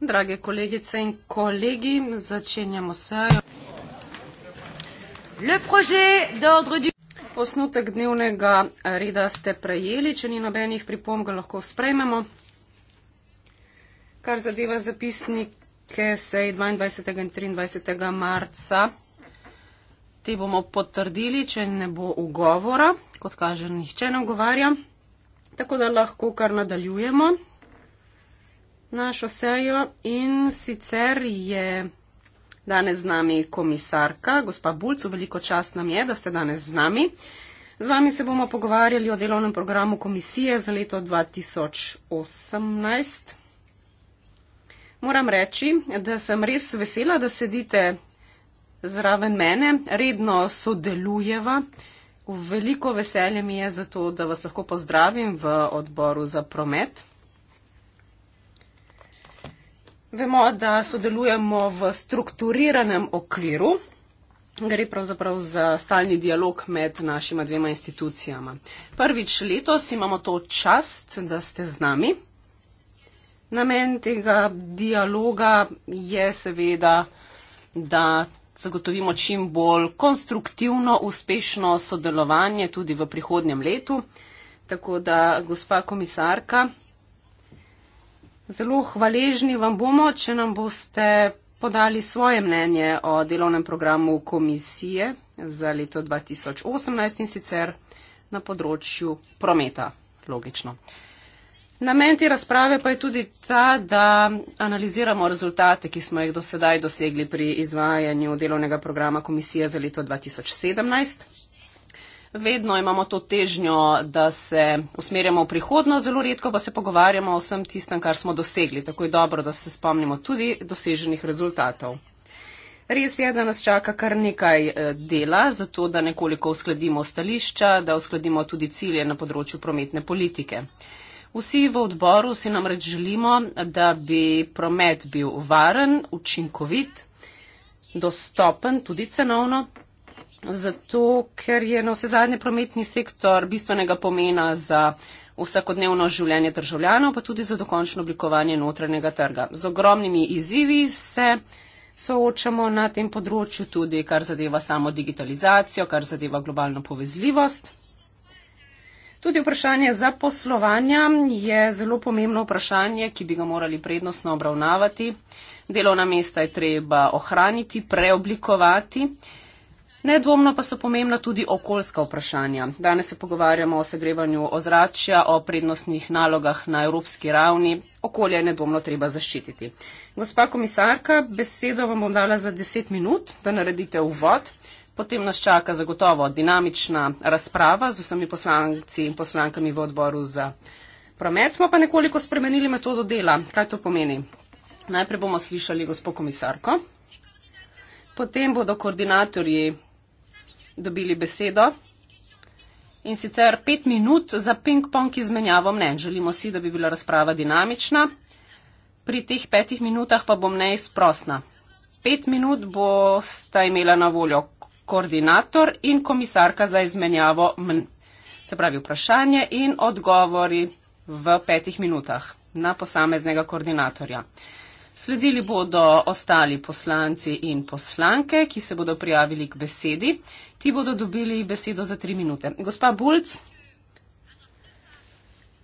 Drage kolegice in kolegi, začenjamo sejo. Osnutek dnevnega reda ste prejeli, če ni nobenih pripomb, ga lahko sprejmemo. Kar zadeva zapisnike sej 22. in 23. marca, te bomo potrdili, če ne bo ugovora, kot kaže, nihče ne ugovarja. Tako da lahko kar nadaljujemo našo sejo in sicer je danes z nami komisarka, gospa Bulc, veliko čast nam je, da ste danes z nami. Z vami se bomo pogovarjali o delovnem programu komisije za leto 2018. Moram reči, da sem res vesela, da sedite zraven mene, redno sodelujeva. Veliko veselje mi je za to, da vas lahko pozdravim v odboru za promet. Vemo, da sodelujemo v strukturiranem okviru. Gre pravzaprav za stalni dialog med našima dvema institucijama. Prvič letos imamo to čast, da ste z nami. Namen tega dialoga je seveda, da zagotovimo čim bolj konstruktivno, uspešno sodelovanje tudi v prihodnjem letu. Tako da, gospa komisarka, Zelo hvaležni vam bomo, če nam boste podali svoje mnenje o delovnem programu komisije za leto 2018 in sicer na področju prometa. Logično. Namen te razprave pa je tudi ta, da analiziramo rezultate, ki smo jih do sedaj dosegli pri izvajanju delovnega programa komisije za leto 2017 vedno imamo to težnjo, da se usmerjamo v prihodnost, zelo redko pa se pogovarjamo o vsem tistem, kar smo dosegli. Tako je dobro, da se spomnimo tudi doseženih rezultatov. Res je, da nas čaka kar nekaj eh, dela, zato da nekoliko uskladimo stališča, da uskladimo tudi cilje na področju prometne politike. Vsi v odboru si namreč želimo, da bi promet bil varen, učinkovit, dostopen tudi cenovno Zato, ker je na vse zadnje prometni sektor bistvenega pomena za vsakodnevno življenje državljanov, pa tudi za dokončno oblikovanje notranjega trga. Z ogromnimi izzivi se soočamo na tem področju tudi, kar zadeva samo digitalizacijo, kar zadeva globalno povezljivost. Tudi vprašanje za poslovanja je zelo pomembno vprašanje, ki bi ga morali prednostno obravnavati. Delovna mesta je treba ohraniti, preoblikovati. Nedvomno pa so pomembna tudi okoljska vprašanja. Danes se pogovarjamo o segrevanju ozračja, o prednostnih nalogah na evropski ravni. Okolje je nedvomno treba zaščititi. Gospa komisarka, besedo vam bom dala za 10 minut, da naredite uvod. Potem nas čaka zagotovo dinamična razprava z vsemi poslanci in poslankami v odboru za promet. Smo pa nekoliko spremenili metodo dela. Kaj to pomeni? Najprej bomo slišali gospod komisarko. Potem bodo koordinatorji dobili besedo. In sicer pet minut za ping-pong izmenjavo mnen. Želimo si, da bi bila razprava dinamična. Pri teh petih minutah pa bom mnen izprosna. Pet minut bo sta imela na voljo koordinator in komisarka za izmenjavo mnen. Se pravi vprašanje in odgovori v petih minutah na posameznega koordinatorja. Sledili bodo ostali poslanci in poslanke, ki se bodo prijavili k besedi. Ti bodo dobili besedo za tri minute. Gospa Bulc,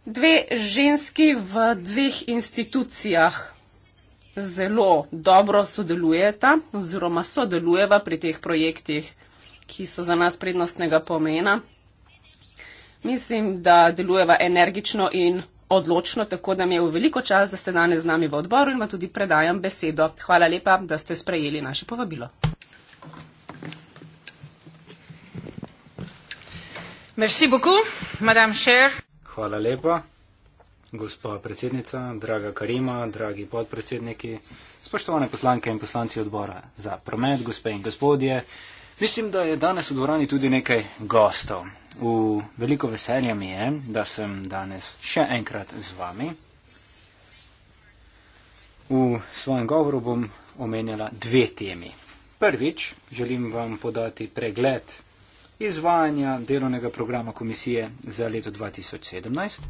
dve ženski v dveh institucijah zelo dobro sodelujeta oziroma sodelujeva pri teh projektih, ki so za nas prednostnega pomena. Mislim, da delujeva energično in odločno, tako da mi je v veliko čas, da ste danes z nami v odboru in vam tudi predajam besedo. Hvala lepa, da ste sprejeli naše povabilo. Merci beaucoup, madame Cher. Hvala lepa, gospa predsednica, draga Karima, dragi podpredsedniki, spoštovane poslanke in poslanci odbora za promet, gospe in gospodje. Mislim, da je danes v dvorani tudi nekaj gostov. V veliko veselja mi je, da sem danes še enkrat z vami. V svojem govoru bom omenjala dve temi. Prvič želim vam podati pregled izvajanja delovnega programa komisije za leto 2017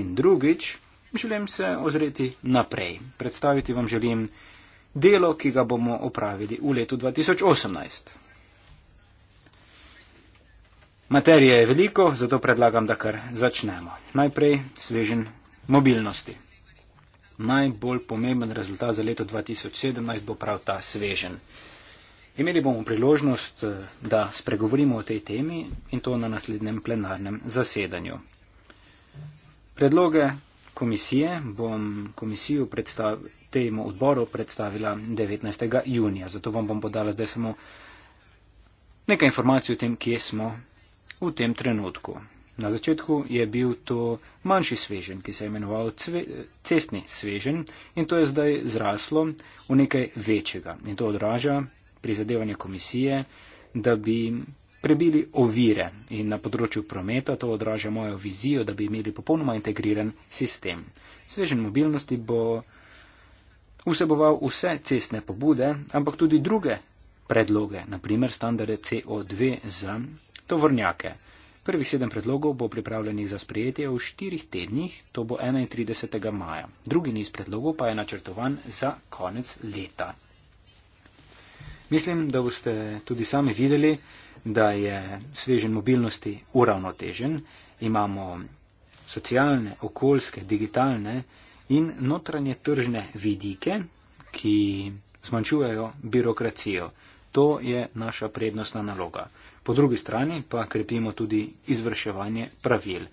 in drugič želim se ozreti naprej. Predstaviti vam želim delo, ki ga bomo opravili v letu 2018. Materije je veliko, zato predlagam, da kar začnemo. Najprej svežen mobilnosti. Najbolj pomemben rezultat za leto 2017 bo prav ta svežen. Imeli bomo priložnost, eh, da spregovorimo o tej temi in to na naslednjem plenarnem zasedanju. Predloge komisije bom komisijo predstav, temu odboru predstavila 19. junija, zato vam bom podala zdaj samo nekaj informacij o tem, kje smo v tem trenutku. Na začetku je bil to manjši svežen, ki se je imenoval cve, cestni svežen in to je zdaj zraslo v nekaj večjega. In to odraža prizadevanje komisije, da bi prebili ovire in na področju prometa to odraža mojo vizijo, da bi imeli popolnoma integriran sistem. Svežen mobilnosti bo vseboval vse cestne pobude, ampak tudi druge predloge, naprimer standarde CO2 za tovornjake. Prvih sedem predlogov bo pripravljenih za sprejetje v štirih tednih, to bo 31. maja. Drugi niz predlogov pa je načrtovan za konec leta. Mislim, da boste tudi sami videli, da je svežen mobilnosti uravnotežen. Imamo socialne, okoljske, digitalne in notranje tržne vidike, ki zmanjšujejo birokracijo. To je naša prednostna naloga. Po drugi strani pa krepimo tudi izvrševanje pravil.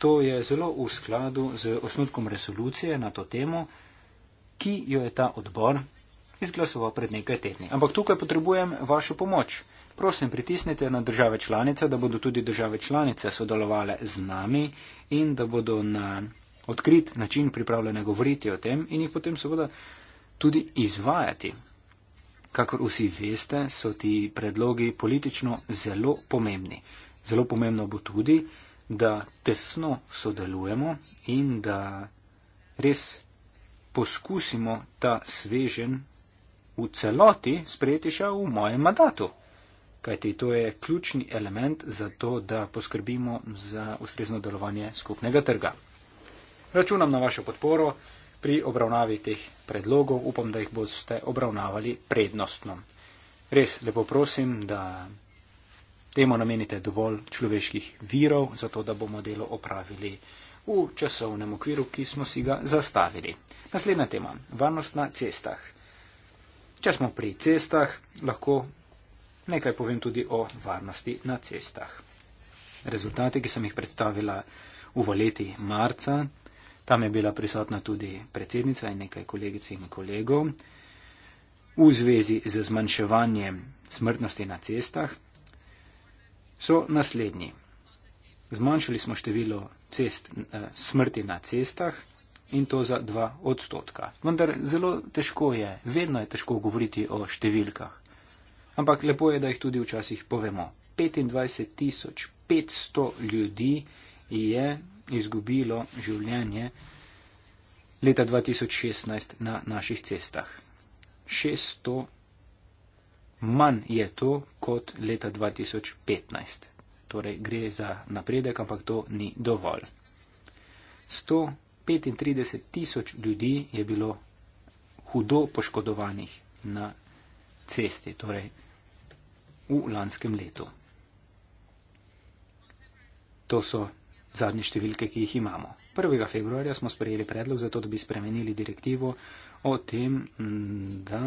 To je zelo v skladu z osnutkom resolucije na to temo, ki jo je ta odbor izglasoval pred nekaj tedni. Ampak tukaj potrebujem vašo pomoč. Prosim, pritisnite na države članice, da bodo tudi države članice sodelovale z nami in da bodo na odkrit način pripravljene govoriti o tem in jih potem seveda tudi izvajati. Kakor vsi veste, so ti predlogi politično zelo pomembni. Zelo pomembno bo tudi, da tesno sodelujemo in da res poskusimo ta svežen v celoti sprejeti še v mojem mandatu. Kajti to je ključni element za to, da poskrbimo za ustrezno delovanje skupnega trga. Računam na vašo podporo pri obravnavi teh predlogov. Upam, da jih boste obravnavali prednostno. Res lepo prosim, da temu namenite dovolj človeških virov, zato da bomo delo opravili v časovnem okviru, ki smo si ga zastavili. Naslednja tema. Varnost na cestah. Če smo pri cestah, lahko nekaj povem tudi o varnosti na cestah. Rezultati, ki sem jih predstavila v valeti marca Tam je bila prisotna tudi predsednica in nekaj kolegic in kolegov v zvezi z zmanjševanjem smrtnosti na cestah. So naslednji. Zmanjšali smo število cest, eh, smrti na cestah in to za dva odstotka. Vendar zelo težko je, vedno je težko govoriti o številkah. Ampak lepo je, da jih tudi včasih povemo. 25.500 ljudi je izgubilo življenje leta 2016 na naših cestah. 600 manj je to kot leta 2015. Torej gre za napredek, ampak to ni dovolj. 135 tisoč ljudi je bilo hudo poškodovanih na cesti, torej v lanskem letu. To so zadnje številke, ki jih imamo. 1. februarja smo sprejeli predlog za to, da bi spremenili direktivo o tem, da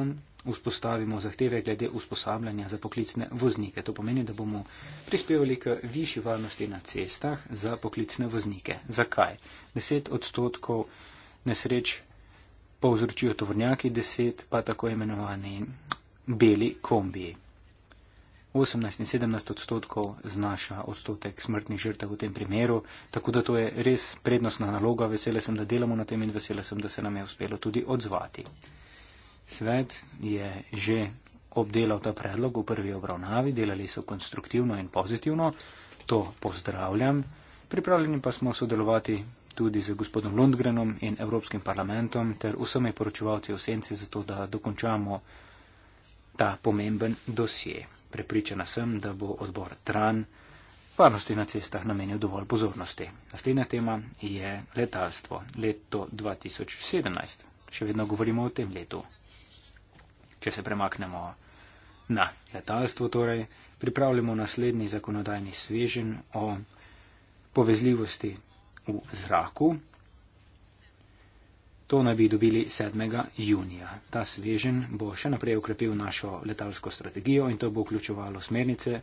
vzpostavimo zahteve glede usposabljanja za poklicne voznike. To pomeni, da bomo prispevali k višji varnosti na cestah za poklicne voznike. Zakaj? 10 odstotkov nesreč povzročijo tovornjaki, 10 pa tako imenovani beli kombiji. 18 in 17 odstotkov znaša odstotek smrtnih žrtev v tem primeru, tako da to je res prednostna naloga. Vesela sem, da delamo na tem in vesela sem, da se nam je uspelo tudi odzvati. Svet je že obdelal ta predlog v prvi obravnavi, delali so konstruktivno in pozitivno, to pozdravljam. Pripravljeni pa smo sodelovati tudi z gospodom Lundgrenom in Evropskim parlamentom ter vsemi poročevalci v senci, zato da dokončamo ta pomemben dosje. Prepričana sem, da bo odbor Tran varnosti na cestah namenil dovolj pozornosti. Naslednja tema je letalstvo. Leto 2017. Še vedno govorimo o tem letu. Če se premaknemo na letalstvo, torej pripravljamo naslednji zakonodajni svežen o povezljivosti v zraku, To naj bi dobili 7. junija. Ta svežen bo še naprej ukrepil našo letalsko strategijo in to bo vključevalo smernice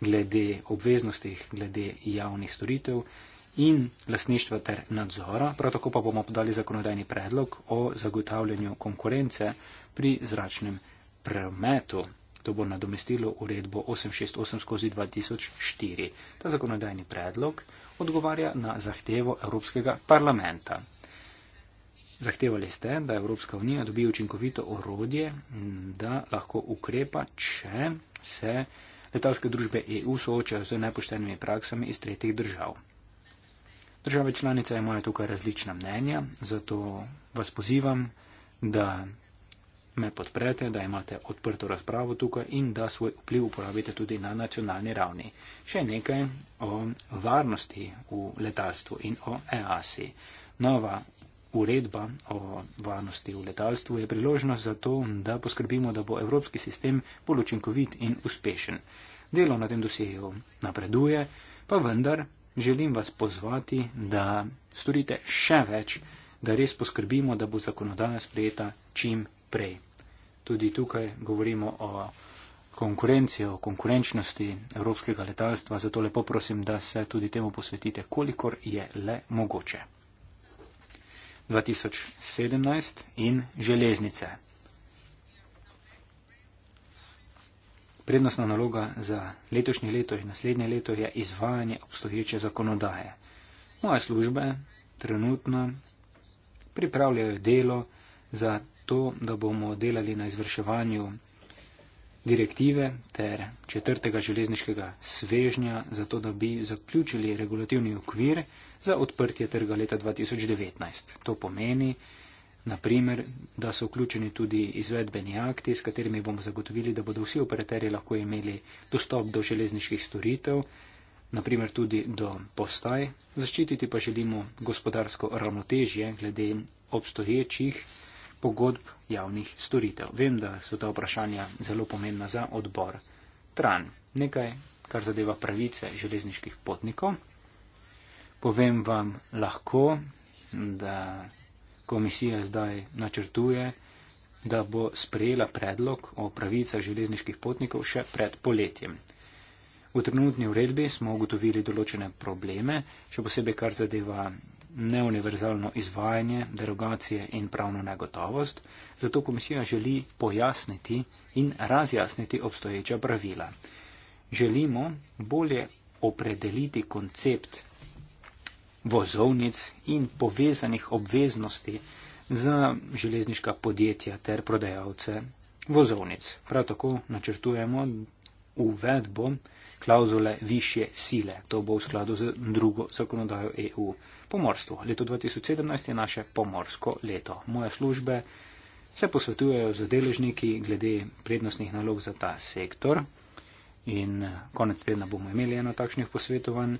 glede obveznosti, glede javnih storitev in lasništva ter nadzora. Prav tako pa bomo podali zakonodajni predlog o zagotavljanju konkurence pri zračnem prometu. To bo nadomestilo uredbo 868-2004. Ta zakonodajni predlog odgovarja na zahtevo Evropskega parlamenta. Zahtevali ste, da Evropska unija dobi učinkovito orodje, da lahko ukrepa, če se letalske družbe EU soočajo z nepoštenimi praksami iz tretjih držav. Države članice imajo tukaj različna mnenja, zato vas pozivam, da me podprete, da imate odprto razpravo tukaj in da svoj vpliv uporabite tudi na nacionalni ravni. Še nekaj o varnosti v letalstvu in o EASI. Nova Uredba o varnosti v letalstvu je priložnost za to, da poskrbimo, da bo evropski sistem bolj učinkovit in uspešen. Delo na tem dosegu napreduje, pa vendar želim vas pozvati, da storite še več, da res poskrbimo, da bo zakonodaja sprejeta čim prej. Tudi tukaj govorimo o konkurenci, o konkurenčnosti evropskega letalstva, zato lepo prosim, da se tudi temu posvetite, kolikor je le mogoče. 2017 in železnice. Prednostna naloga za letošnje leto in naslednje leto je izvajanje obstoječe zakonodaje. Moje službe trenutno pripravljajo delo za to, da bomo delali na izvrševanju direktive ter četrtega železniškega svežnja, zato da bi zaključili regulativni okvir za odprtje trga leta 2019. To pomeni, naprimer, da so vključeni tudi izvedbeni akti, s katerimi bomo zagotovili, da bodo vsi operaterji lahko imeli dostop do železniških storitev, naprimer tudi do postaj. Zaščititi pa želimo gospodarsko ravnotežje glede obstoječih pogodb javnih storitev. Vem, da so ta vprašanja zelo pomembna za odbor TRAN. Nekaj, kar zadeva pravice železniških potnikov. Povem vam lahko, da komisija zdaj načrtuje, da bo sprejela predlog o pravicah železniških potnikov še pred poletjem. V trenutni uredbi smo ugotovili določene probleme, še posebej kar zadeva neuniverzalno izvajanje, derogacije in pravno negotovost, zato komisija želi pojasniti in razjasniti obstoječa pravila. Želimo bolje opredeliti koncept vozovnic in povezanih obveznosti za železniška podjetja ter prodajalce vozovnic. Prav tako načrtujemo uvedbo klauzule više sile. To bo v skladu z drugo zakonodajo EU pomorstvu. Leto 2017 je naše pomorsko leto. Moje službe se posvetujejo z deležniki glede prednostnih nalog za ta sektor in konec tedna bomo imeli eno takšnih posvetovanj.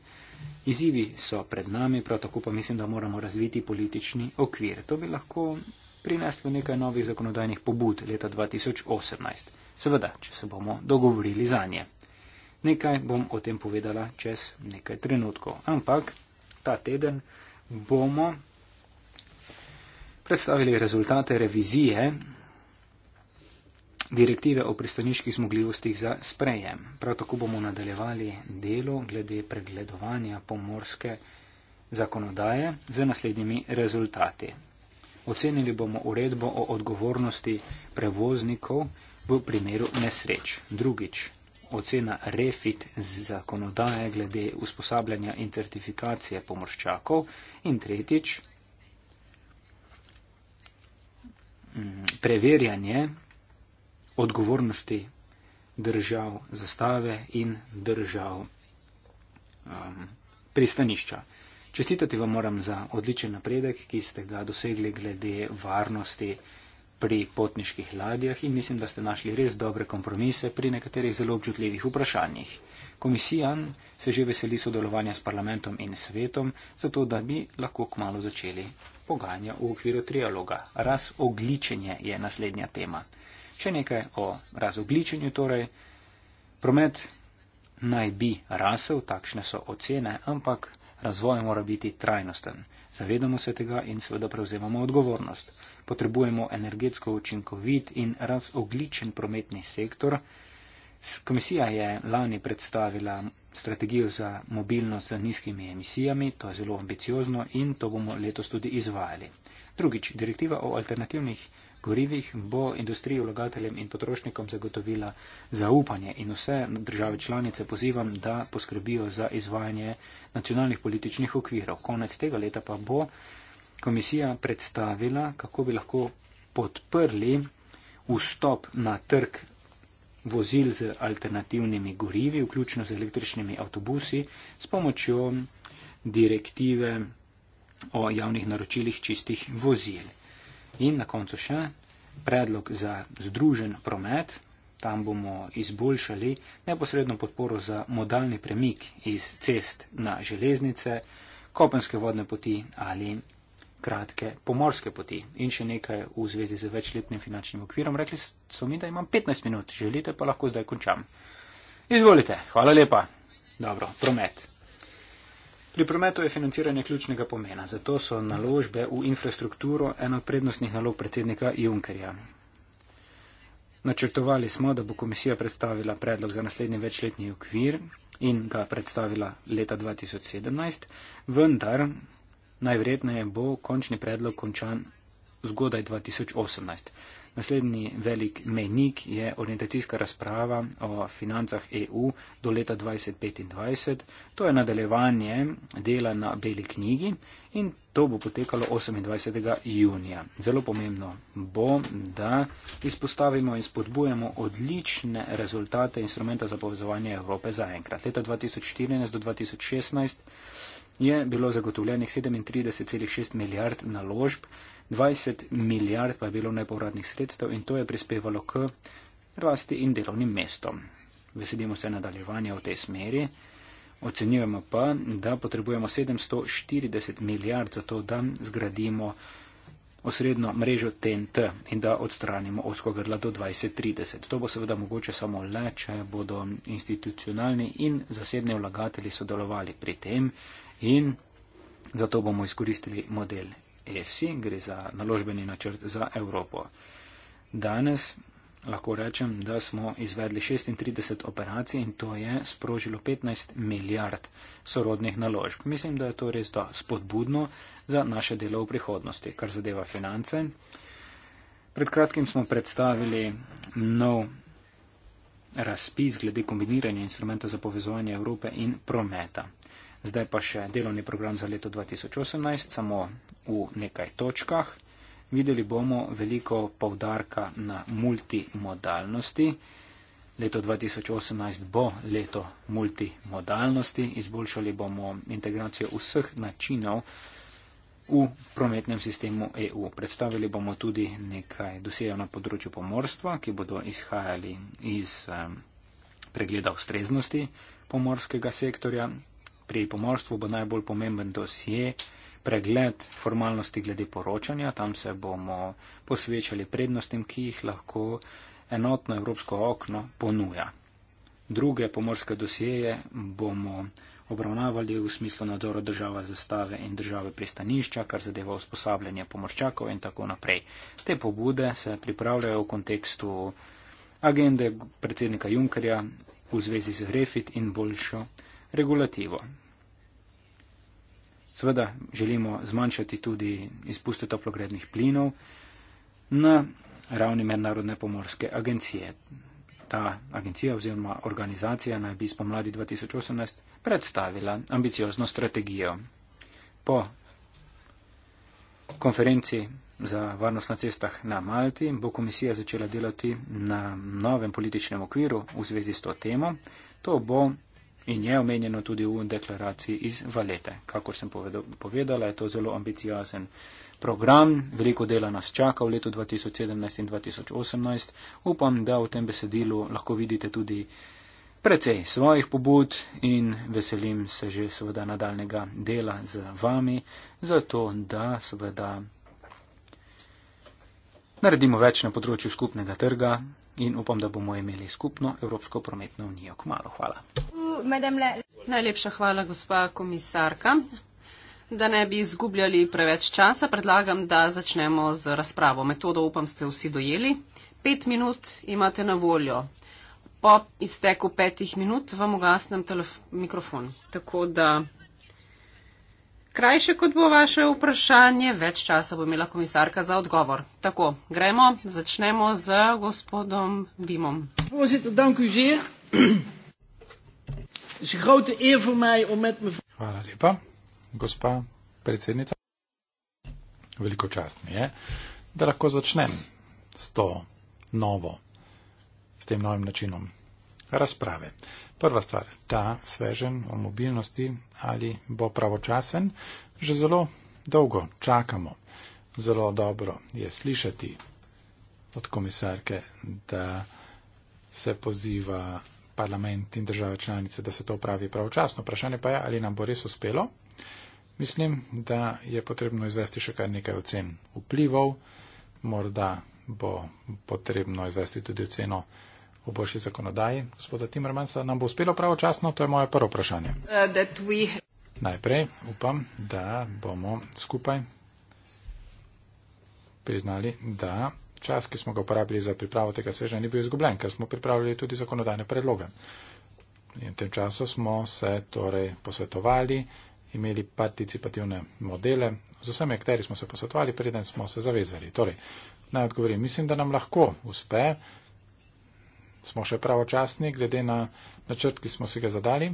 Izivi so pred nami, prav tako pa mislim, da moramo razviti politični okvir. To bi lahko prineslo nekaj novih zakonodajnih pobud leta 2018. Seveda, če se bomo dogovorili za nje. Nekaj bom o tem povedala čez nekaj trenutkov, ampak ta teden bomo predstavili rezultate revizije direktive o pristaniških zmogljivostih za sprejem. Prav tako bomo nadaljevali delo glede pregledovanja pomorske zakonodaje z naslednjimi rezultati. Ocenili bomo uredbo o odgovornosti prevoznikov v primeru nesreč. Drugič, ocena refit zakonodaje glede usposabljanja in certifikacije pomorščakov in tretjič mm, preverjanje odgovornosti držav zastave in držav um, pristanišča. Čestitati vam moram za odličen napredek, ki ste ga dosegli glede varnosti pri potniških ladjah in mislim, da ste našli res dobre kompromise pri nekaterih zelo občutljivih vprašanjih. Komisija se že veseli sodelovanja s parlamentom in svetom, zato da bi lahko kmalo začeli pogajanja v okviru trialoga. Razogličenje je naslednja tema. Če nekaj o razogličenju, torej promet naj bi rasel, takšne so ocene, ampak razvoj mora biti trajnosten. Zavedamo se tega in seveda prevzemamo odgovornost. Potrebujemo energetsko učinkovit in razogličen prometni sektor. Komisija je lani predstavila strategijo za mobilnost z nizkimi emisijami, to je zelo ambiciozno in to bomo letos tudi izvajali. Drugič, direktiva o alternativnih gorivih bo industriji, vlagateljem in potrošnikom zagotovila zaupanje in vse države članice pozivam, da poskrbijo za izvajanje nacionalnih političnih okvirov. Konec tega leta pa bo komisija predstavila, kako bi lahko podprli vstop na trg vozil z alternativnimi gorivi, vključno z električnimi avtobusi, s pomočjo direktive o javnih naročilih čistih vozil. In na koncu še predlog za združen promet, tam bomo izboljšali neposredno podporo za modalni premik iz cest na železnice, kopenske vodne poti ali kratke pomorske poti in še nekaj v zvezi z večletnim finančnim okvirom. Rekli so mi, da imam 15 minut, želite pa lahko zdaj končam. Izvolite, hvala lepa. Dobro, promet. Pri prometu je financiranje ključnega pomena, zato so naložbe v infrastrukturo eno od prednostnih nalog predsednika Junkerja. Načrtovali smo, da bo komisija predstavila predlog za naslednji večletni okvir in ga predstavila leta 2017, vendar Najverjetneje bo končni predlog končan zgodaj 2018. Naslednji velik menik je orientacijska razprava o financah EU do leta 2025. To je nadaljevanje dela na beli knjigi in to bo potekalo 28. junija. Zelo pomembno bo, da izpostavimo in spodbujemo odlične rezultate instrumenta za povezovanje Evrope zaenkrat. Leta 2014 do 2016 je bilo zagotovljenih 37,6 milijard naložb, 20 milijard pa je bilo nepovratnih sredstev in to je prispevalo k rasti in delovnim mestom. Veselimo se nadaljevanja v tej smeri. Ocenjujemo pa, da potrebujemo 740 milijard za to, da zgradimo osrednjo mrežo TNT in da odstranimo osko grla do 2030. To bo seveda mogoče samo le, če bodo institucionalni in zasebni vlagatelji sodelovali pri tem in zato bomo izkoristili model EFSI, gre za naložbeni načrt za Evropo. Danes lahko rečem, da smo izvedli 36 operacij in to je sprožilo 15 milijard sorodnih naložb. Mislim, da je to res da spodbudno za naše delo v prihodnosti, kar zadeva finance. Pred kratkim smo predstavili nov razpis glede kombiniranja instrumenta za povezovanje Evrope in prometa. Zdaj pa še delovni program za leto 2018, samo v nekaj točkah. Videli bomo veliko povdarka na multimodalnosti. Leto 2018 bo leto multimodalnosti. Izboljšali bomo integracijo vseh načinov v prometnem sistemu EU. Predstavili bomo tudi nekaj dosejev na področju pomorstva, ki bodo izhajali iz um, pregleda ustreznosti pomorskega sektorja, pri pomorstvu bo najbolj pomemben dosje, pregled formalnosti glede poročanja. Tam se bomo posvečali prednostim, ki jih lahko enotno evropsko okno ponuja. Druge pomorske dosjeje bomo obravnavali v smislu nadzora države zastave in države pristanišča, kar zadeva usposabljanje pomorščakov in tako naprej. Te pobude se pripravljajo v kontekstu agende predsednika Junkerja v zvezi z Refit in boljšo regulativo. Seveda želimo zmanjšati tudi izpuste toplogrednih plinov na ravni mednarodne pomorske agencije. Ta agencija oziroma organizacija naj bi spomladi 2018 predstavila ambiciozno strategijo. Po konferenci za varnost na cestah na Malti bo komisija začela delati na novem političnem okviru v zvezi s to temo. To bo in je omenjeno tudi v deklaraciji iz Valete. Kakor sem povedala, je to zelo ambiciozen program, veliko dela nas čaka v letu 2017 in 2018. Upam, da v tem besedilu lahko vidite tudi precej svojih pobud in veselim se že seveda nadaljnega dela z vami, zato da seveda. Naredimo več na področju skupnega trga, in upam, da bomo imeli skupno Evropsko prometno unijo. Kmalo hvala. Najlepša hvala, gospa komisarka. Da ne bi izgubljali preveč časa, predlagam, da začnemo z razpravo. Metodo upam, ste vsi dojeli. Pet minut imate na voljo. Po izteku petih minut vam ugasnem mikrofon. Tako da Krajše kot bo vaše vprašanje, več časa bo imela komisarka za odgovor. Tako, gremo, začnemo z gospodom Bimom. Hvala lepa, gospa predsednica. Veliko čast mi je, da lahko začnem s to novo, s tem novim načinom razprave. Prva stvar, ta svežen o mobilnosti ali bo pravočasen, že zelo dolgo čakamo. Zelo dobro je slišati od komisarke, da se poziva parlament in države članice, da se to upravi pravočasno. Vprašanje pa je, ali nam bo res uspelo. Mislim, da je potrebno izvesti še kar nekaj ocen vplivov, morda bo potrebno izvesti tudi oceno o boljši zakonodaji, gospoda Timrmansa, nam bo uspelo pravočasno? To je moje prvo vprašanje. Uh, Najprej upam, da bomo skupaj priznali, da čas, ki smo ga uporabili za pripravo tega sveža, ni bil izgubljen, ker smo pripravili tudi zakonodajne predloge. In v tem času smo se torej posvetovali, imeli participativne modele, z vsemi akteri smo se posvetovali, preden smo se zavezali. Torej, naj odgovorim, mislim, da nam lahko uspe smo še pravočasni, glede na načrt, ki smo si ga zadali.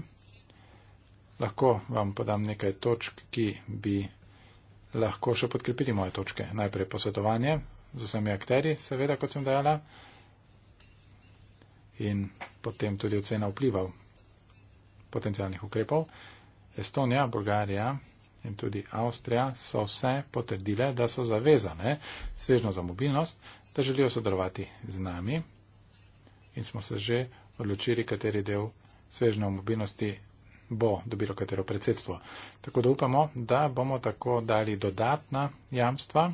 Lahko vam podam nekaj točk, ki bi lahko še podkrepili moje točke. Najprej posvetovanje z vsemi akteri, seveda, kot sem dejala, in potem tudi ocena vplival potencijalnih ukrepov. Estonija, Bolgarija in tudi Avstrija so vse potrdile, da so zavezane svežno za mobilnost, da želijo sodelovati z nami in smo se že odločili, kateri del svežne mobilnosti bo dobilo katero predsedstvo. Tako da upamo, da bomo tako dali dodatna jamstva,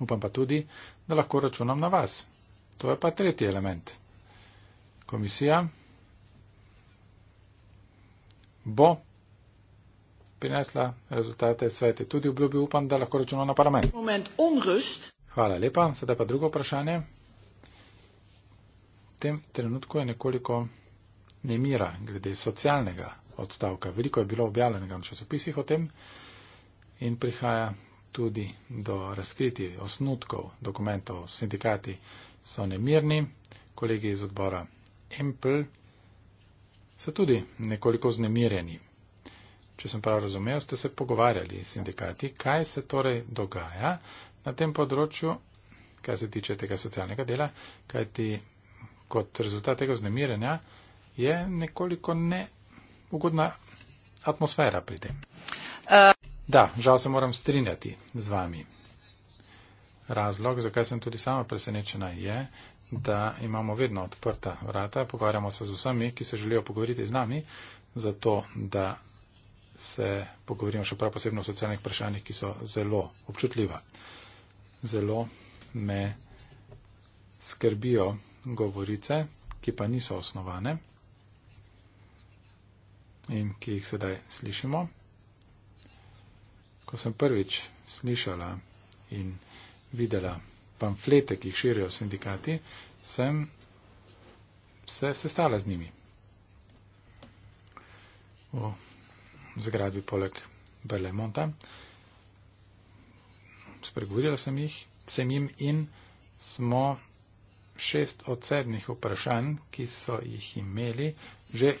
upam pa tudi, da lahko računam na vas. To je pa tretji element. Komisija bo prinesla rezultate, svet je tudi obljubil, upam, da lahko računam na parlament. Hvala lepa, sedaj pa drugo vprašanje tem trenutku je nekoliko nemira glede socialnega odstavka. Veliko je bilo objavljenega v časopisih o tem in prihaja tudi do razkriti osnutkov dokumentov. Sindikati so nemirni, kolegi iz odbora Empl so tudi nekoliko znemirjeni. Če sem prav razumel, ste se pogovarjali s sindikati, kaj se torej dogaja na tem področju, kaj se tiče tega socialnega dela, kaj ti kot rezultat tega znemirjenja, je nekoliko neugodna atmosfera pri tem. Da, žal se moram strinjati z vami. Razlog, zakaj sem tudi sama presenečena, je, da imamo vedno odprta vrata, pogovarjamo se z vsemi, ki se želijo pogovoriti z nami, zato da se pogovorimo še prav posebno o socialnih vprašanjih, ki so zelo občutljiva. Zelo me skrbijo govorice, ki pa niso osnovane in ki jih sedaj slišimo. Ko sem prvič slišala in videla pamflete, ki jih širijo sindikati, sem se sestala z njimi. V zgradbi poleg Belemonta. Spregovorila sem jih, sem jim in smo šest od sedmih vprašanj, ki so jih imeli, že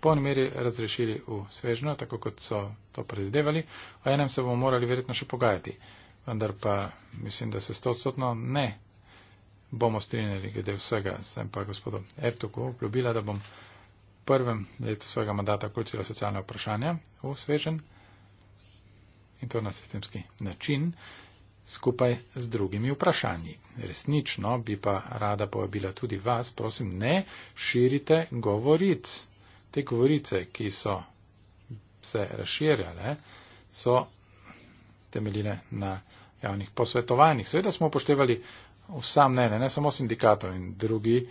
po nameri razrešili v svežno, tako kot so to predvidevali. O enem se bomo morali verjetno še pogajati. Vendar pa mislim, da se stotsotno ne bomo strinjali glede vsega. Sem pa gospodu Ertuku obljubila, da bom v prvem letu svojega mandata vključila socialne vprašanja v svežen in to na sistemski način skupaj z drugimi vprašanji. Resnično bi pa rada povabila tudi vas, prosim, ne širite govoric. Te govorice, ki so se razširjale, so temeljile na javnih posvetovanjih. Seveda smo upoštevali vsa mnenja, ne samo sindikatov in drugi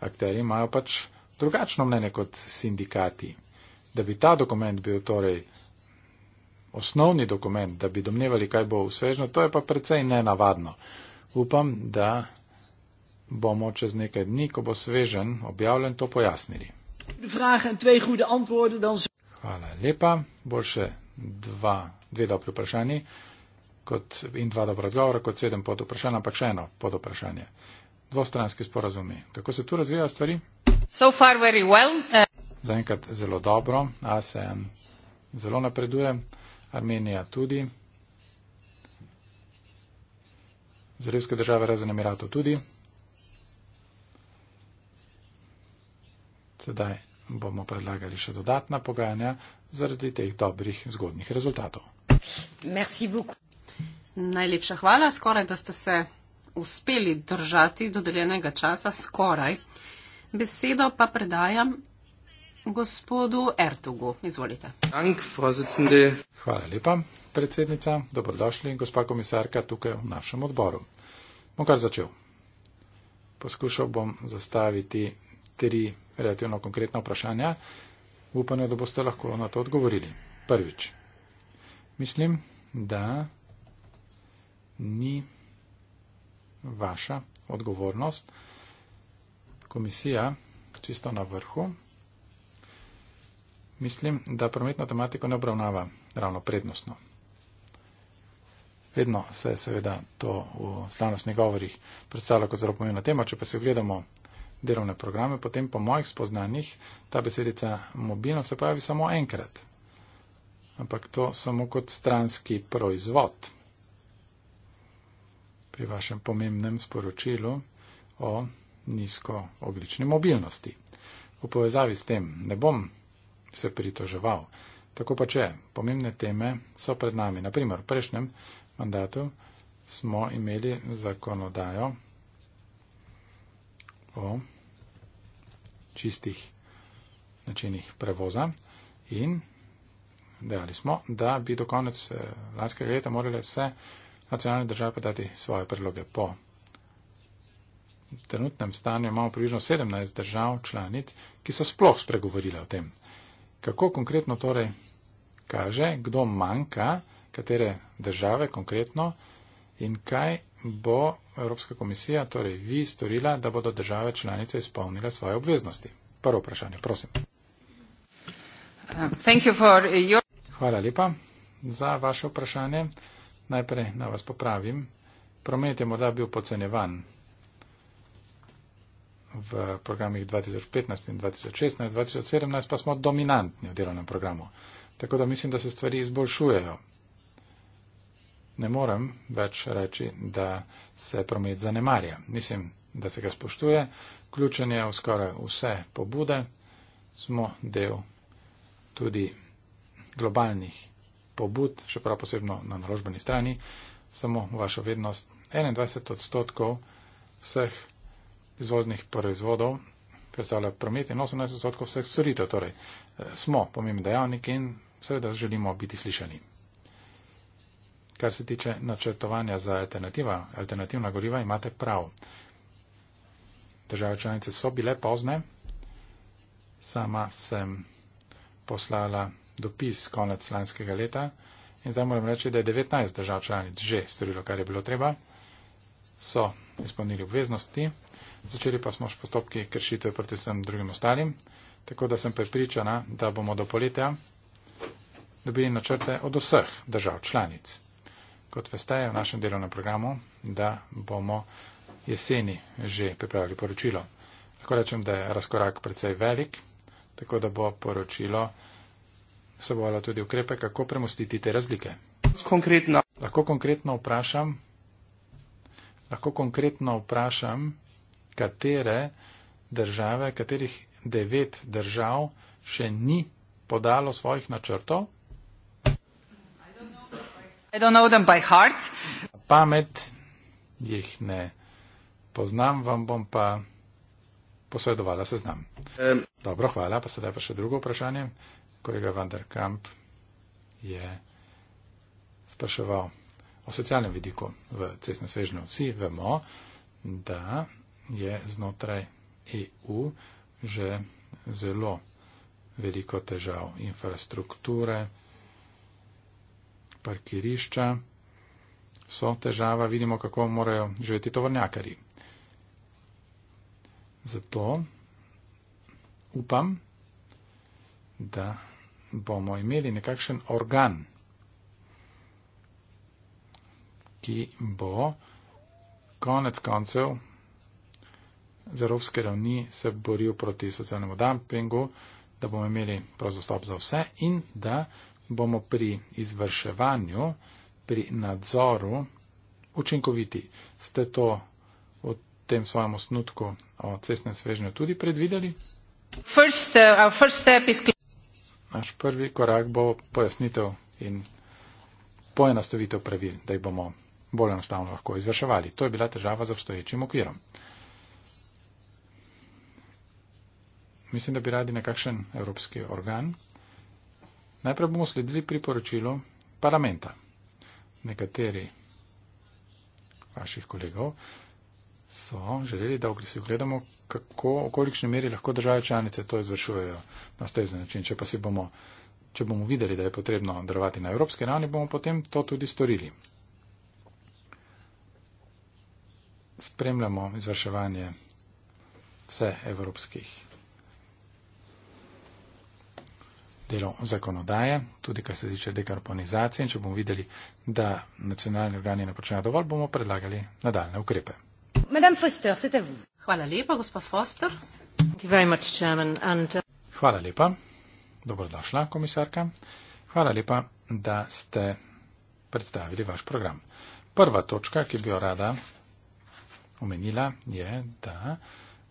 akteri imajo pač drugačno mnenje kot sindikati. Da bi ta dokument bil torej osnovni dokument, da bi domnevali, kaj bo svežno, to je pa precej nenavadno. Upam, da bomo čez nekaj dni, ko bo svežen, objavljen, to pojasnili. Hvala lepa, boljše dva, dve dobre vprašanje kot, in dva dobra odgovora, kot sedem pod vprašanja, ampak še eno pod vprašanje. Dvostranski sporazumi. Kako se tu razvijajo stvari? So far very well. Uh... Zaenkrat zelo dobro, ASEAN zelo napreduje. Armenija tudi, Izraelske države razen Emiratov tudi. Sedaj bomo predlagali še dodatna pogajanja zaradi teh dobrih zgodnih rezultatov. Merci beaucoup. Najlepša hvala, skoraj da ste se uspeli držati dodeljenega časa, skoraj. Besedo pa predajam gospodu Ertugu. Izvolite. Dank, Hvala lepa, predsednica. Dobrodošli, gospa komisarka, tukaj v našem odboru. Bom kar začel. Poskušal bom zastaviti tri relativno konkretna vprašanja. Upanje, da boste lahko na to odgovorili. Prvič. Mislim, da ni vaša odgovornost komisija čisto na vrhu, mislim, da prometno tematiko ne obravnava ravno prednostno. Vedno se seveda to v slavnostnih govorih predstavlja kot zelo pomembna tema, če pa si ogledamo delovne programe, potem po mojih spoznanjih ta besedica mobilnost se pojavi samo enkrat. Ampak to samo kot stranski proizvod pri vašem pomembnem sporočilu o nizkooglični mobilnosti. V povezavi s tem ne bom se pritoževal. Tako pa če, pomembne teme so pred nami. Naprimer, v prejšnjem mandatu smo imeli zakonodajo o čistih načinih prevoza in dejali smo, da bi do konec eh, lanskega leta morale vse nacionalne države podati svoje predloge po. V trenutnem stanju imamo približno 17 držav članic, ki so sploh spregovorile o tem. Kako konkretno torej kaže, kdo manjka, katere države konkretno in kaj bo Evropska komisija, torej vi, storila, da bodo države članice izpolnile svoje obveznosti? Prvo vprašanje, prosim. Uh, Hvala lepa za vaše vprašanje. Najprej na vas popravim. Promet je morda bil podcenjevan v programih 2015 in 2016, 2017 pa smo dominantni v delovnem programu. Tako da mislim, da se stvari izboljšujejo. Ne morem več reči, da se promet zanemarja. Mislim, da se ga spoštuje. Ključen je v skoraj vse pobude. Smo del tudi globalnih pobud, še prav posebno na naložbeni strani. Samo vaša vednost 21 odstotkov vseh izvoznih proizvodov predstavlja promet in 18 odstotkov vseh storitev. Torej, eh, smo pomemben dejavnik in seveda želimo biti slišani. Kar se tiče načrtovanja za alternativa, alternativna goriva, imate prav. Države članice so bile pozne. Sama sem poslala dopis konec lanskega leta in zdaj moram reči, da je 19 držav članic že storilo, kar je bilo treba. So izpolnili obveznosti. Začeli pa smo s postopki kršitve proti vsem drugim ostalim, tako da sem prepričana, da bomo do poletja dobili načrte od vseh držav članic. Kot veste, je v našem delovnem programu, da bomo jeseni že pripravili poročilo. Lahko rečem, da je razkorak precej velik, tako da bo poročilo vsebovalo tudi ukrepe, kako premustiti te razlike. Konkretno. Lahko konkretno vprašam, lahko konkretno vprašam, katere države, katerih devet držav še ni podalo svojih načrtov? Pamet jih ne poznam, vam bom pa posredovala seznam. Um. Dobro, hvala, pa sedaj pa še drugo vprašanje. Kolega Vanderkamp je spraševal o socialnem vidiku v cestnem svežnju. Vsi vemo, da je znotraj EU že zelo veliko težav. Infrastrukture, parkirišča so težava, vidimo, kako morajo živeti tovornjakari. Zato upam, da bomo imeli nekakšen organ, ki bo konec koncev z evropske ravni se boril proti socialnemu dumpingu, da bomo imeli prozostop za vse in da bomo pri izvrševanju, pri nadzoru učinkoviti. Ste to v tem svojem osnutku o cestnem svežnju tudi predvideli? First, uh, first Naš prvi korak bo pojasnitev in poenostavitev pravil, da jih bomo bolj enostavno lahko izvrševali. To je bila težava z obstoječim okvirom. mislim, da bi radi nekakšen evropski organ. Najprej bomo sledili priporočilu parlamenta. Nekateri vaših kolegov so želeli, da si ogledamo, kako, v kolikšni meri lahko države članice to izvršujejo na ustrezen način. Če pa si bomo, če bomo videli, da je potrebno delovati na evropski ravni, bomo potem to tudi storili. Spremljamo izvrševanje vse evropskih delo zakonodaje, tudi kar se tiče dekarbonizacije in če bomo videli, da nacionalni organi ne počnejo dovolj, bomo predlagali nadaljne ukrepe. Foster, Hvala lepa, gospod Foster. Much, And, uh... Hvala lepa, dobrodošla, komisarka. Hvala lepa, da ste predstavili vaš program. Prva točka, ki bi jo rada omenila, je, da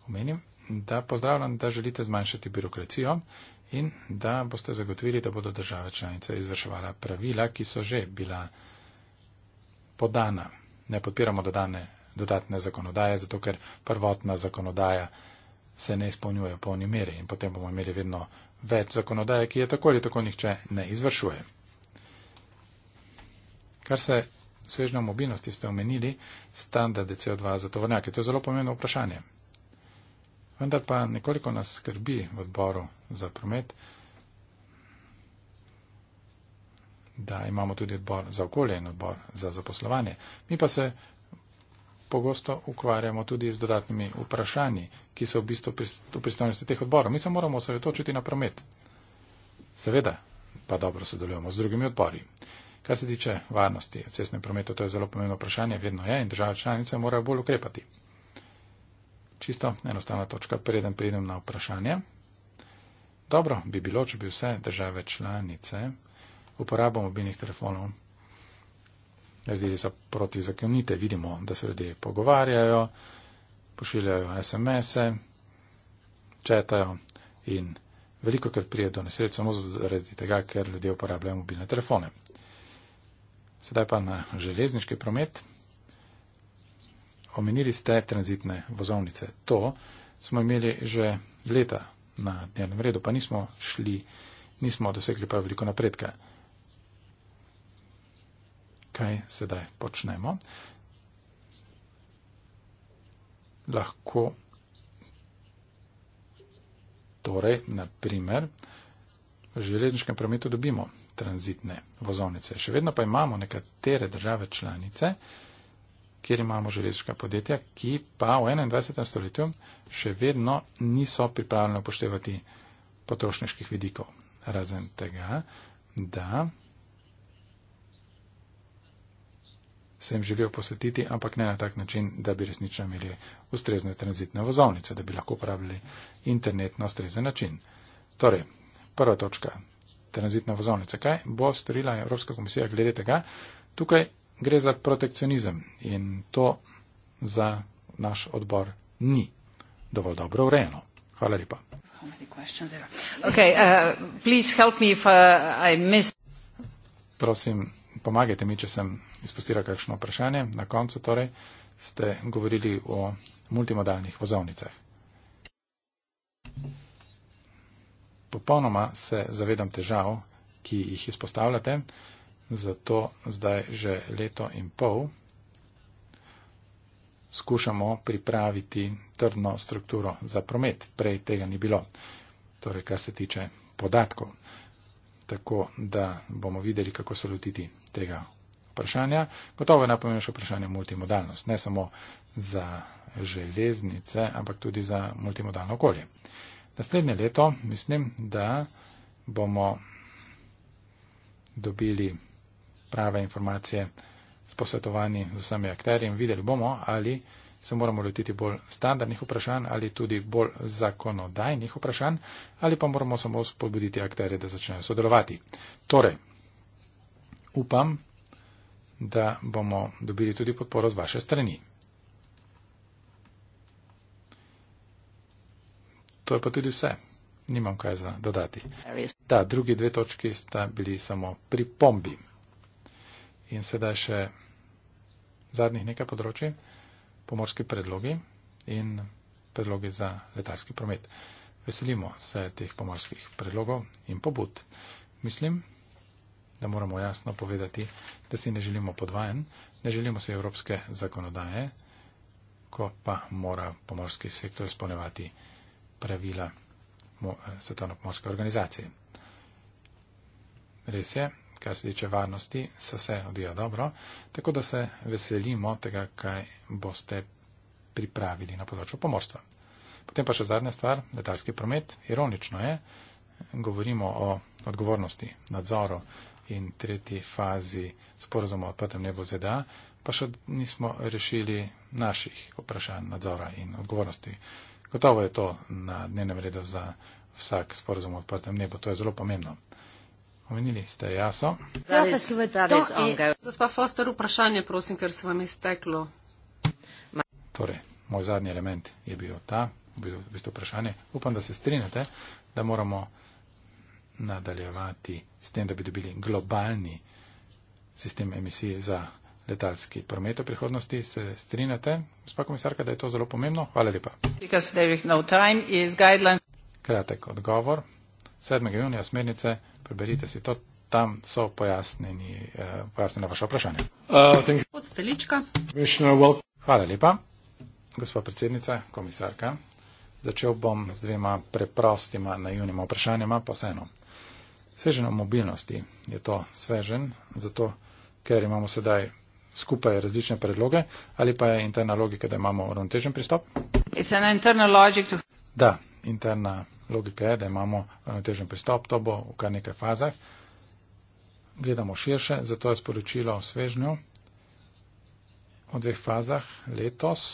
omenim, da pozdravljam, da želite zmanjšati birokracijo in da boste zagotovili, da bodo države članice izvrševala pravila, ki so že bila podana. Ne podpiramo dodane, dodatne zakonodaje, zato ker prvotna zakonodaja se ne izpolnjuje v polni meri in potem bomo imeli vedno več zakonodaje, ki je tako ali tako nihče ne izvršuje. Kar se svežno mobilnosti ste omenili, standarde CO2 za tovornjake, to je zelo pomembno vprašanje vendar pa nekoliko nas skrbi v odboru za promet, da imamo tudi odbor za okolje in odbor za zaposlovanje. Mi pa se pogosto ukvarjamo tudi z dodatnimi vprašanji, ki so v bistvu v pristojnosti teh odborov. Mi se moramo osredotočiti na promet. Seveda pa dobro sodelujemo z drugimi odbori. Kar se tiče varnosti v cestnem prometu, to je zelo pomembno vprašanje, vedno je in države članice morajo bolj ukrepati čisto enostavna točka, preden pridem na vprašanje. Dobro bi bilo, če bi vse države članice uporabo mobilnih telefonov naredili za protizakonite. Vidimo, da se ljudje pogovarjajo, pošiljajo SMS-e, četajo in veliko krat prije do nesreč samo zaradi tega, ker ljudje uporabljajo mobilne telefone. Sedaj pa na železniški promet omenili ste tranzitne vozovnice. To smo imeli že leta na dnevnem redu, pa nismo šli, nismo dosegli pa veliko napredka. Kaj sedaj počnemo? Lahko torej, naprimer, v železniškem prometu dobimo tranzitne vozovnice. Še vedno pa imamo nekatere države članice, kjer imamo železniška podjetja, ki pa v 21. stoletju še vedno niso pripravljena upoštevati potrošniških vidikov. Razen tega, da se jim želijo posvetiti, ampak ne na tak način, da bi resnično imeli ustrezne tranzitne vozovnice, da bi lahko uporabljali internet na ustrezen način. Torej, prva točka, tranzitna vozovnica. Kaj bo storila Evropska komisija glede tega? Tukaj gre za protekcionizem in to za naš odbor ni dovolj dobro urejeno. Hvala lepa. Okay, uh, if, uh, Prosim, pomagajte mi, če sem izpustila kakšno vprašanje. Na koncu torej ste govorili o multimodalnih vozovnicah. Popolnoma se zavedam težav, ki jih izpostavljate. Zato zdaj že leto in pol skušamo pripraviti trdno strukturo za promet. Prej tega ni bilo. Torej, kar se tiče podatkov. Tako da bomo videli, kako se lotiti tega vprašanja. Gotovo je najpomembnejše vprašanje multimodalnost. Ne samo za železnice, ampak tudi za multimodalno okolje. Naslednje leto mislim, da bomo dobili prave informacije s posvetovanji z vsemi akterji. Videli bomo, ali se moramo lotiti bolj standardnih vprašanj ali tudi bolj zakonodajnih vprašanj, ali pa moramo samo spodbuditi akterje, da začnejo sodelovati. Torej, upam, da bomo dobili tudi podporo z vaše strani. To je pa tudi vse. Nimam kaj za dodati. Da, drugi dve točki sta bili samo pri pombi. In sedaj še zadnjih nekaj področji, pomorski predlogi in predlogi za letalski promet. Veselimo se teh pomorskih predlogov in pobud. Mislim, da moramo jasno povedati, da si ne želimo podvajen, ne želimo se evropske zakonodaje, ko pa mora pomorski sektor spolnevati pravila Svetovno pomorske organizacije. Res je, kar se tiče varnosti, se vse odvija dobro, tako da se veselimo tega, kaj boste pripravili na področju pomorstva. Potem pa še zadnja stvar, letalski promet. Ironično je, govorimo o odgovornosti, nadzoru in tretji fazi sporozuma o odprtem nebu ZDA, pa še nismo rešili naših vprašanj nadzora in odgovornosti. Gotovo je to na dnevnem redu za vsak sporozum o odprtem nebu, to je zelo pomembno omenili ste jaso. Gospa Foster, vprašanje, prosim, ker se vam je steklo. Torej, moj zadnji element je bil ta, bil v bistvu vprašanje. Upam, da se strinjate, da moramo nadaljevati s tem, da bi dobili globalni sistem emisij za letalski promet v prihodnosti. Se strinjate, gospa komisarka, da je to zelo pomembno? Hvala lepa. No Kratek odgovor. 7. junija smernice preberite si to, tam so pojasneni, uh, eh, pojasnjena vaša vprašanja. Uh, Hvala lepa, gospa predsednica, komisarka. Začel bom z dvema preprostima naivnima vprašanjima, pa vseeno. Svežen o mobilnosti je to svežen, zato ker imamo sedaj skupaj različne predloge, ali pa je interna logika, da imamo uravnotežen pristop? Da, interna logika je, da imamo ravnotežen eh, pristop, to bo v kar nekaj fazah. Gledamo širše, zato je sporočilo o svežnju o dveh fazah letos.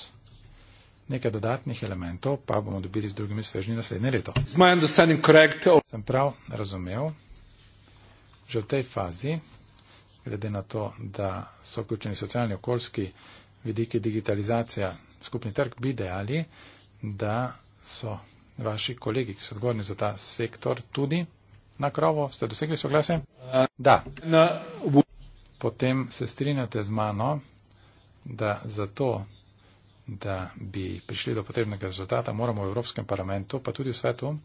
Nekaj dodatnih elementov pa bomo dobili z drugimi svežnji naslednje leto. Sem prav razumel, že v tej fazi, glede na to, da so vključeni socialni okoljski vidiki digitalizacija, skupni trg, bi dejali, da so vaši kolegi, ki so odgovorni za ta sektor, tudi na krovo, ste dosegli soglasje? Da. Potem se strinjate z mano, da zato, da bi prišli do potrebnega rezultata, moramo v Evropskem parlamentu, pa tudi v svetu,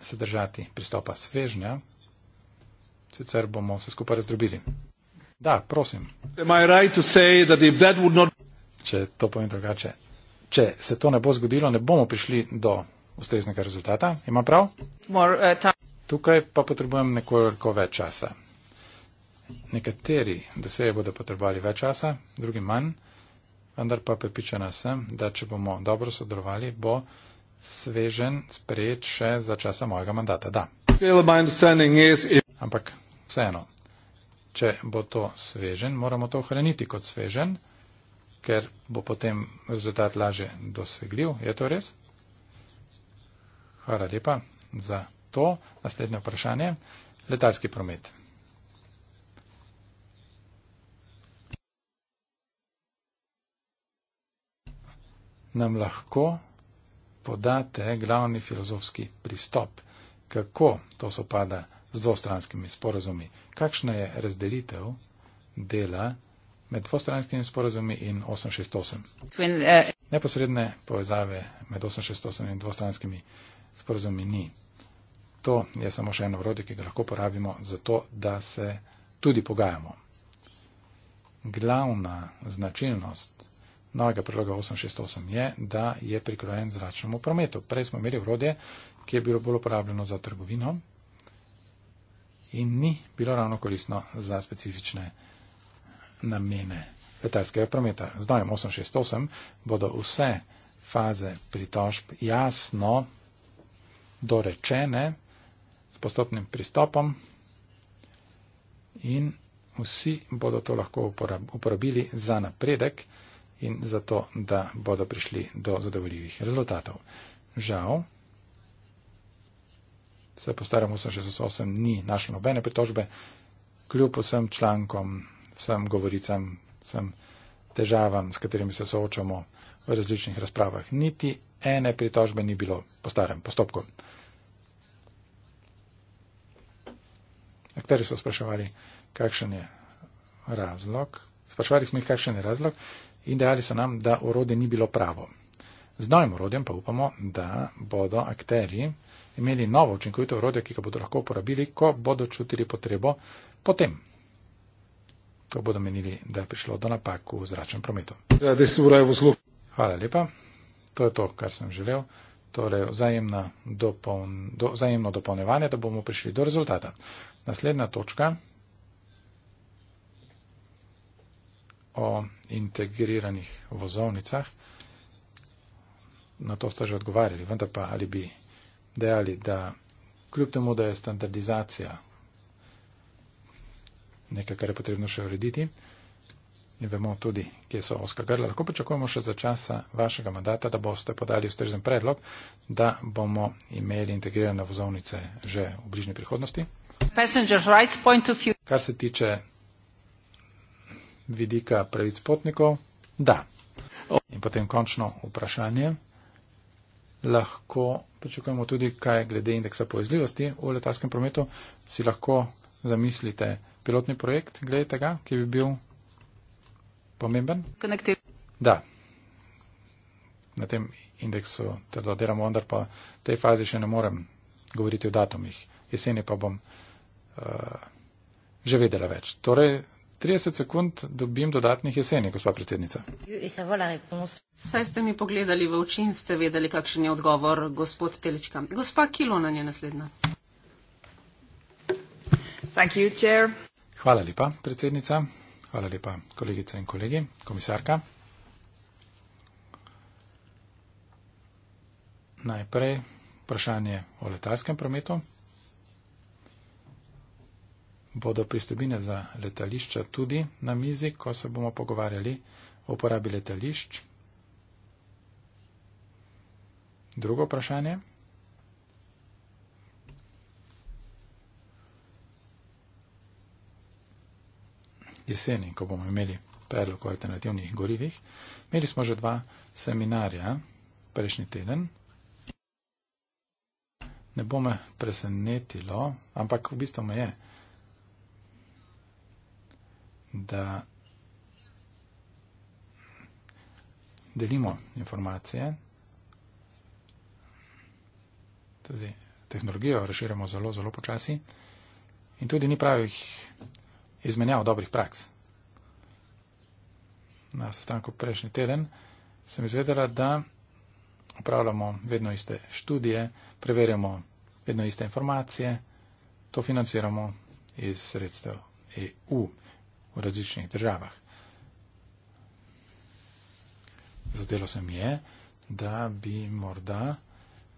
se držati pristopa svežnja, sicer bomo se skupaj razdrobili. Da, prosim. Če to povem drugače, če se to ne bo zgodilo, ne bomo prišli do ustreznega rezultata. Ima prav? More, uh, Tukaj pa potrebujem nekoliko več časa. Nekateri doseje bodo potrebovali več časa, drugi manj, vendar pa prepričana sem, da če bomo dobro sodelovali, bo svežen sprejet še za časa mojega mandata. Da. Ampak vseeno, če bo to svežen, moramo to ohraniti kot svežen ker bo potem rezultat laže dosegljiv. Je to res? Hvala lepa za to. Naslednje vprašanje. Letalski promet. Nam lahko podate glavni filozofski pristop, kako to sopada z dvostranskimi sporazumi, kakšna je razdelitev dela med dvostranskimi sporazumi in 868. Eh, Neposredne povezave med 868 in dvostranskimi sporazumi ni. To je samo še eno vrodje, ki ga lahko porabimo za to, da se tudi pogajamo. Glavna značilnost novega priloga 868 je, da je prikrojen zračnemu prometu. Prej smo imeli vrodje, ki je bilo bolj uporabljeno za trgovino in ni bilo ravno koristno za specifične namene letalskega prometa. Z novim 868 bodo vse faze pritožb jasno dorečene s postopnim pristopom in vsi bodo to lahko uporabili za napredek in za to, da bodo prišli do zadovoljivih rezultatov. Žal, se po starem 868 ni našlo nobene pritožbe, kljub vsem člankom vsem govoricam, vsem težavam, s katerimi se soočamo v različnih razpravah. Niti ene pritožbe ni bilo po starem postopku. Akteri so spraševali, kakšen je razlog. Sprašvali smo jih, kakšen je razlog in dejali so nam, da urode ni bilo pravo. Z novim urodjem pa upamo, da bodo akteri imeli novo učinkovito urodje, ki ga bodo lahko uporabili, ko bodo čutili potrebo potem ko bodo menili, da je prišlo do napak v zračnem prometu. Ja, Hvala lepa. To je to, kar sem želel. Torej, vzajemno, dopoln, do, vzajemno dopolnevanje, da bomo prišli do rezultata. Naslednja točka o integriranih vozovnicah. Na to ste že odgovarjali, vendar pa ali bi dejali, da kljub temu, da je standardizacija nekaj, kar je potrebno še urediti. In vemo tudi, kje so oska grla. Lahko pričakujemo še za časa vašega mandata, da boste podali ustrezen predlog, da bomo imeli integrirane vozovnice že v bližnji prihodnosti. Kar se tiče vidika pravic potnikov, da. In potem končno vprašanje. Lahko pričakujemo tudi, kaj glede indeksa povezljivosti v letalskem prometu. Si lahko zamislite, pilotni projekt, glede tega, ki bi bil pomemben? Konektiv. Da, na tem indeksu trdo delamo, vendar pa v tej fazi še ne morem govoriti o datumih. Jeseni pa bom uh, že vedela več. Torej, 30 sekund dobim dodatnih jeseni, gospa predsednica. Saj ste mi pogledali v oči in ste vedeli, kakšen je odgovor, gospod Telička. Gospa Kilona je naslednja. Thank you, Chair. Hvala lepa, predsednica. Hvala lepa, kolegice in kolegi, komisarka. Najprej vprašanje o letalskem prometu. Bodo pristobine za letališča tudi na mizi, ko se bomo pogovarjali o uporabi letališč. Drugo vprašanje. jeseni, ko bomo imeli predlog o alternativnih gorivih. Imeli smo že dva seminarja prejšnji teden. Ne bo me presenetilo, ampak v bistvu me je, da delimo informacije, tudi tehnologijo razširjamo zelo, zelo počasi in tudi ni pravih izmenjav dobrih praks. Na sestanku prejšnji teden sem izvedela, da upravljamo vedno iste študije, preverjamo vedno iste informacije, to financiramo iz sredstev EU v različnih državah. Zazdelo se mi je, da bi morda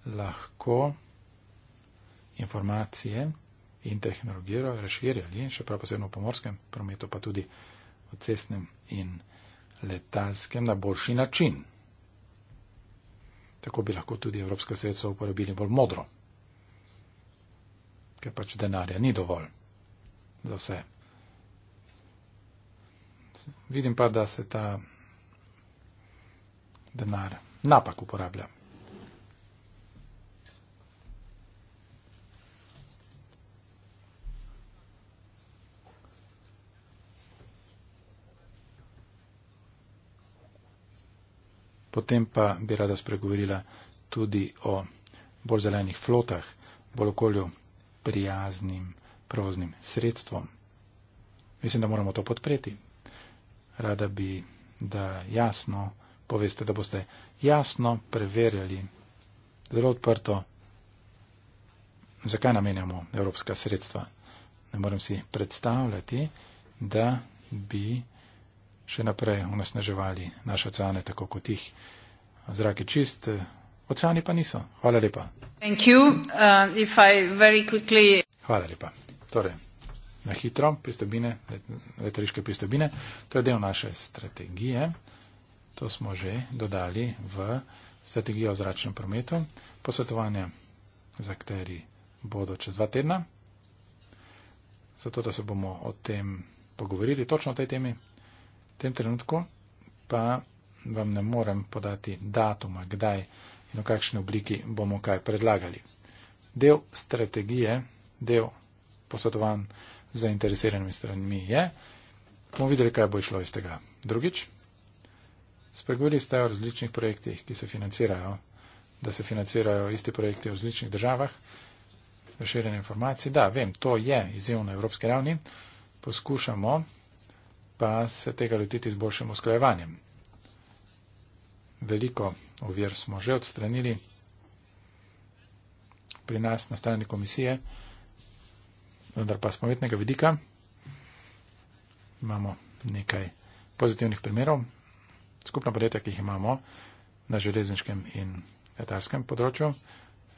lahko informacije in tehnologijo razširjali, še prav posebno v pomorskem prometu, pa tudi v cestnem in letalskem na boljši način. Tako bi lahko tudi evropska sredstva uporabili bolj modro, ker pač denarja ni dovolj za vse. Vidim pa, da se ta denar napak uporablja. Potem pa bi rada spregovorila tudi o bolj zelenih flotah, bolj okolju prijaznim prevoznim sredstvom. Mislim, da moramo to podpreti. Rada bi, da jasno poveste, da boste jasno preverjali, zelo odprto, zakaj namenjamo evropska sredstva. Ne morem si predstavljati, da bi še naprej onesnaževali naše ocane, tako kot jih. Zrak je čist, oceani pa niso. Hvala lepa. Uh, quickly... Hvala lepa. Torej, na hitro pristobine, letariške pristobine, to je del naše strategije. To smo že dodali v strategijo o zračnem prometu. Posvetovanja za kateri bodo čez dva tedna. Zato, da se bomo o tem pogovorili, točno o tej temi, tem trenutku pa vam ne morem podati datuma, kdaj in v kakšni obliki bomo kaj predlagali. Del strategije, del posvetovan z zainteresiranimi stranmi je, bomo videli, kaj bo išlo iz tega. Drugič, spregovorili ste o različnih projektih, ki se financirajo, da se financirajo isti projekti v različnih državah, razširjene informacije. Da, vem, to je izjemno na evropski ravni. Poskušamo pa se tega lotiti z boljšim usklajevanjem. Veliko ovir smo že odstranili pri nas na strani komisije, vendar pa s pometnega vidika imamo nekaj pozitivnih primerov. Skupno podjetja, ki jih imamo na železniškem in letalskem področju,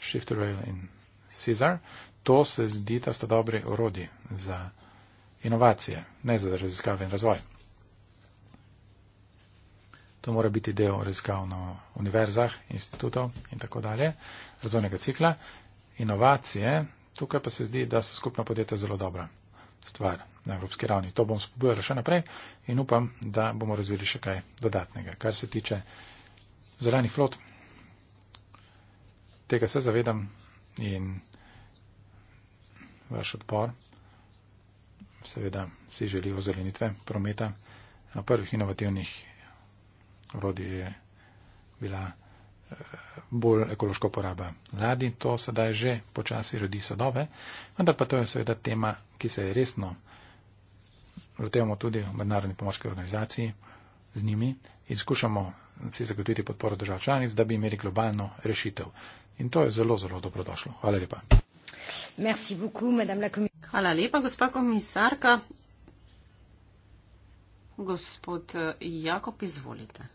Shifter Rail in Caesar, to se zdi, da sta dobri orodi za inovacije, ne za raziskave in razvoj. To mora biti del raziskav na univerzah, institutov in tako dalje, razvojnega cikla. Inovacije, tukaj pa se zdi, da so skupna podjetja zelo dobra stvar na evropski ravni. To bom spodbujala še naprej in upam, da bomo razvili še kaj dodatnega. Kar se tiče zelenih flot, tega se zavedam in vaš odpor seveda si želijo ozelenitve prometa. Na prvih inovativnih vrodi je bila eh, bolj ekološko poraba ladi, to sedaj že počasi rodi sadove, vendar pa to je seveda tema, ki se je resno lotevamo tudi v mednarodni pomorski organizaciji z njimi in skušamo si zagotoviti podporo držav članic, da bi imeli globalno rešitev. In to je zelo, zelo dobrodošlo. Hvala lepa. Merci beaucoup, Madame la Commissaire. Hvala lepa, gospa komisarka. Gospod eh, Jakob, izvolite.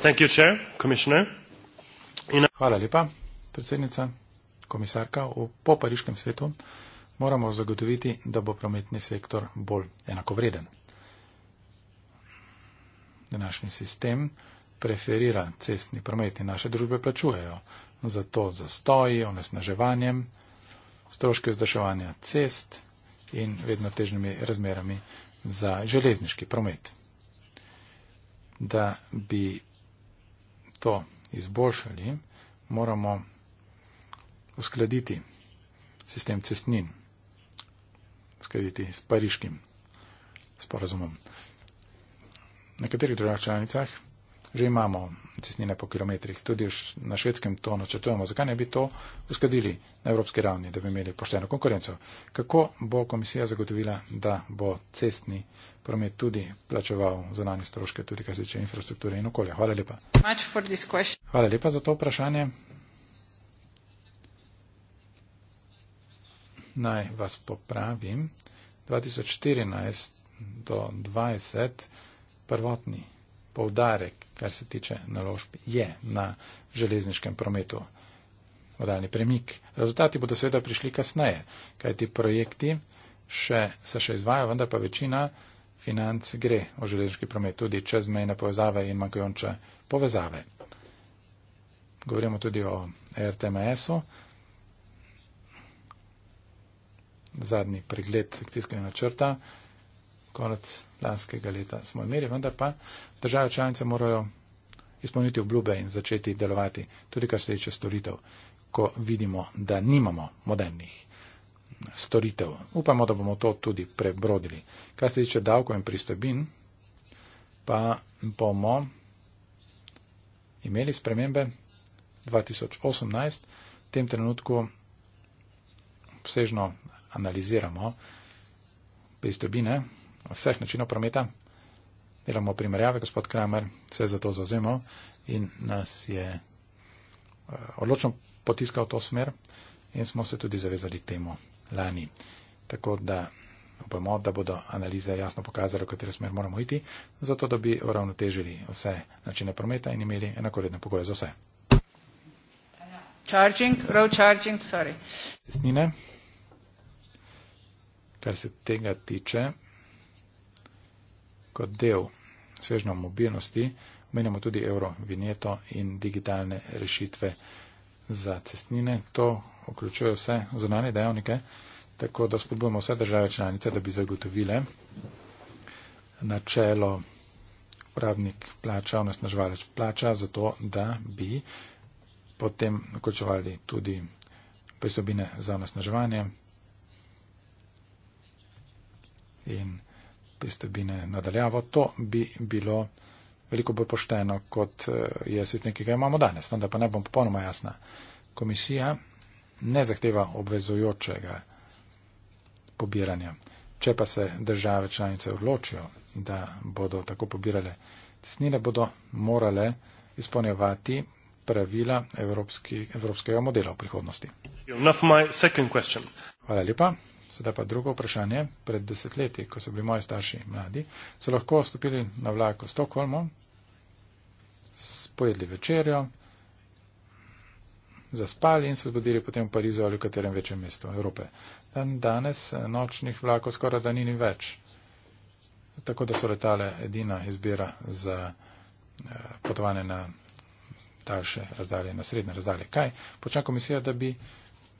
Thank you, chair, commissioner. In... Hvala lepa, predsednica, komisarka. V popariškem svetu moramo zagotoviti, da bo prometni sektor bolj enakovreden. Današnji sistem preferira cestni promet in naše družbe plačujejo. Zato zastoji, onesnaževanjem stroške vzdrževanja cest in vedno težnimi razmerami za železniški promet. Da bi to izboljšali, moramo uskladiti sistem cestnin, uskladiti s pariškim sporazumom. Na nekaterih državah članicah že imamo cestnine po kilometrih. Tudi na švedskem to načrtujemo. Zakaj ne bi to uskladili na evropski ravni, da bi imeli pošteno konkurenco? Kako bo komisija zagotovila, da bo cestni promet tudi plačeval zunanje stroške, tudi kar se tiče infrastrukture in okolja? Hvala lepa. Hvala lepa za to vprašanje. Naj vas popravim. 2014 do 2020 prvotni poudarek, kar se tiče naložb, je na železniškem prometu vodalni premik. Rezultati bodo seveda prišli kasneje, kajti projekti še, se še izvajo, vendar pa večina financ gre v železniški promet, tudi čez mejne povezave in manjkajoče povezave. Govorimo tudi o RTMS-u. Zadnji pregled akcijskega načrta konec lanskega leta smo imeli, vendar pa države članice morajo izpolniti obljube in začeti delovati, tudi kar se tiče storitev, ko vidimo, da nimamo modernih storitev. Upamo, da bomo to tudi prebrodili. Kar se tiče davkov in pristojbin, pa bomo imeli spremembe 2018. V tem trenutku obsežno analiziramo pristojbine, vseh načinov prometa. Delamo primerjave, gospod Kramer se je za to zauzemal in nas je eh, odločno potiskal v to smer in smo se tudi zavezali temu lani. Tako da upamo, da bodo analize jasno pokazali, v katero smer moramo iti, zato da bi uravnotežili vse načine prometa in imeli enakoredne pogoje za vse. Charging, road charging, sorry. Cestnine, kar se tega tiče. Kot del svežno mobilnosti omenjamo tudi evro vinjeto in digitalne rešitve za cestnine. To vključuje vse zonalne dejavnike, tako da spodbujemo vse države članice, da bi zagotovile načelo uporabnik plača, onesnaževalec plača, zato da bi potem vključevali tudi pristobine za onesnaževanje. In pristojbine nadaljavo. To bi bilo veliko bolj pošteno, kot je sistem, ki ga imamo danes. No, da pa ne bom popolnoma jasna. Komisija ne zahteva obvezujočega pobiranja. Če pa se države članice odločijo, da bodo tako pobirale cestnine, bodo morale izpolnjevati pravila evropski, evropskega modela v prihodnosti. Hvala lepa. Sedaj pa drugo vprašanje. Pred desetletji, ko so bili moji starši mladi, so lahko stopili na vlak v Stokholmu, spojedli večerjo, zaspali in se zbudili potem v Parizu ali v katerem večjem mestu Evrope. Dan danes eh, nočnih vlakov skoraj da ni ni več. Tako da so letale edina izbira za eh, potovanje na daljše razdalje, na srednje razdalje. Kaj počne komisija, da bi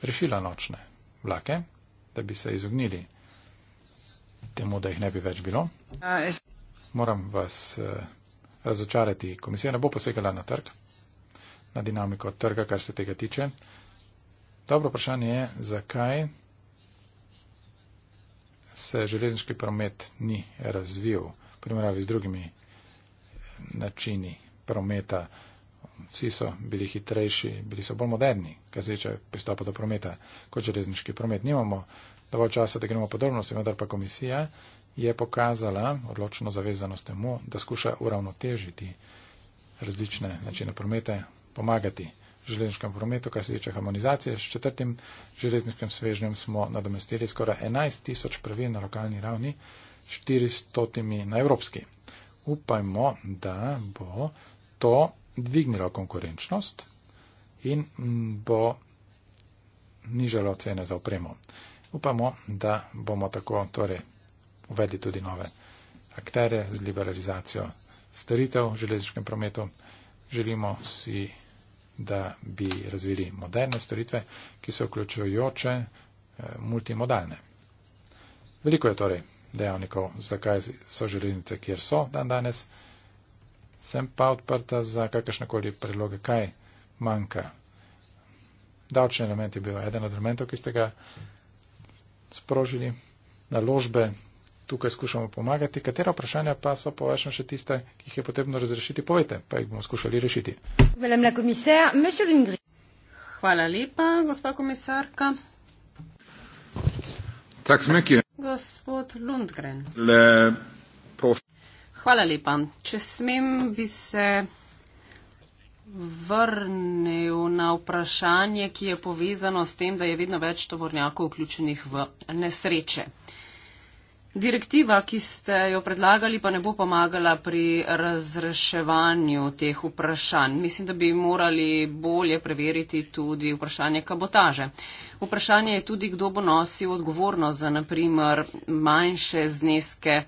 rešila nočne vlake? da bi se izognili temu, da jih ne bi več bilo. Moram vas eh, razočarati, komisija ne bo posegala na trg, na dinamiko trga, kar se tega tiče. Dobro vprašanje je, zakaj se železniški promet ni razvil, primerjavi z drugimi načini prometa vsi so bili hitrejši, bili so bolj moderni, kar zveče pristopa do prometa, kot železniški promet. Nimamo dovolj časa, da gremo podrobnosti, vendar pa komisija je pokazala odločno zavezanost temu, da skuša uravnotežiti različne načine promete, pomagati železniškem prometu, kar se tiče harmonizacije. S četrtim železniškim svežnjem smo nadomestili skoraj 11 tisoč pravil na lokalni ravni, 400 na evropski. Upajmo, da bo to dvignilo konkurenčnost in bo nižalo cene za opremo. Upamo, da bomo tako torej uvedli tudi nove akterje z liberalizacijo staritev v železniškem prometu. Želimo si, da bi razvili moderne storitve, ki so vključujoče eh, multimodalne. Veliko je torej dejavnikov, zakaj so železnice, kjer so dan danes sem pa odprta za kakršnekoli predloge, kaj manjka. Davčni element je bil eden od elementov, ki ste ga sprožili. Naložbe tukaj skušamo pomagati. Katera vprašanja pa so po vašem še tiste, ki jih je potrebno razrešiti? Povejte, pa jih bomo skušali rešiti. Hvala lepa, gospa komisarka. Tak smek je. Gospod Lundgren. Le Hvala lepa. Če smem, bi se vrnil na vprašanje, ki je povezano s tem, da je vedno več tovornjakov vključenih v nesreče. Direktiva, ki ste jo predlagali, pa ne bo pomagala pri razreševanju teh vprašanj. Mislim, da bi morali bolje preveriti tudi vprašanje kabotaže. Vprašanje je tudi, kdo bo nosil odgovornost za, naprimer, manjše zneske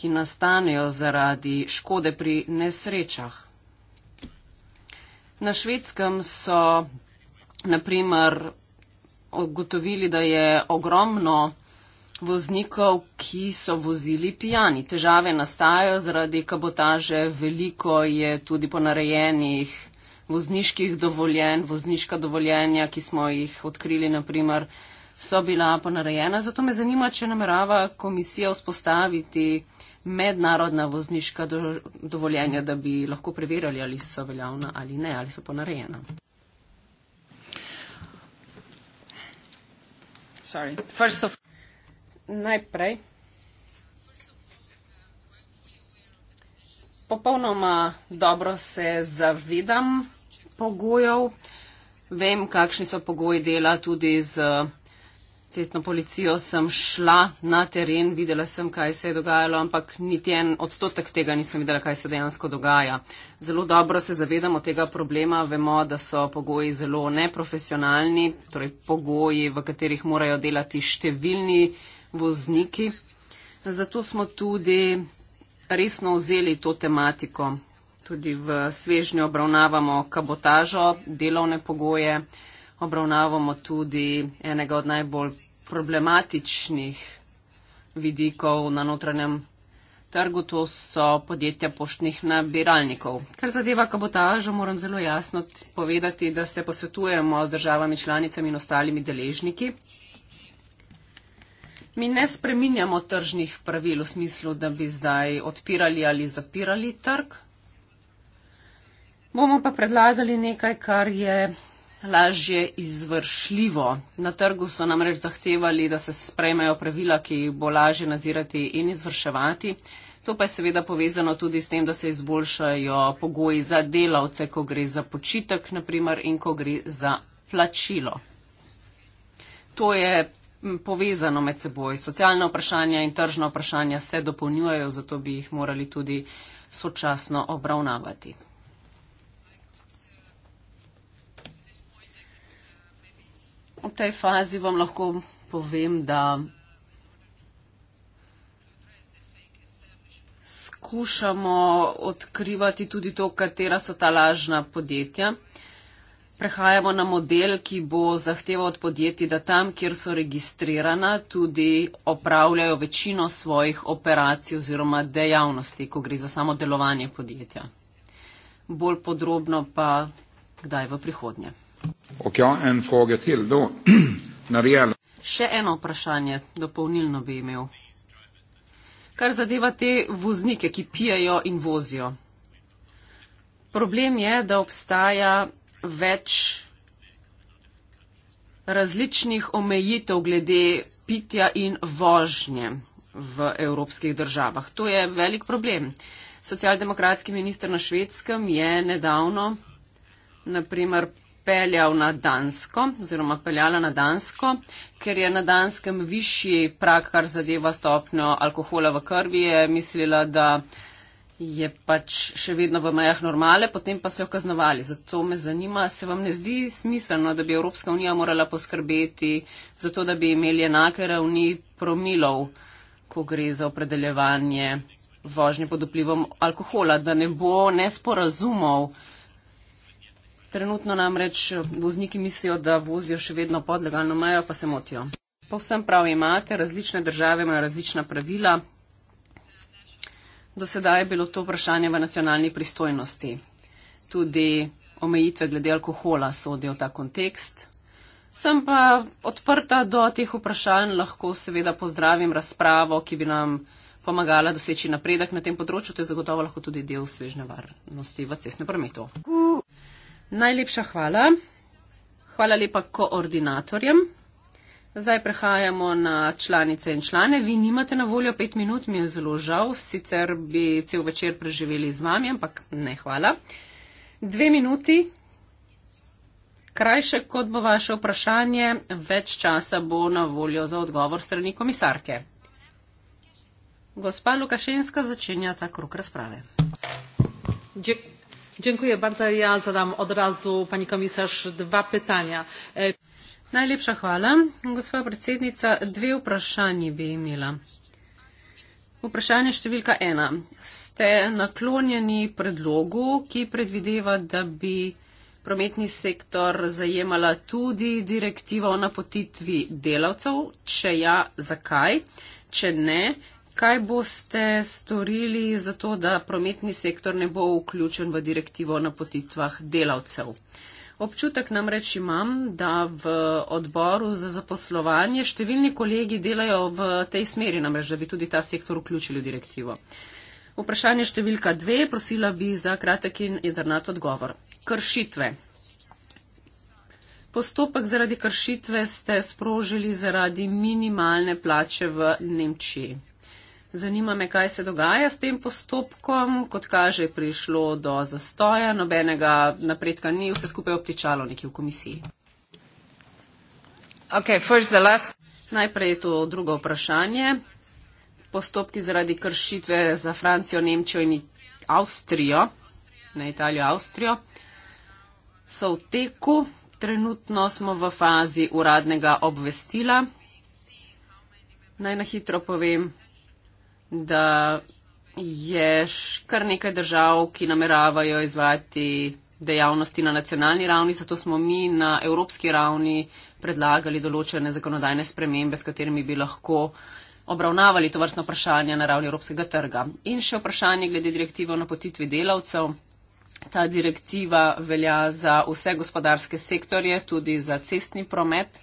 ki nastanejo zaradi škode pri nesrečah. Na švedskem so naprimer ugotovili, da je ogromno voznikov, ki so vozili pijani. Težave nastajajo zaradi kabotaže, veliko je tudi ponarejenih vozniških dovoljenj, vozniška dovoljenja, ki smo jih odkrili, naprimer, so bila ponarejena. Zato me zanima, če namerava komisija vzpostaviti mednarodna vozniška do, dovoljenja, da bi lahko preverjali, ali so veljavna ali ne, ali so ponarejena. Of... Najprej. Popolnoma dobro se zavedam pogojev. Vem, kakšni so pogoji dela tudi z cestno policijo sem šla na teren, videla sem, kaj se je dogajalo, ampak niti en odstotek tega nisem videla, kaj se dejansko dogaja. Zelo dobro se zavedamo tega problema, vemo, da so pogoji zelo neprofesionalni, torej pogoji, v katerih morajo delati številni vozniki. Zato smo tudi resno vzeli to tematiko. Tudi v svežnju obravnavamo kabotažo, delovne pogoje obravnavamo tudi enega od najbolj problematičnih vidikov na notranjem trgu, to so podjetja poštnih nabiralnikov. Kar zadeva kabotažo, moram zelo jasno povedati, da se posvetujemo z državami članicami in ostalimi deležniki. Mi ne spreminjamo tržnih pravil v smislu, da bi zdaj odpirali ali zapirali trg. Bomo pa predlagali nekaj, kar je lažje izvršljivo. Na trgu so namreč zahtevali, da se sprejmejo pravila, ki jih bo lažje nadzirati in izvrševati. To pa je seveda povezano tudi s tem, da se izboljšajo pogoji za delavce, ko gre za počitek, naprimer, in ko gre za plačilo. To je povezano med seboj. Socialna vprašanja in tržna vprašanja se dopolnjujejo, zato bi jih morali tudi sočasno obravnavati. V tej fazi vam lahko povem, da skušamo odkrivati tudi to, katera so ta lažna podjetja. Prehajamo na model, ki bo zahteval od podjetij, da tam, kjer so registrirana, tudi opravljajo večino svojih operacij oziroma dejavnosti, ko gre za samo delovanje podjetja. Bolj podrobno pa kdaj v prihodnje. Ok, en fråga till då. När det gäller... Še eno vprašanje, dopolnilno bi imel. Kar zadeva te voznike, ki pijajo in vozijo. Problem je, da obstaja več različnih omejitev glede pitja in vožnje v evropskih državah. To je velik problem. Socialdemokratski minister na švedskem je nedavno, naprimer, peljal na Dansko oziroma peljala na Dansko, ker je na Danskem višji prak, kar zadeva stopnjo alkohola v krvi, je mislila, da je pač še vedno v mejah normale, potem pa so jo kaznovali. Zato me zanima, se vam ne zdi smiselno, da bi Evropska unija morala poskrbeti za to, da bi imeli enake ravni promilov, ko gre za opredeljevanje vožnje pod vplivom alkohola, da ne bo nesporazumov. Trenutno namreč vozniki mislijo, da vozijo še vedno pod legalno mejo, pa se motijo. Povsem prav imate, različne države imajo različna pravila. Do sedaj je bilo to vprašanje v nacionalni pristojnosti. Tudi omejitve glede alkohola sodijo v ta kontekst. Sem pa odprta do teh vprašanj, lahko seveda pozdravim razpravo, ki bi nam pomagala doseči napredek na tem področju. To je zagotovo lahko tudi del svežne varnosti v cestnem prometu. Najlepša hvala. Hvala lepa koordinatorjem. Zdaj prehajamo na članice in člane. Vi nimate na voljo pet minut, mi je zelo žal, sicer bi cel večer preživeli z vami, ampak ne hvala. Dve minuti, krajše kot bo vaše vprašanje, več časa bo na voljo za odgovor strani komisarke. Gospa Lukašenska začenja ta krok razprave. Dje ja zadam od razu pani komisarz dwa pytania. E, Najlepša hvala. Gospa predsednica, dve vprašanji bi imela. Vprašanje številka ena. Ste naklonjeni predlogu, ki predvideva, da bi prometni sektor zajemala tudi direktiva o napotitvi delavcev? Če ja, zakaj? Če ne, kaj boste storili za to, da prometni sektor ne bo vključen v direktivo o napotitvah delavcev? Občutek namreč imam, da v odboru za zaposlovanje številni kolegi delajo v tej smeri, namreč da bi tudi ta sektor vključili v direktivo. Vprašanje številka dve, prosila bi za kratek in jedrnat odgovor. Kršitve. Postopek zaradi kršitve ste sprožili zaradi minimalne plače v Nemčiji. Zanima me, kaj se dogaja s tem postopkom. Kot kaže, je prišlo do zastoja, nobenega napredka ni, vse skupaj obtičalo nekje v komisiji. Okay, last... Najprej je to drugo vprašanje. Postopki zaradi kršitve za Francijo, Nemčijo in Avstrijo, na Italijo, Avstrijo, so v teku. Trenutno smo v fazi uradnega obvestila. Naj na hitro povem, da je kar nekaj držav, ki nameravajo izvajati dejavnosti na nacionalni ravni, zato smo mi na evropski ravni predlagali določene zakonodajne spremembe, s katerimi bi lahko obravnavali to vrstno vprašanje na ravni evropskega trga. In še vprašanje glede direktive o napotitvi delavcev. Ta direktiva velja za vse gospodarske sektorje, tudi za cestni promet.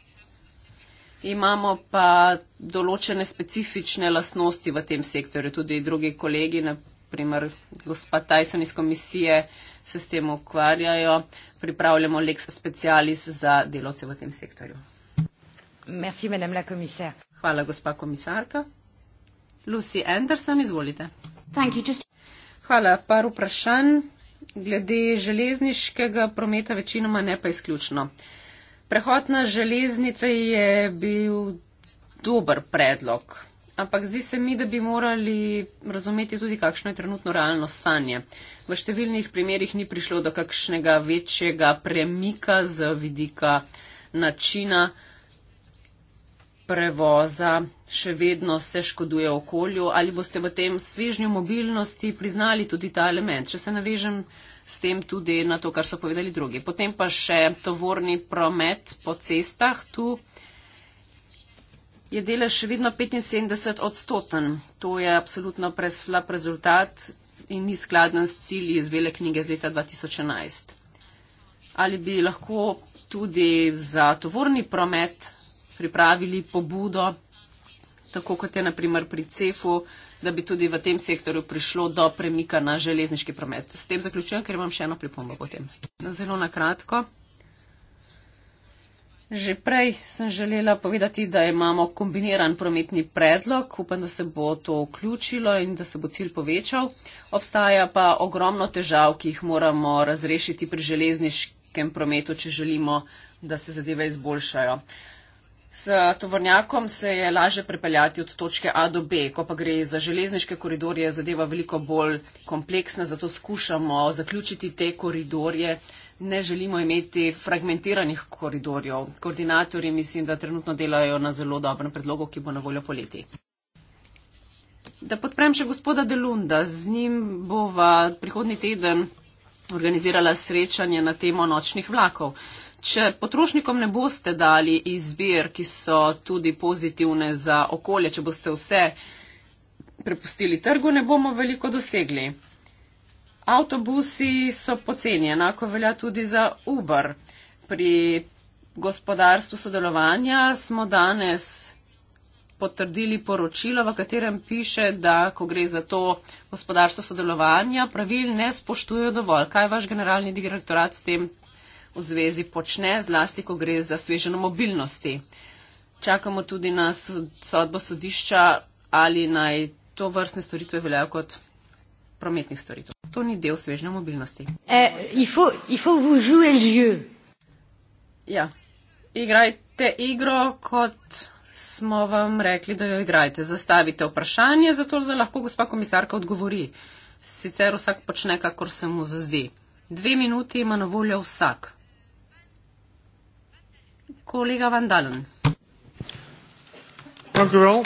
Imamo pa določene specifične lastnosti v tem sektorju. Tudi drugi kolegi, naprimer gospod Tyson iz komisije, se s tem ukvarjajo. Pripravljamo leks specialis za delovce v tem sektorju. Merci, Hvala, gospa komisarka. Lucy Anderson, izvolite. You, just... Hvala, par vprašanj glede železniškega prometa večinoma, ne pa izključno. Uh, Prehod na železnice je bil dober predlog, ampak zdi se mi, da bi morali razumeti tudi, kakšno je trenutno realno stanje. V številnih primerjih ni prišlo do kakšnega večjega premika z vidika načina prevoza, še vedno se škoduje okolju. Ali boste v tem svežnju mobilnosti priznali tudi ta element? Če se navežem s tem tudi na to, kar so povedali drugi. Potem pa še tovorni promet po cestah. Tu je delež še vedno 75 odstoten. To je absolutno preslab rezultat in ni skladen s cilji iz vele knjige z leta 2011. Ali bi lahko tudi za tovorni promet pripravili pobudo, tako kot je naprimer pri CEF-u, da bi tudi v tem sektorju prišlo do premika na železniški promet. S tem zaključujem, ker imam še eno pripombo potem. Zelo na kratko. Že prej sem želela povedati, da imamo kombiniran prometni predlog. Upam, da se bo to vključilo in da se bo cilj povečal. Obstaja pa ogromno težav, ki jih moramo razrešiti pri železniškem prometu, če želimo, da se zadeve izboljšajo. Uh, S tovornjakom se je laže prepeljati od točke A do B, ko pa gre za železniške koridorje, zadeva veliko bolj kompleksna, zato skušamo zaključiti te koridorje. Ne želimo imeti fragmentiranih koridorjev. Koordinatorji mislim, da trenutno delajo na zelo dobrem predlogu, ki bo na voljo poleti. Da podprem še gospoda Delunda, z njim bova prihodni teden organizirala srečanje na temo nočnih vlakov. Če potrošnikom ne boste dali izbir, ki so tudi pozitivne za okolje, če boste vse prepustili trgu, ne bomo veliko dosegli. Avtobusi so poceni, enako velja tudi za Uber. Pri gospodarstvu sodelovanja smo danes potrdili poročilo, v katerem piše, da ko gre za to gospodarstvo sodelovanja, pravil ne spoštujejo dovolj. Kaj vaš generalni direktorat s tem v zvezi počne, zlasti, ko gre za sveženo mobilnosti. Čakamo tudi na sodbo sodišča, ali naj to vrstne storitve veljajo kot prometnih storitev. To ni del svežne mobilnosti. Eh, il faut, il faut ja, igrajte igro, kot smo vam rekli, da jo igrajte. Zastavite vprašanje, zato da lahko gospa komisarka odgovori. Sicer vsak počne, kakor se mu zazdi. Dve minuti ima na voljo vsak collega van dalen. Dank u wel.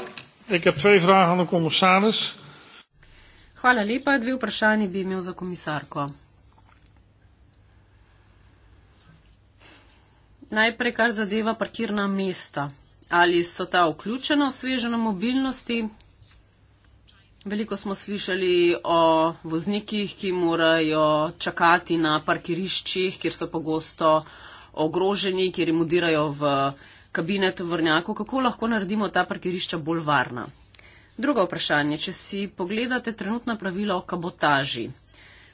Ik heb twee vragen aan de commissaris. Hvala lepa, dve vprašanje bi imel za komisarko. Najprej, kar zadeva parkirna mesta. Ali so ta vključena v svežene mobilnosti? Veliko smo slišali o voznikih, ki morajo čakati na parkiriščih, kjer so pogosto uh, ogroženi, kjer jim udirajo v kabine tovrnjakov, kako lahko naredimo ta parkirišča bolj varna? Drugo vprašanje, če si pogledate trenutna pravila o kabotaži,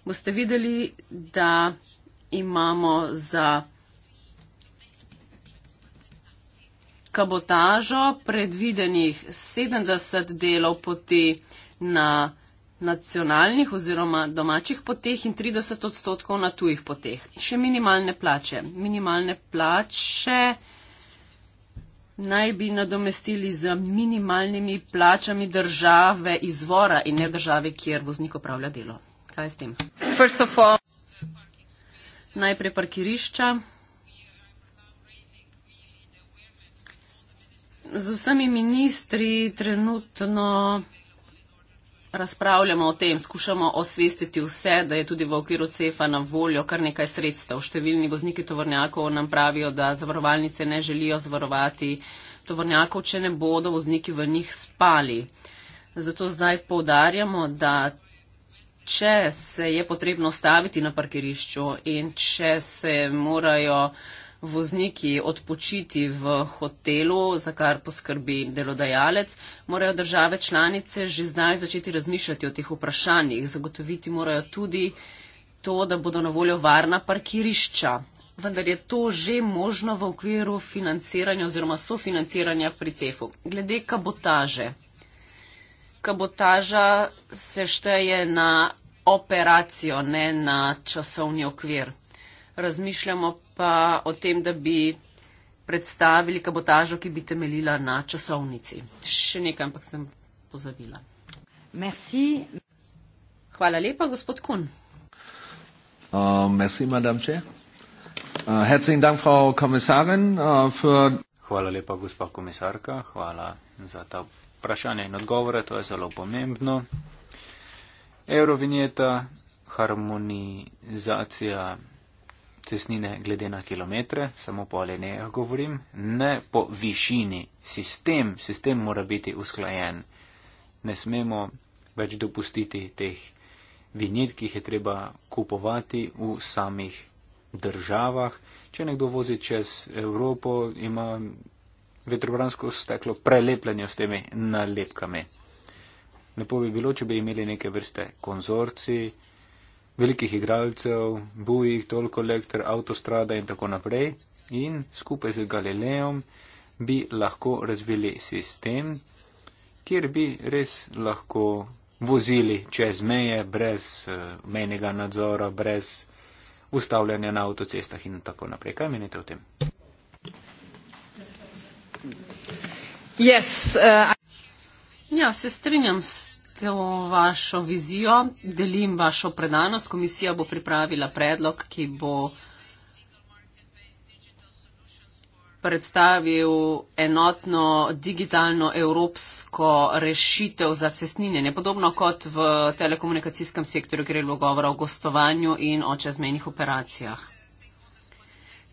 boste videli, da imamo za kabotažo predvidenih 70 delov poti na nacionalnih oziroma domačih poteh in 30 odstotkov na tujih poteh. Še minimalne plače. Minimalne plače naj bi nadomestili z minimalnimi plačami države izvora in ne države, kjer voznik opravlja delo. Kaj je s tem? All... Najprej parkirišča. Z vsemi ministri trenutno razpravljamo o tem, skušamo osvestiti vse, da je tudi v okviru CEFA na voljo kar nekaj sredstev. Številni vozniki tovornjakov nam pravijo, da zavarovalnice ne želijo zavarovati tovornjakov, če ne bodo vozniki v njih spali. Zato zdaj povdarjamo, da če se je potrebno staviti na parkirišču in če se morajo vozniki odpočiti v hotelu, za kar poskrbi delodajalec, morajo države članice že zdaj začeti razmišljati o teh vprašanjih. Zagotoviti morajo tudi to, da bodo na voljo varna parkirišča. Vendar je to že možno v okviru financiranja oziroma sofinanciranja pri CEF-u. Glede kabotaže. Kabotaža se šteje na operacijo, ne na časovni okvir. Razmišljamo pa o tem, da bi predstavili kabotažo, ki bi temeljila na časovnici. Še nekaj, ampak sem pozabila. Merci. Hvala lepa, gospod Kun. Uh, merci, madame Če. Uh, herzlichen Dank, Frau Kommissarin, uh, für. Hvala lepa, gospa komisarka. Hvala za ta vprašanja in odgovore. To je zelo pomembno. Eurovinjeta, harmonizacija cestnine glede na kilometre, samo po linijah govorim, ne po višini. Sistem, sistem mora biti usklajen. Ne smemo več dopustiti teh vinjet, ki jih je treba kupovati v samih državah. Če nekdo vozi čez Evropo, ima vetrobransko steklo prelepljenje s temi nalepkami. Lepo bi bilo, če bi imeli neke vrste konzorcij, velikih igralcev, Bujih, Tolko Lektor, Autostrada in tako naprej. In skupaj z Galileom bi lahko razvili sistem, kjer bi res lahko vozili čez meje, brez uh, eh, menjega nadzora, brez ustavljanja na avtocestah in tako naprej. Kaj menite o tem? Yes, uh, ja, se strinjam s to vašo vizijo, delim vašo predanost. Komisija bo pripravila predlog, ki bo predstavil enotno digitalno evropsko rešitev za cestninjenje, podobno kot v telekomunikacijskem sektorju, kjer je bilo govora o gostovanju in o čezmejnih operacijah.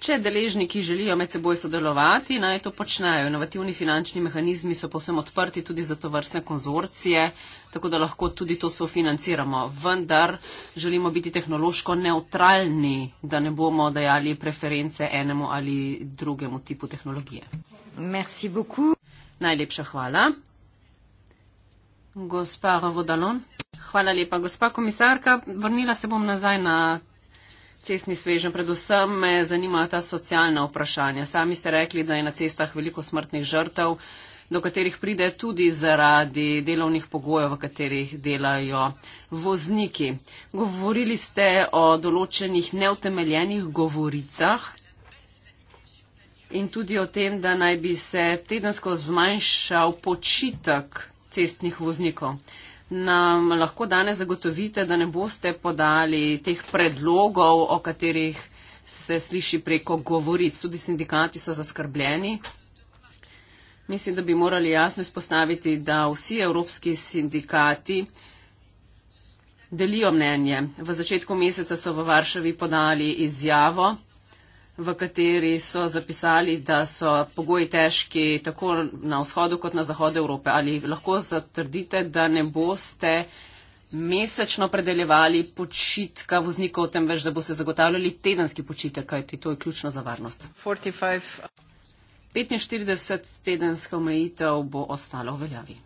Če deležniki želijo med seboj sodelovati, naj to počnejo. Inovativni finančni mehanizmi so posebno odprti tudi za to vrstne konzorcije, tako da lahko tudi to sofinanciramo. Vendar želimo biti tehnološko neutralni, da ne bomo dajali preference enemu ali drugemu tipu tehnologije. Najlepša hvala. Gospa Vodalon. Hvala lepa, gospa komisarka. Vrnila se bom nazaj na cestni svežen. Predvsem me zanimajo ta socialna vprašanja. Sami ste rekli, da je na cestah veliko smrtnih žrtev, do katerih pride tudi zaradi delovnih pogojev, v katerih delajo vozniki. Govorili ste o določenih neutemeljenih govoricah. In tudi o tem, da naj bi se tedensko zmanjšal počitek cestnih voznikov nam lahko danes zagotovite, da ne boste podali teh predlogov, o katerih se sliši preko govoric. Tudi sindikati so zaskrbljeni. Mislim, da bi morali jasno izpostaviti, da vsi evropski sindikati delijo mnenje. V začetku meseca so v Varšavi podali izjavo v kateri so zapisali, da so pogoji težki tako na vzhodu kot na zahodu Evrope. Ali lahko zatrdite, da ne boste mesečno predeljevali počitka voznikov, temveč da boste zagotavljali tedenski počitek, kajti to je ključno za varnost? 45 tedenska omejitev bo ostalo v veljavi.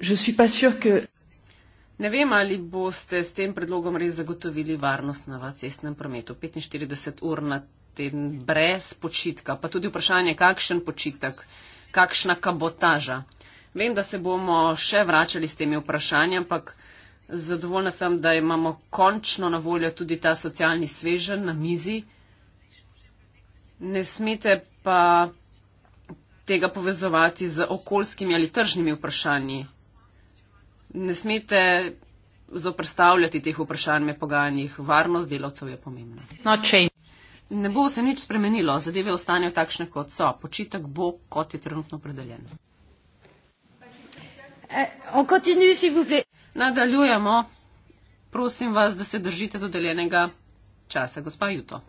Je suis pas sûr que Ne vem, ali boste s tem predlogom res zagotovili varnost na cestnem prometu. 45 ur na teden brez počitka, pa tudi vprašanje, kakšen počitek, kakšna kabotaža. Vem, da se bomo še vračali s temi vprašanji, ampak zadovoljna sem, da imamo končno na voljo tudi ta socialni svežen na mizi. Ne smete pa tega povezovati z okoljskimi ali tržnimi vprašanji ne smete zoprstavljati teh vprašanj med pogajanjih. Varnost delavcev je pomembna. No, ne bo se nič spremenilo, zadeve ostanejo takšne, kot so. Počitek bo, kot je trenutno predeljen. Eh, Nadaljujemo. Prosim vas, da se držite dodeljenega časa. Gospa Juto.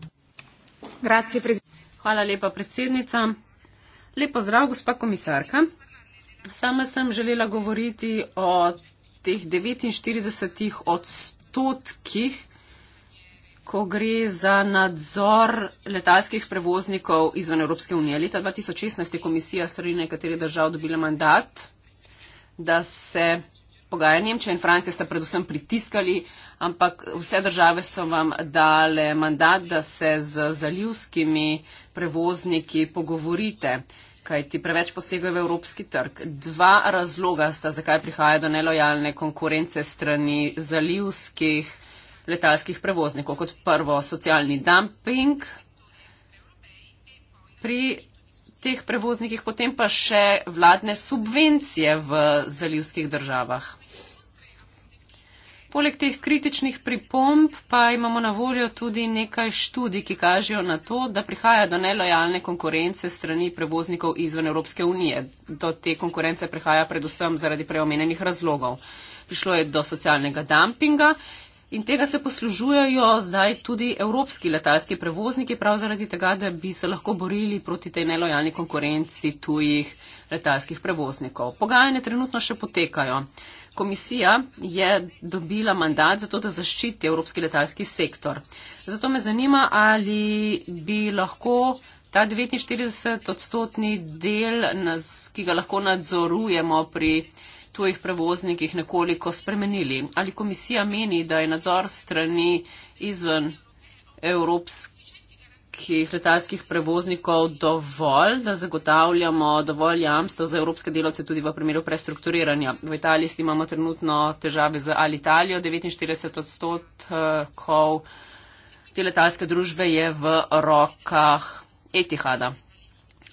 Hvala lepa, predsednica. Lepo zdrav, gospa komisarka. Sama sem želela govoriti o teh 49 odstotkih, ko gre za nadzor letalskih prevoznikov izven Evropske unije. Leta 2016 je komisija strani nekaterih držav dobila mandat, da se pogaja Nemčija in Francija sta predvsem pritiskali, ampak vse države so vam dale mandat, da se z zalivskimi prevozniki pogovorite kaj ti preveč posegajo v evropski trg. Dva razloga sta, zakaj prihaja do nelojalne konkurence strani zalivskih letalskih prevoznikov. Kot prvo, socialni dumping pri teh prevoznikih, potem pa še vladne subvencije v zalivskih državah. Poleg teh kritičnih pripomb pa imamo na voljo tudi nekaj študij, ki kažejo na to, da prihaja do nelojalne konkurence strani prevoznikov izven Evropske unije. Do te konkurence prihaja predvsem zaradi preomenjenih razlogov. Prišlo je do socialnega dumpinga. In tega se poslužujejo zdaj tudi evropski letalski prevozniki, prav zaradi tega, da bi se lahko borili proti tej nelojalni konkurenci tujih letalskih prevoznikov. Pogajanje trenutno še potekajo. Komisija je dobila mandat za to, da zaščiti evropski letalski sektor. Zato me zanima, ali bi lahko ta 49 odstotni del, ki ga lahko nadzorujemo pri tujih prevoznikih, nekoliko spremenili. Ali komisija meni, da je nadzor strani izven Evropske evropskih letalskih prevoznikov dovolj, da zagotavljamo dovolj jamstva za evropske delavce tudi v primeru prestrukturiranja. V Italiji imamo trenutno težave z Alitalijo, 49 odstotkov te letalske družbe je v rokah Etihada.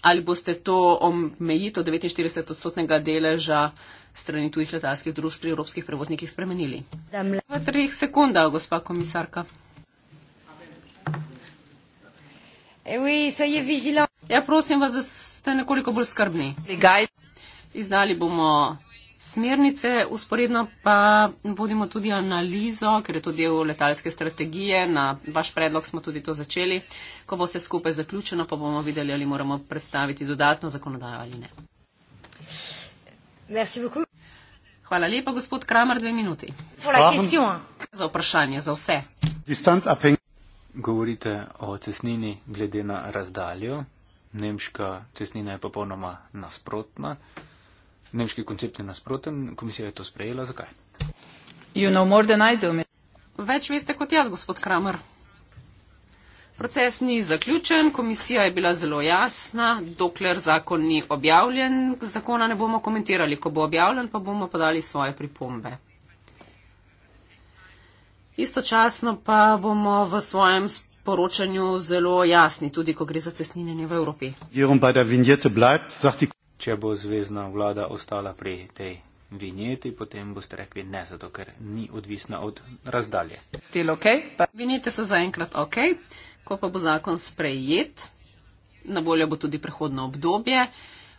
Ali boste to omejito 49 odstotnega deleža strani tujih letalskih družb pri evropskih prevoznikih spremenili? V treh sekundah, gospa komisarka. Eh ja, prosim vas, da ste nekoliko bolj skrbni. Izdali bomo smernice, usporedno pa vodimo tudi analizo, ker je to del letalske strategije. Na vaš predlog smo tudi to začeli. Ko bo vse skupaj zaključeno, pa bomo videli, ali moramo predstaviti dodatno zakonodajo ali ne. Hvala lepa, gospod Kramer, dve minuti. Za vprašanje, za vse. Distance uping govorite o cesnini glede na razdaljo. Nemška cesnina je popolnoma nasprotna. Nemški koncept je nasproten. Komisija je to sprejela. Zakaj? You know more than I do. Več veste kot jaz, gospod Kramer. Proces ni zaključen, komisija je bila zelo jasna, dokler zakon ni objavljen, zakona ne bomo komentirali. Ko bo objavljen, pa bomo podali svoje pripombe. Istočasno pa bomo v svojem sporočanju zelo jasni, tudi ko gre za cestninjenje v Evropi. Če bo zvezdna vlada ostala pri tej vinjeti, potem boste rekli ne, zato ker ni odvisna od razdalje. Stil ok, pa vinjete so zaenkrat ok, ko pa bo zakon sprejet, na voljo bo tudi prehodno obdobje,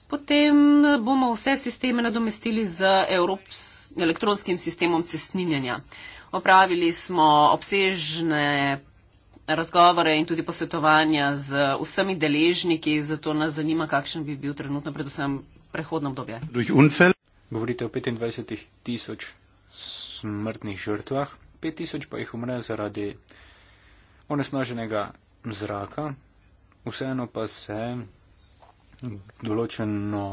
potem bomo vse sisteme nadomestili z Evrops, elektronskim sistemom cestninjenja. Opravili smo obsežne razgovore in tudi posvetovanja z vsemi deležniki, zato nas zanima, kakšen bi bil trenutno predvsem prehodno obdobje. Govorite o 25 tisoč smrtnih žrtvah, 5 tisoč pa jih umre zaradi onesnaženega zraka, vseeno pa se določeno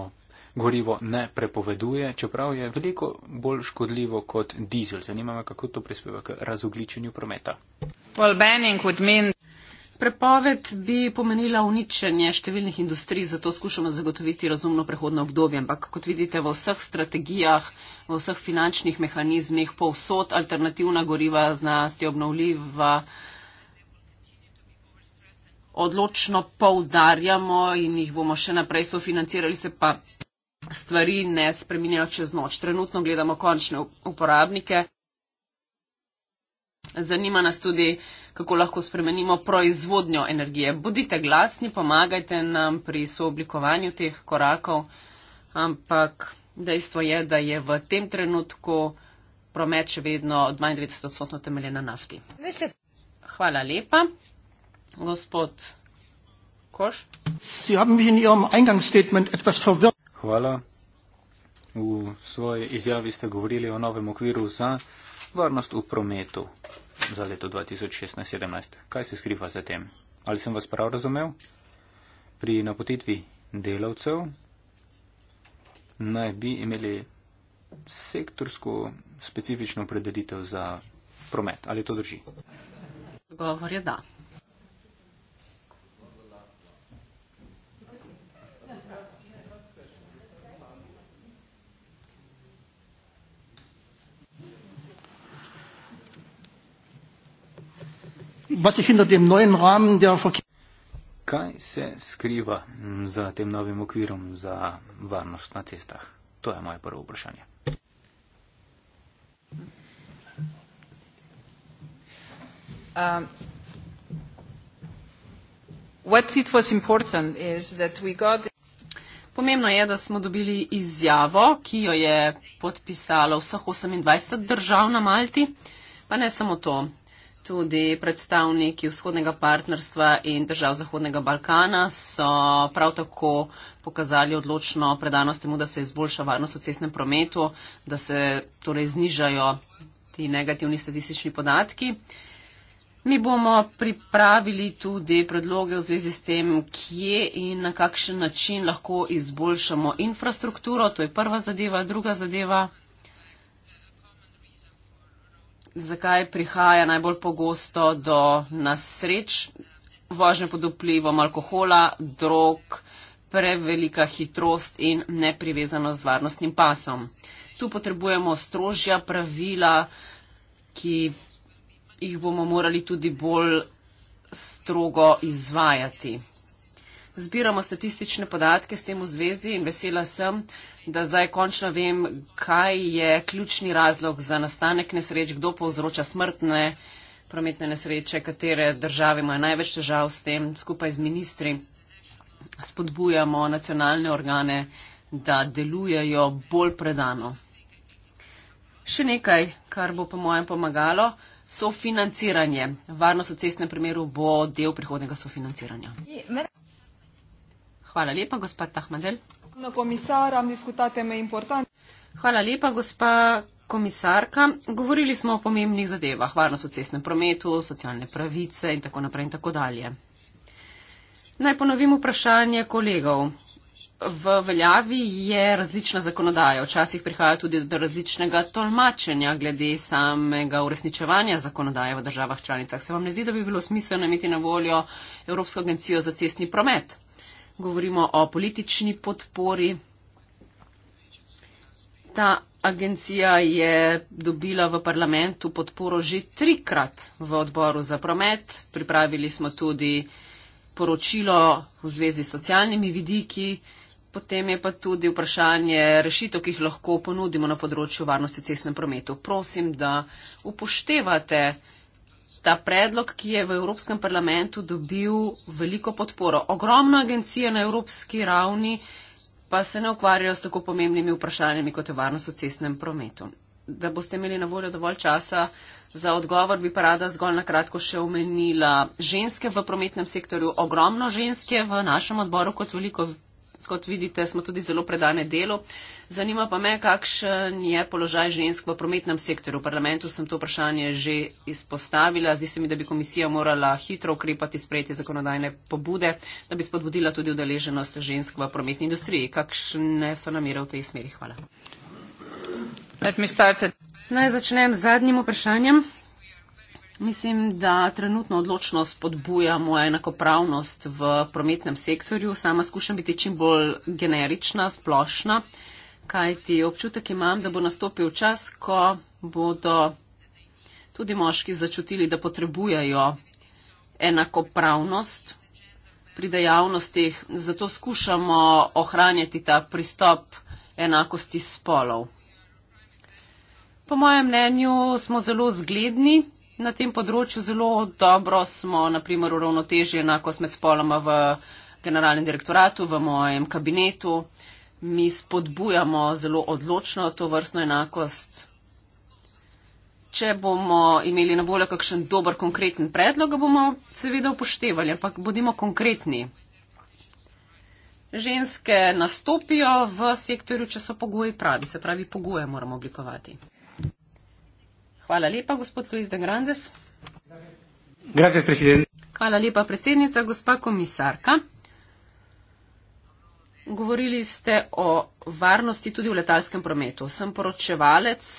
gorivo ne prepoveduje, čeprav je veliko bolj škodljivo kot dizel. Zanima me, kako to prispeva k razogličenju prometa. Well, Prepoved bi pomenila uničenje številnih industrij, zato skušamo zagotoviti razumno prehodno obdobje, ampak kot vidite v vseh strategijah, v vseh finančnih mehanizmih, povsod alternativna goriva znasti obnovljiva odločno poudarjamo in jih bomo še naprej sofinancirali, se pa stvari ne spreminjajo čez noč. Trenutno gledamo končne uporabnike. Zanima nas tudi, kako lahko spremenimo proizvodnjo energije. Bodite glasni, pomagajte nam pri sooblikovanju teh korakov, ampak dejstvo je, da je v tem trenutku promet še vedno 92% temeljen na nafti. Hvala lepa. Gospod Koš. Hvala. V svoji izjavi ste govorili o novem okviru za varnost v prometu za leto 2016-2017. Kaj se skriva za tem? Ali sem vas prav razumel? Pri napotitvi delavcev naj bi imeli sektorsko specifično prededitev za promet. Ali to drži? Govor je da. was sich hinter dem neuen Rahmen der Verkehr. Kaj se skriva za tem novim okvirom za varnost na cestah? To je moje prvo vprašanje. Um, Pomembno je, da smo dobili izjavo, ki jo je podpisalo vseh 28 držav na Malti, pa ne samo to. Tudi predstavniki vzhodnega partnerstva in držav Zahodnega Balkana so prav tako pokazali odločno predanost temu, da se izboljša varnost v cestnem prometu, da se torej znižajo ti negativni statistični podatki. Mi bomo pripravili tudi predloge v zvezi s tem, kje in na kakšen način lahko izboljšamo infrastrukturo. To je prva zadeva. Druga zadeva zakaj prihaja najbolj pogosto do nasreč, vožnje pod vplivom alkohola, drog, prevelika hitrost in neprivezano z varnostnim pasom. Tu potrebujemo strožja pravila, ki jih bomo morali tudi bolj strogo izvajati zbiramo statistične podatke s tem v zvezi in vesela sem, da zdaj končno vem, kaj je ključni razlog za nastanek nesreč, kdo povzroča smrtne prometne nesreče, katere države imajo največ težav s tem. Skupaj z ministri spodbujamo nacionalne organe, da delujejo bolj predano. Še nekaj, kar bo po mojem pomagalo, so financiranje. Varnost v cestnem primeru bo del prihodnega sofinanciranja. Je, Hvala lepa, gospod Tahmadel. Hvala lepa, gospa komisarka. Govorili smo o pomembnih zadevah, varnost v cestnem prometu, socialne pravice in tako naprej in tako dalje. Naj ponovim vprašanje kolegov. V veljavi je različna zakonodaja, včasih prihaja tudi do različnega tolmačenja glede samega uresničevanja zakonodaje v državah članicah. Se vam ne zdi, da bi bilo smiselno imeti na voljo Evropsko agencijo za cestni promet? govorimo o politični podpori. Ta agencija je dobila v parlamentu podporo že trikrat v odboru za promet. Pripravili smo tudi poročilo v zvezi s socialnimi vidiki. Potem je pa tudi vprašanje rešitev, ki jih lahko ponudimo na področju varnosti v cestnem prometu. Prosim, da upoštevate ta predlog, ki je v Evropskem parlamentu dobil veliko podporo. Ogromno agencije na evropski ravni pa se ne ukvarjajo s tako pomembnimi vprašanjami kot je varnost v cestnem prometu. Da boste imeli na voljo dovolj časa za odgovor, bi pa rada zgolj na kratko še omenila ženske v prometnem sektorju. Ogromno ženske v našem odboru, kot veliko kot vidite, smo tudi zelo predane delu. Zanima pa me, kakšen je položaj žensk v prometnem sektorju. V parlamentu sem to vprašanje že izpostavila. Zdi se mi, da bi komisija morala hitro ukrepati sprejeti zakonodajne pobude, da bi spodbudila tudi udeleženost žensk v prometni industriji. Kakšne so namere v tej smeri? Hvala. Naj začnem z zadnjim vprašanjem. Mislim, da trenutno odločno spodbujamo enakopravnost v prometnem sektorju. Sama skušam biti čim bolj generična, splošna, kajti občutek imam, da bo nastopil čas, ko bodo tudi moški začutili, da potrebujejo enakopravnost pri dejavnostih, zato skušamo ohranjati ta pristop enakosti spolov. Po mojem mnenju smo zelo zgledni na tem področju zelo dobro smo, naprimer, uravnoteženi enakost med spoloma v generalnem direktoratu, v mojem kabinetu. Mi spodbujamo zelo odločno to vrstno enakost. Če bomo imeli na voljo kakšen dober, konkreten predlog, ga bomo seveda upoštevali, ampak bodimo konkretni. Ženske nastopijo v sektorju, če so pogoji pravi, se pravi, pogoje moramo oblikovati. Hvala lepa, gospod Luis de Grandes. Hvala lepa, predsednica, gospa komisarka. Govorili ste o varnosti tudi v letalskem prometu. Sem poročevalec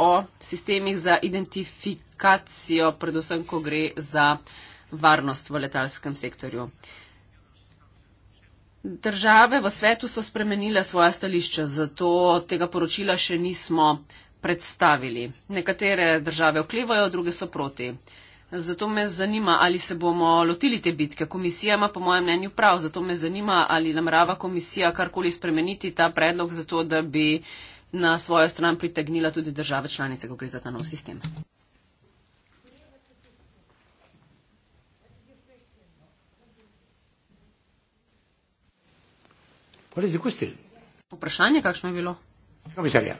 o sistemih za identifikacijo, predvsem, ko gre za varnost v letalskem sektorju. Države v svetu so spremenile svoja stališča, zato tega poročila še nismo predstavili. Nekatere države oklevajo, druge so proti. Zato me zanima, ali se bomo lotili te bitke. Komisija ima po mojem mnenju prav, zato me zanima, ali namrava komisija karkoli spremeniti ta predlog, zato da bi na svojo stran pritegnila tudi države članice, ko gre za ta nov sistem. Vprašanje, kakšno je bilo? Komisarja.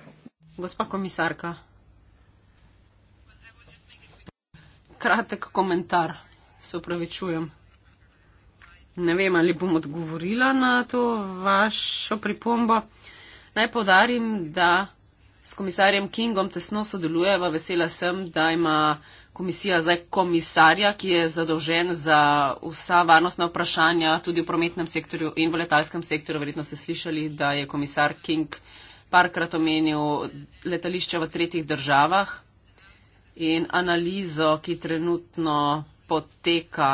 Gospa komisarka. Kratek komentar, se upravičujem. Ne vem, ali bom odgovorila na to vašo pripombo. Naj podarim, da s komisarjem Kingom tesno sodelujeva. Vesela sem, da ima komisija zdaj komisarja, ki je zadolžen za vsa varnostna vprašanja, tudi v prometnem sektorju in v letalskem sektorju. Verjetno ste slišali, da je komisar King parkrat omenil letališča v tretjih državah in analizo, ki trenutno poteka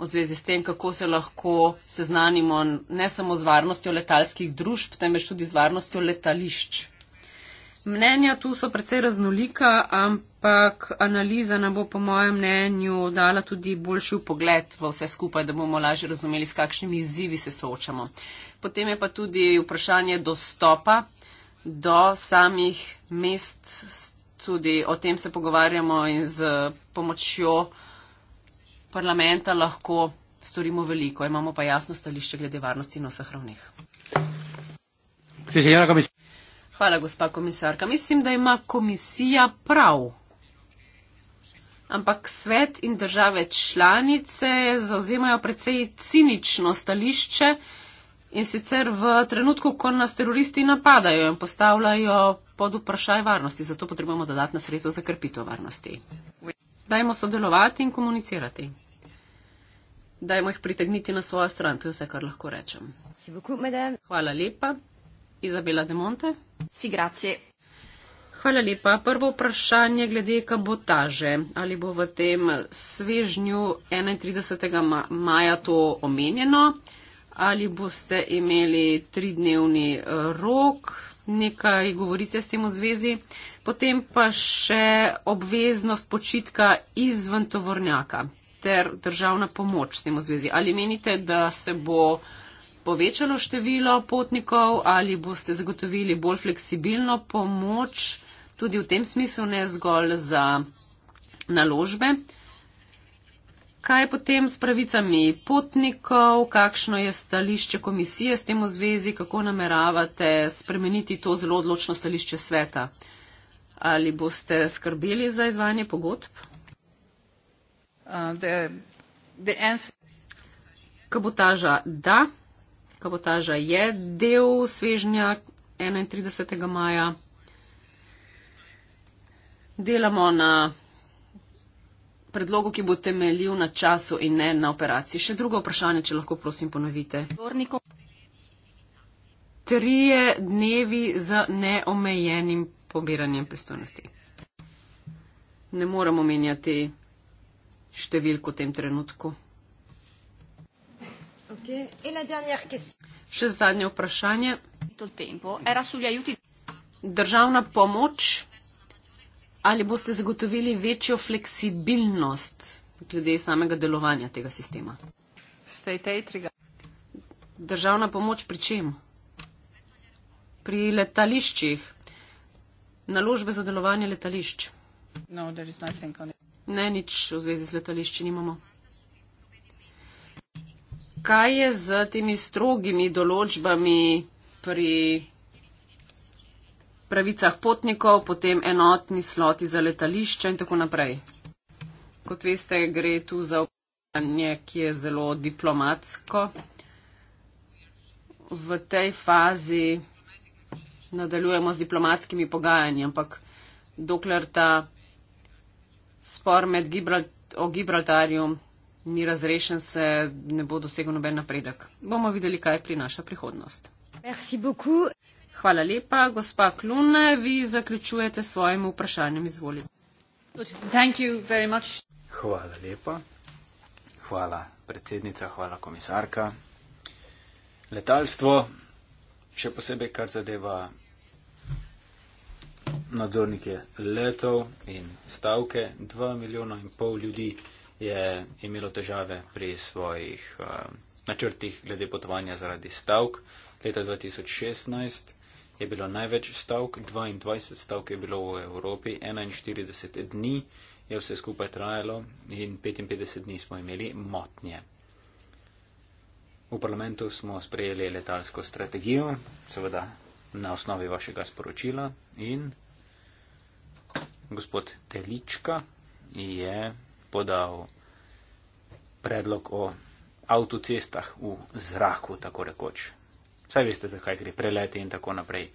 v zvezi s tem, kako se lahko seznanimo ne samo z varnostjo letalskih družb, temveč tudi z varnostjo letališč. Mnenja tu so precej raznolika, ampak analiza nam bo po mojem mnenju dala tudi boljši pogled v vse skupaj, da bomo lažje razumeli, s kakšnimi izzivi se soočamo. Potem je pa tudi vprašanje dostopa do samih mest, tudi o tem se pogovarjamo in z pomočjo parlamenta lahko storimo veliko. Imamo pa jasno stališče glede varnosti na vseh ravneh. Hvala, gospa komisarka. Mislim, da ima komisija prav. Ampak svet in države članice zauzemajo precej cinično stališče. In sicer v trenutku, ko nas teroristi napadajo in postavljajo pod vprašaj varnosti, zato potrebujemo dodatna sredstva za krpitev varnosti. Dajmo sodelovati in komunicirati. Dajmo jih pritegniti na svojo stran, to je vse, kar lahko rečem. Hvala lepa. Izabela De Monte. Si grazie. Hvala lepa. Prvo vprašanje glede kabotaže. Ali bo v tem svežnju 31. maja to omenjeno? ali boste imeli tridnevni eh, rok, nekaj govorice s tem v zvezi, potem pa še obveznost počitka izven tovornjaka ter državna pomoč s tem v zvezi. Ali menite, da se bo povečalo število potnikov ali boste zagotovili bolj fleksibilno pomoč tudi v tem smislu, ne zgolj za naložbe? kaj potem s pravicami potnikov, kakšno je stališče komisije s tem v zvezi, kako nameravate spremeniti to zelo odločno stališče sveta. Ali boste skrbeli za izvajanje pogodb? Uh, the, the kabotaža da, kabotaža je del svežnja 31. maja. Delamo na predlogu, ki bo temeljil na času in ne na operaciji. Še drugo vprašanje, če lahko prosim ponovite. Trije dnevi z neomejenim pobiranjem pristojnosti. Ne moremo menjati številk v tem trenutku. Okay. Še zadnje vprašanje. Državna pomoč Ali boste zagotovili večjo fleksibilnost glede samega delovanja tega sistema? Državna pomoč pri čem? Pri letališčih. Naložbe za delovanje letališč. No, ne, nič v zvezi z letališči nimamo. Kaj je z temi strogimi določbami pri pravicah potnikov, potem enotni sloti za letališče in tako naprej. Kot veste, gre tu za vprašanje, ki je zelo diplomatsko. V tej fazi nadaljujemo z diplomatskimi pogajanji, ampak dokler ta spor med Gibralt o Gibraltarju ni razrešen, se ne bo dosegel noben napredek. Bomo videli, kaj prinaša prihodnost. Merci beaucoup. Hvala lepa. Gospa Klun, vi zaključujete svojim vprašanjem. Izvolite. Hvala lepa. Hvala predsednica, hvala komisarka. Letalstvo, še posebej kar zadeva nadzornike letov in stavke, 2 milijona in pol ljudi je imelo težave pri svojih uh, načrtih glede potovanja zaradi stavk leta 2016 je bilo največ stavk, 22 stavk je bilo v Evropi, 41 dni je vse skupaj trajalo in 55 dni smo imeli motnje. V parlamentu smo sprejeli letalsko strategijo, seveda na osnovi vašega sporočila in gospod Telička je podal predlog o avtocestah v zraku, tako rekoč. Saj veste, zakaj gre, prelete in tako naprej.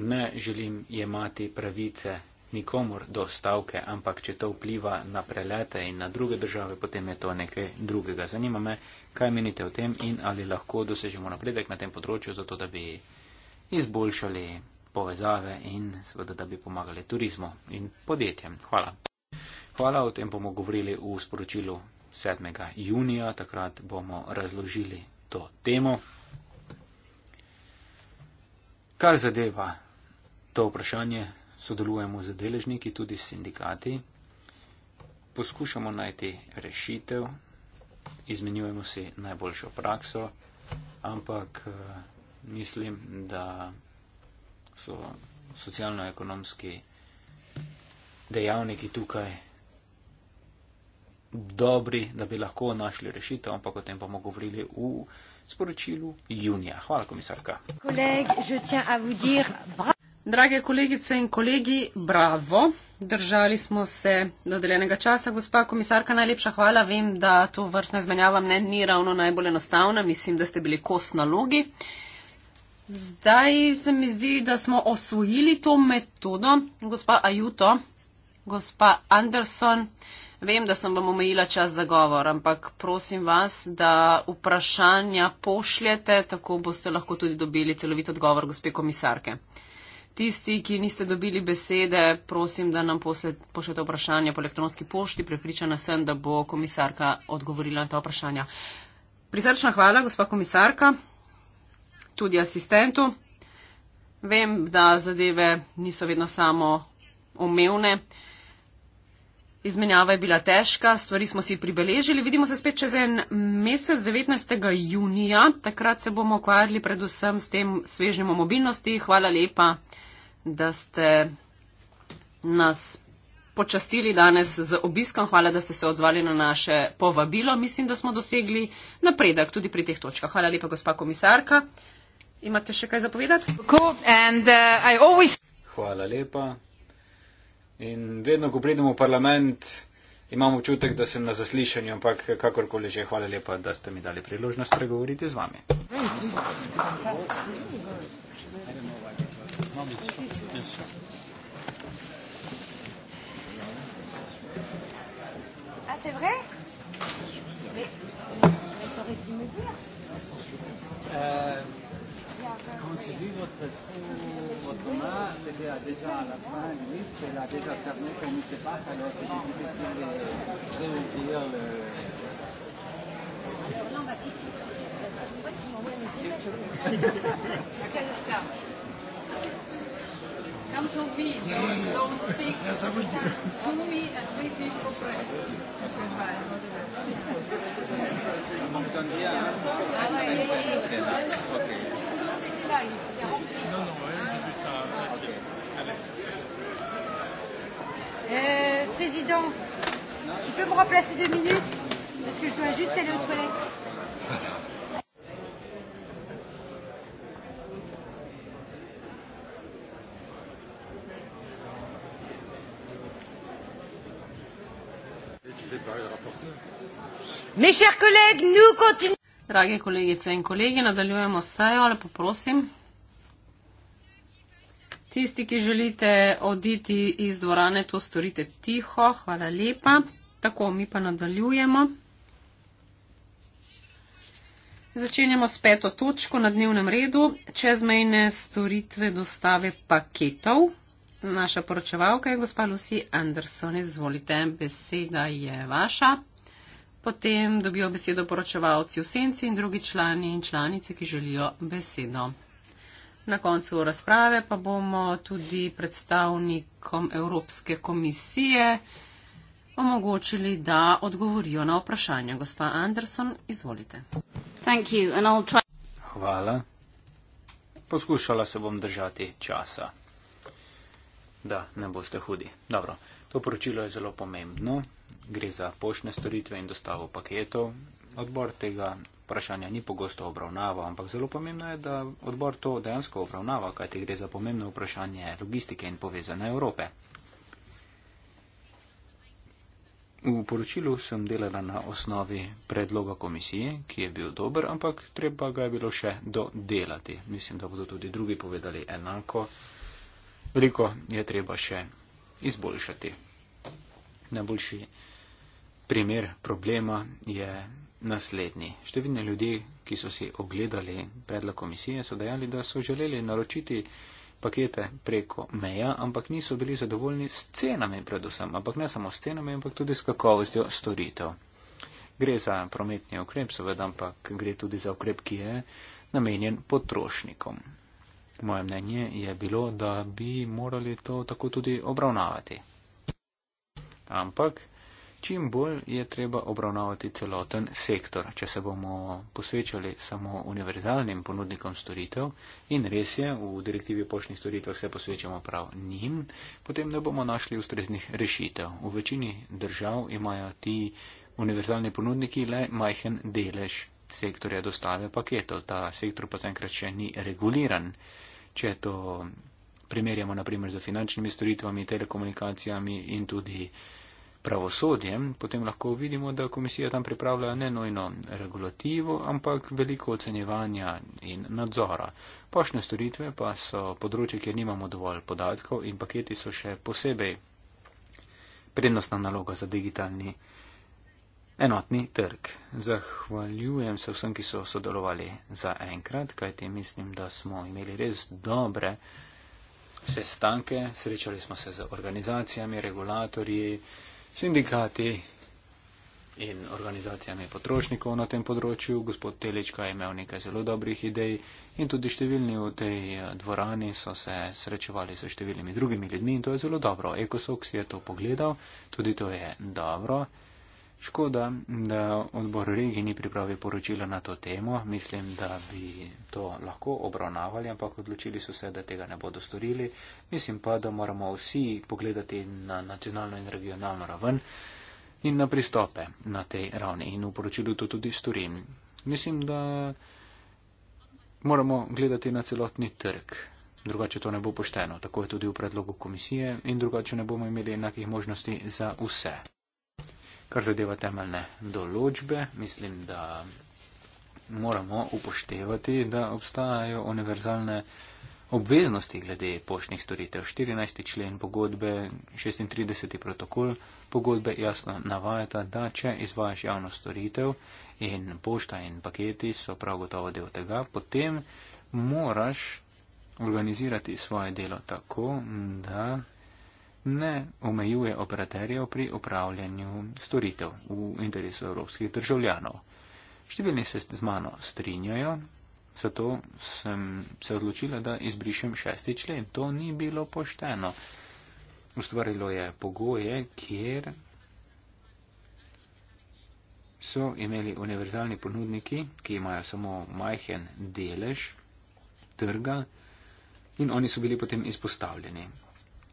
Ne želim jemati pravice nikomor do stavke, ampak če to vpliva na prelete in na druge države, potem je to nekaj drugega. Zanima me, kaj menite o tem in ali lahko dosežemo napredek na tem področju, zato da bi izboljšali povezave in seveda, da bi pomagali turizmu in podjetjem. Hvala. Hvala, o tem bomo govorili v sporočilu 7. junija, takrat bomo razložili to temo. Kar zadeva to vprašanje, sodelujemo z deležniki, tudi s sindikati. Poskušamo najti rešitev, izmenjujemo si najboljšo prakso, ampak eh, mislim, da so socialno-ekonomski dejavniki tukaj dobri, da bi lahko našli rešitev, ampak o tem bomo govorili v sporočilu junija. Hvala, komisarka. Koleg, Drage kolegice in kolegi, bravo. Držali smo se dodeljenega časa. Gospa komisarka, najlepša hvala. Vem, da to vrstne zmenjava ne ni ravno najbolj enostavna. Mislim, da ste bili kos nalogi. Zdaj se mi zdi, da smo osvojili to metodo. Gospa Ajuto, gospa Anderson. Vem, da sem vam omejila čas za govor, ampak prosim vas, da vprašanja pošljete, tako boste lahko tudi dobili celovit odgovor gospe komisarke. Tisti, ki niste dobili besede, prosim, da nam pošljete vprašanja po elektronski pošti. Prepričana sem, da bo komisarka odgovorila na ta vprašanja. Prisrčna hvala, gospa komisarka, tudi asistentu. Vem, da zadeve niso vedno samo omevne. Izmenjava je bila težka, stvari smo si pribeležili. Vidimo se spet čez en mesec, 19. junija. Takrat se bomo ukvarjali predvsem s tem svežnjem o mobilnosti. Hvala lepa, da ste nas počastili danes z obiskom. Hvala, da ste se odzvali na naše povabilo. Mislim, da smo dosegli napredek tudi pri teh točkah. Hvala lepa, gospa komisarka. Imate še kaj zapovedati? Cool. And, uh, always... Hvala lepa. In vedno, ko pridemo v parlament, imamo občutek, da sem na zaslišanju, ampak kakorkoli že, hvala lepa, da ste mi dali priložnost pregovoriti z vami. Uh, quand c'est lui votre sou, votre main, c'est qu'il a déjà la fin de l'île, c'est qu'il a déjà terminé qu'on ne sait pas, alors c'est difficile de réouvrir le... Come to me, don't, don't speak to me and three people press. Goodbye. I'm going to be honest. I'm going to be honest. I'm going to be honest là, il y a rempli. Non, non, ouais, j'ai vu ça. Ah, okay. Allez. Euh, président, tu peux me remplacer deux minutes Parce que je dois juste aller aux toilettes. Mes chers collègues, nous continuons. Drage kolegice in kolegi, nadaljujemo sejo, lepo prosim. Tisti, ki želite oditi iz dvorane, to storite tiho. Hvala lepa. Tako, mi pa nadaljujemo. Začenjamo s peto točko na dnevnem redu. Čezmejne storitve dostave paketov. Naša poročevalka je gospa Lucy Anderson. Izvolite, beseda je vaša. Potem dobijo besedo poročevalci v senci in drugi člani in članice, ki želijo besedo. Na koncu razprave pa bomo tudi predstavnikom Evropske komisije omogočili, da odgovorijo na vprašanje. Gospa Anderson, izvolite. Hvala. Poskušala se bom držati časa, da ne boste hudi. Dobro, to poročilo je zelo pomembno gre za poštne storitve in dostavo paketov. Odbor tega vprašanja ni pogosto obravnaval, ampak zelo pomembno je, da odbor to dejansko obravnava, kajti gre za pomembno vprašanje logistike in povezane Evrope. V poročilu sem delala na osnovi predloga komisije, ki je bil dober, ampak treba ga je bilo še dodelati. Mislim, da bodo tudi drugi povedali enako. Veliko je treba še izboljšati najboljši primer problema je naslednji. Številni ljudje, ki so si ogledali predlog komisije, so dejali, da so želeli naročiti pakete preko meja, ampak niso bili zadovoljni s cenami predvsem, ampak ne samo s cenami, ampak tudi s kakovostjo storitev. Gre za prometni ukrep, seveda, ampak gre tudi za ukrep, ki je namenjen potrošnikom. Moje mnenje je bilo, da bi morali to tako tudi obravnavati ampak čim bolj je treba obravnavati celoten sektor, če se bomo posvečali samo univerzalnim ponudnikom storitev in res je, v direktivi poštnih storitev se posvečamo prav njim, potem ne bomo našli ustreznih rešitev. V večini držav imajo ti univerzalni ponudniki le majhen delež sektorja dostave paketov, ta sektor pa zaenkrat še ni reguliran. Če to primerjamo naprimer z finančnimi storitvami, telekomunikacijami in tudi pravosodjem, potem lahko vidimo, da komisija tam pripravlja ne nojno regulativo, ampak veliko ocenjevanja in nadzora. Pošne storitve pa so področje, kjer nimamo dovolj podatkov in paketi so še posebej prednostna naloga za digitalni enotni trg. Zahvaljujem se vsem, ki so sodelovali za enkrat, kajti mislim, da smo imeli res dobre sestanke, srečali smo se z organizacijami, regulatorji, sindikati in organizacijami potrošnikov na tem področju. Gospod Telečka je imel nekaj zelo dobrih idej in tudi številni v tej eh, dvorani so se srečevali s številnimi drugimi ljudmi in to je zelo dobro. Ekosoks je to pogledal, tudi to je dobro. Škoda, da odbor regi ni pripravil poročila na to temo. Mislim, da bi to lahko obravnavali, ampak odločili so se, da tega ne bodo storili. Mislim pa, da moramo vsi pogledati na nacionalno in regionalno raven in na pristope na tej ravni. In v poročilu to tudi storim. Mislim, da moramo gledati na celotni trg. Drugače to ne bo pošteno. Tako je tudi v predlogu komisije in drugače ne bomo imeli enakih možnosti za vse kar zadeva temeljne določbe, mislim, da moramo upoštevati, da obstajajo univerzalne obveznosti glede poštnih storitev. 14. člen pogodbe, 36. protokol pogodbe jasno navajata, da če izvajaš javno storitev in pošta in paketi so prav gotovo del tega, potem moraš organizirati svoje delo tako, da ne omejuje operaterjev pri upravljanju storitev v interesu evropskih državljanov. Številni se z mano strinjajo, zato sem se odločila, da izbrišem šesti člen. To ni bilo pošteno. Ustvarilo je pogoje, kjer so imeli univerzalni ponudniki, ki imajo samo majhen delež trga in oni so bili potem izpostavljeni.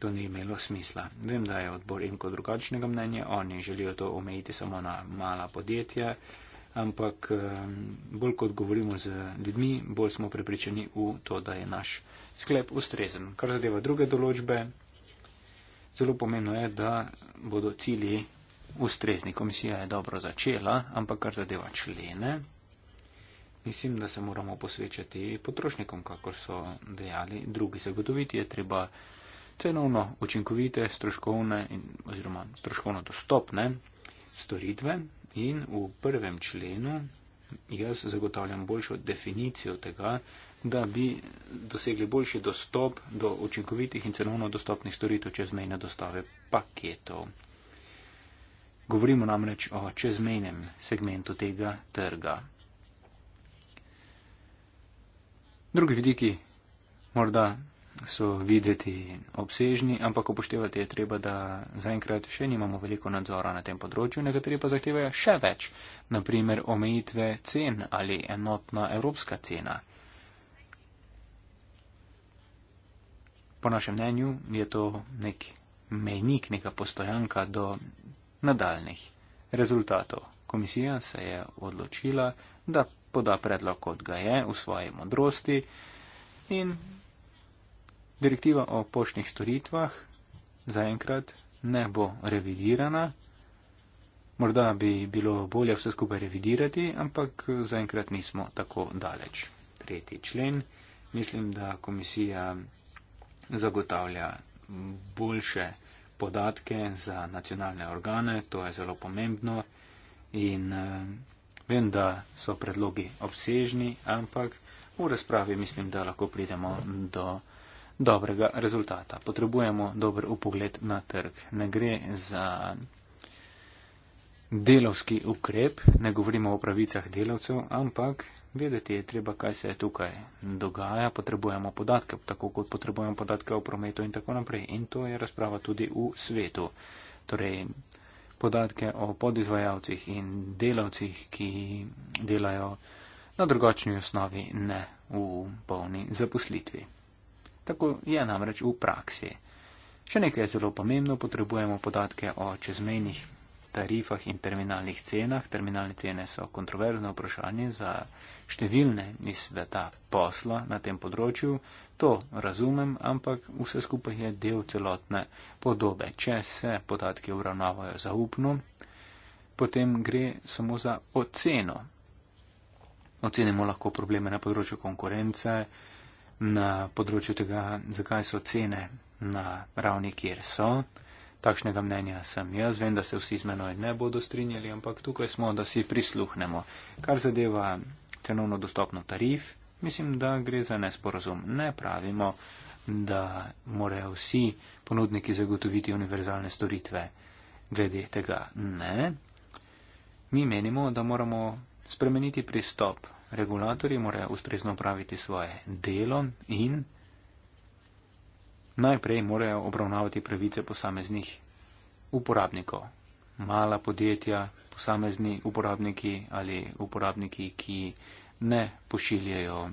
To ni imelo smisla. Vem, da je odbor imko drugačnega mnenja, oni želijo to omejiti samo na mala podjetja, ampak bolj kot govorimo z ljudmi, bolj smo prepričani v to, da je naš sklep ustrezen. Kar zadeva druge določbe, zelo pomembno je, da bodo cilji ustrezni. Komisija je dobro začela, ampak kar zadeva člene, mislim, da se moramo posvečati potrošnikom, kakor so dejali. Drugi zagotoviti je treba cenovno učinkovite, stroškovne in, oziroma stroškovno dostopne storitve in v prvem členu jaz zagotavljam boljšo definicijo tega, da bi dosegli boljši dostop do učinkovitih in cenovno dostopnih storitev čezmejne dostave paketov. Govorimo namreč o čezmejnem segmentu tega trga. Drugi vidiki morda so videti obsežni, ampak upoštevati je treba, da zaenkrat še nimamo veliko nadzora na tem področju, nekateri pa zahtevajo še več, naprimer omejitve cen ali enotna evropska cena. Po našem mnenju je to nek mejnik, neka postojanka do nadaljnih rezultatov. Komisija se je odločila, da poda predlog, kot ga je, v svoji modrosti in Direktiva o poštnih storitvah zaenkrat ne bo revidirana. Morda bi bilo bolje vse skupaj revidirati, ampak zaenkrat nismo tako daleč. Tretji člen. Mislim, da komisija zagotavlja boljše podatke za nacionalne organe, to je zelo pomembno in eh, vem, da so predlogi obsežni, ampak v razpravi mislim, da lahko pridemo do dobrega rezultata. Potrebujemo dober upogled na trg. Ne gre za delovski ukrep, ne govorimo o pravicah delavcev, ampak vedeti je treba, kaj se tukaj dogaja. Potrebujemo podatke, tako kot potrebujemo podatke o prometu in tako naprej. In to je razprava tudi v svetu. Torej, podatke o podizvajalcih in delavcih, ki delajo na drugačni osnovi, ne v polni zaposlitvi. Tako je namreč v praksi. Še nekaj je zelo pomembno, potrebujemo podatke o čezmejnih tarifah in terminalnih cenah. Terminalne cene so kontroverzno vprašanje za številne iz sveta posla na tem področju. To razumem, ampak vse skupaj je del celotne podobe. Če se podatki obravnavajo zaupno, potem gre samo za oceno. Ocenimo lahko probleme na področju konkurence na področju tega, zakaj so cene na ravni, kjer so. Takšnega mnenja sem jaz, vem, da se vsi z menoj ne bodo strinjali, ampak tukaj smo, da si prisluhnemo. Kar zadeva cenovno dostopno tarif, mislim, da gre za nesporazum. Ne pravimo, da morajo vsi ponudniki zagotoviti univerzalne storitve glede tega. Ne. Mi menimo, da moramo spremeniti pristop regulatorji morajo ustrezno upraviti svoje delo in najprej morajo obravnavati pravice posameznih uporabnikov. Mala podjetja, posamezni uporabniki ali uporabniki, ki ne pošiljajo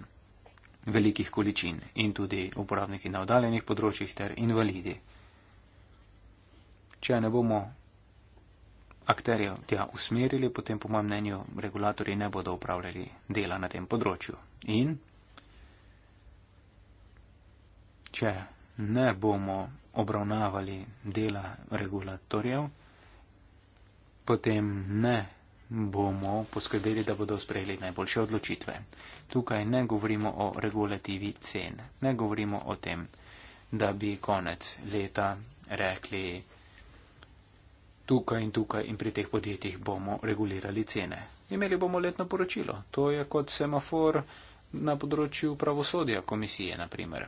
velikih količin in tudi uporabniki na oddaljenih področjih ter invalidi. Če ne bomo akterje tja usmerili, potem po mojem mnenju regulatori ne bodo upravljali dela na tem področju. In če ne bomo obravnavali dela regulatorjev, potem ne bomo poskrbeli, da bodo sprejeli najboljše odločitve. Tukaj ne govorimo o regulativi cen, ne govorimo o tem, da bi konec leta rekli, tukaj in tukaj in pri teh podjetjih bomo regulirali cene. Imeli bomo letno poročilo. To je kot semafor na področju pravosodja komisije, naprimer.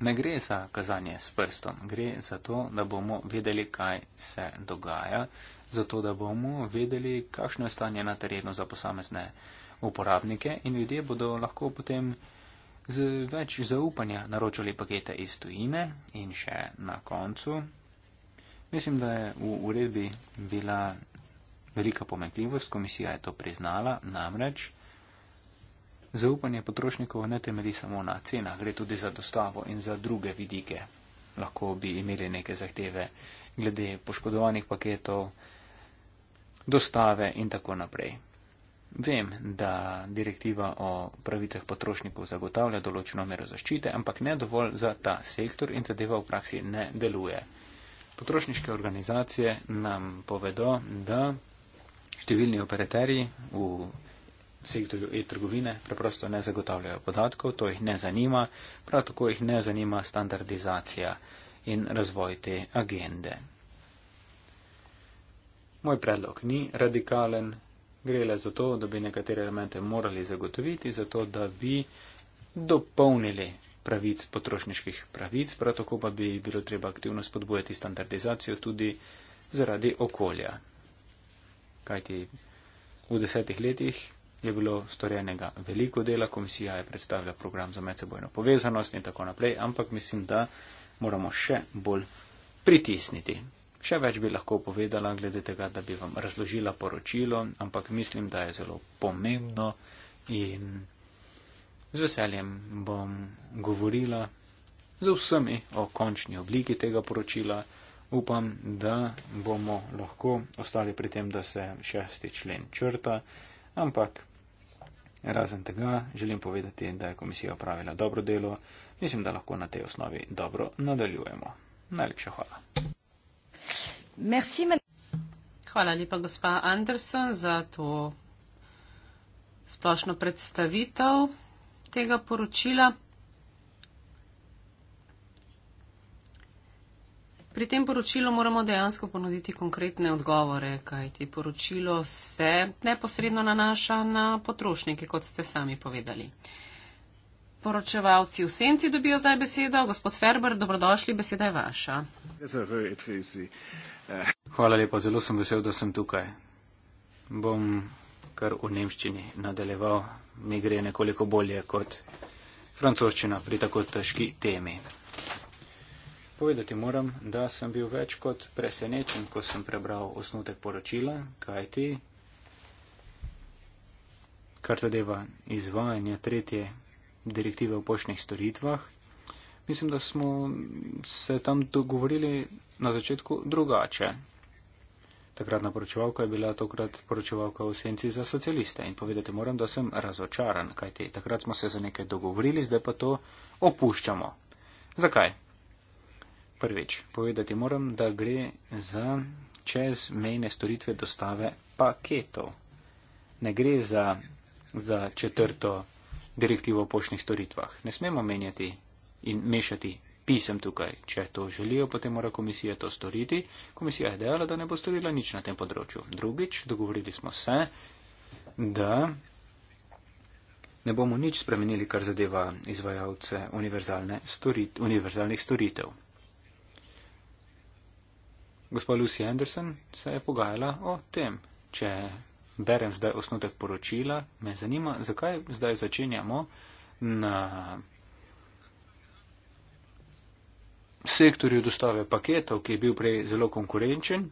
Ne gre za kazanje s prstom, gre za to, da bomo vedeli, kaj se dogaja, zato da bomo vedeli, kakšno je stanje na terenu za posamezne uporabnike in ljudje bodo lahko potem z več zaupanja naročali pakete iz tujine in še na koncu Mislim, da je v uredbi bila velika pomekljivost, komisija je to priznala, namreč zaupanje potrošnikov ne temeli samo na cenah, gre tudi za dostavo in za druge vidike. Lahko bi imeli neke zahteve glede poškodovanih paketov, dostave in tako naprej. Vem, da direktiva o pravicah potrošnikov zagotavlja določeno mero zaščite, ampak ne dovolj za ta sektor in zadeva v praksi ne deluje. Potrošniške organizacije nam povedo, da številni operaterji v sektorju e-trgovine preprosto ne zagotavljajo podatkov, to jih ne zanima, prav tako jih ne zanima standardizacija in razvoj te agende. Moj predlog ni radikalen, gre le za to, da bi nekatere elemente morali zagotoviti, zato da bi dopolnili pravic, potrošniških pravic, prav tako pa bi bilo treba aktivno spodbujati standardizacijo tudi zaradi okolja. Kajti v desetih letih je bilo storjenega veliko dela, komisija je predstavila program za medsebojno povezanost in tako naprej, ampak mislim, da moramo še bolj pritisniti. Še več bi lahko povedala, glede tega, da bi vam razložila poročilo, ampak mislim, da je zelo pomembno in. Z veseljem bom govorila z vsemi o končni obliki tega poročila. Upam, da bomo lahko ostali pri tem, da se šesti člen črta, ampak razen tega želim povedati, da je komisija opravila dobro delo. Mislim, da lahko na tej osnovi dobro nadaljujemo. Najlepša hvala. Merci, hvala lepa, gospa Anderson, za to splošno predstavitev tega poročila. Pri tem poročilu moramo dejansko ponuditi konkretne odgovore, kajti poročilo se neposredno nanaša na potrošnike, kot ste sami povedali. Poročevalci v senci dobijo zdaj besedo. Gospod Ferber, dobrodošli, beseda je vaša. Hvala lepa, zelo sem vesel, da sem tukaj. Bom kar v nemščini nadaljeval, mi gre nekoliko bolje kot francoščina pri tako težki temi. Povedati moram, da sem bil več kot presenečen, ko sem prebral osnutek poročila, kaj ti, kar zadeva izvajanje tretje direktive o poštnih storitvah. Mislim, da smo se tam dogovorili na začetku drugače. Takratna poročevalka je bila tokrat poročevalka v senci za socialiste in povedati moram, da sem razočaran, kajti takrat smo se za nekaj dogovorili, zdaj pa to opuščamo. Zakaj? Prvič, povedati moram, da gre za čezmejne storitve dostave paketov. Ne gre za, za četrto direktivo o poštnih storitvah. Ne smemo menjati in mešati pisem tukaj. Če to želijo, potem mora komisija to storiti. Komisija je dejala, da ne bo storila nič na tem področju. Drugič, dogovorili smo se, da ne bomo nič spremenili, kar zadeva izvajalce storit univerzalnih storitev. Gospod Lucy Anderson se je pogajala o tem, če berem zdaj osnutek poročila, me zanima, zakaj zdaj začenjamo na sektorju dostave paketov, ki je bil prej zelo konkurenčen,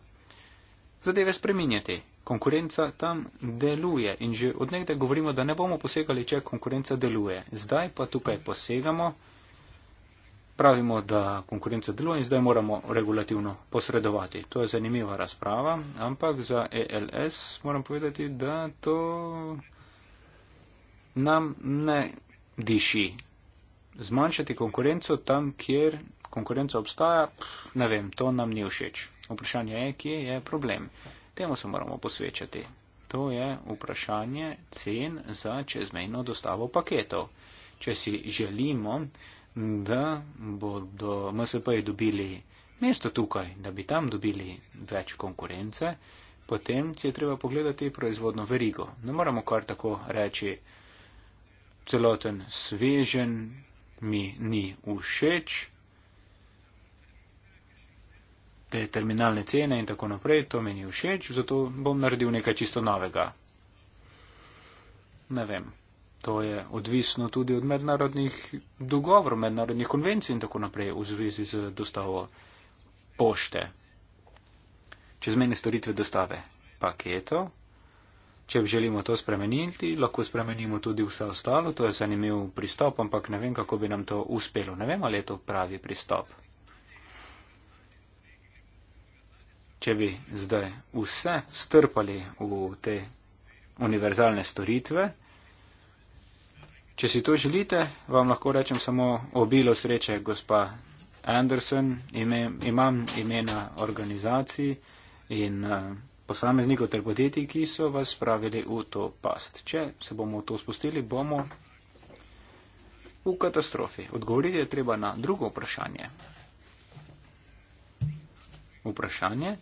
zadeve spreminjati. Konkurenca tam deluje in že odnegde govorimo, da ne bomo posegali, če konkurenca deluje. Zdaj pa tukaj posegamo, pravimo, da konkurenca deluje in zdaj moramo regulativno posredovati. To je zanimiva razprava, ampak za ELS moram povedati, da to nam ne diši. Zmanjšati konkurenco tam, kjer konkurenca obstaja, pff, ne vem, to nam ni všeč. Vprašanje je, kje je problem. Temu se moramo posvečati. To je vprašanje cen za čezmejno dostavo paketov. Če si želimo, da bodo MSP-ji dobili mesto tukaj, da bi tam dobili več konkurence, potem si je treba pogledati proizvodno verigo. Ne moramo kar tako reči, celoten svežen mi ni všeč te terminalne cene in tako naprej, to meni všeč, zato bom naredil nekaj čisto novega. Ne vem. To je odvisno tudi od mednarodnih dogovorov, mednarodnih konvencij in tako naprej v zvezi z dostavo pošte. Čezmene storitve dostave paketo. Če želimo to spremeniti, lahko spremenimo tudi vse ostalo. To je zanimiv pristop, ampak ne vem, kako bi nam to uspelo. Ne vem, ali je to pravi pristop. če bi zdaj vse strpali v te univerzalne storitve, če si to želite, vam lahko rečem samo obilo sreče, gospa Anderson, ime, imam imena organizacij in eh, posameznikov ter podjetij, ki so vas spravili v to past. Če se bomo to spustili, bomo v katastrofi. Odgovoriti je treba na drugo vprašanje. Vprašanje,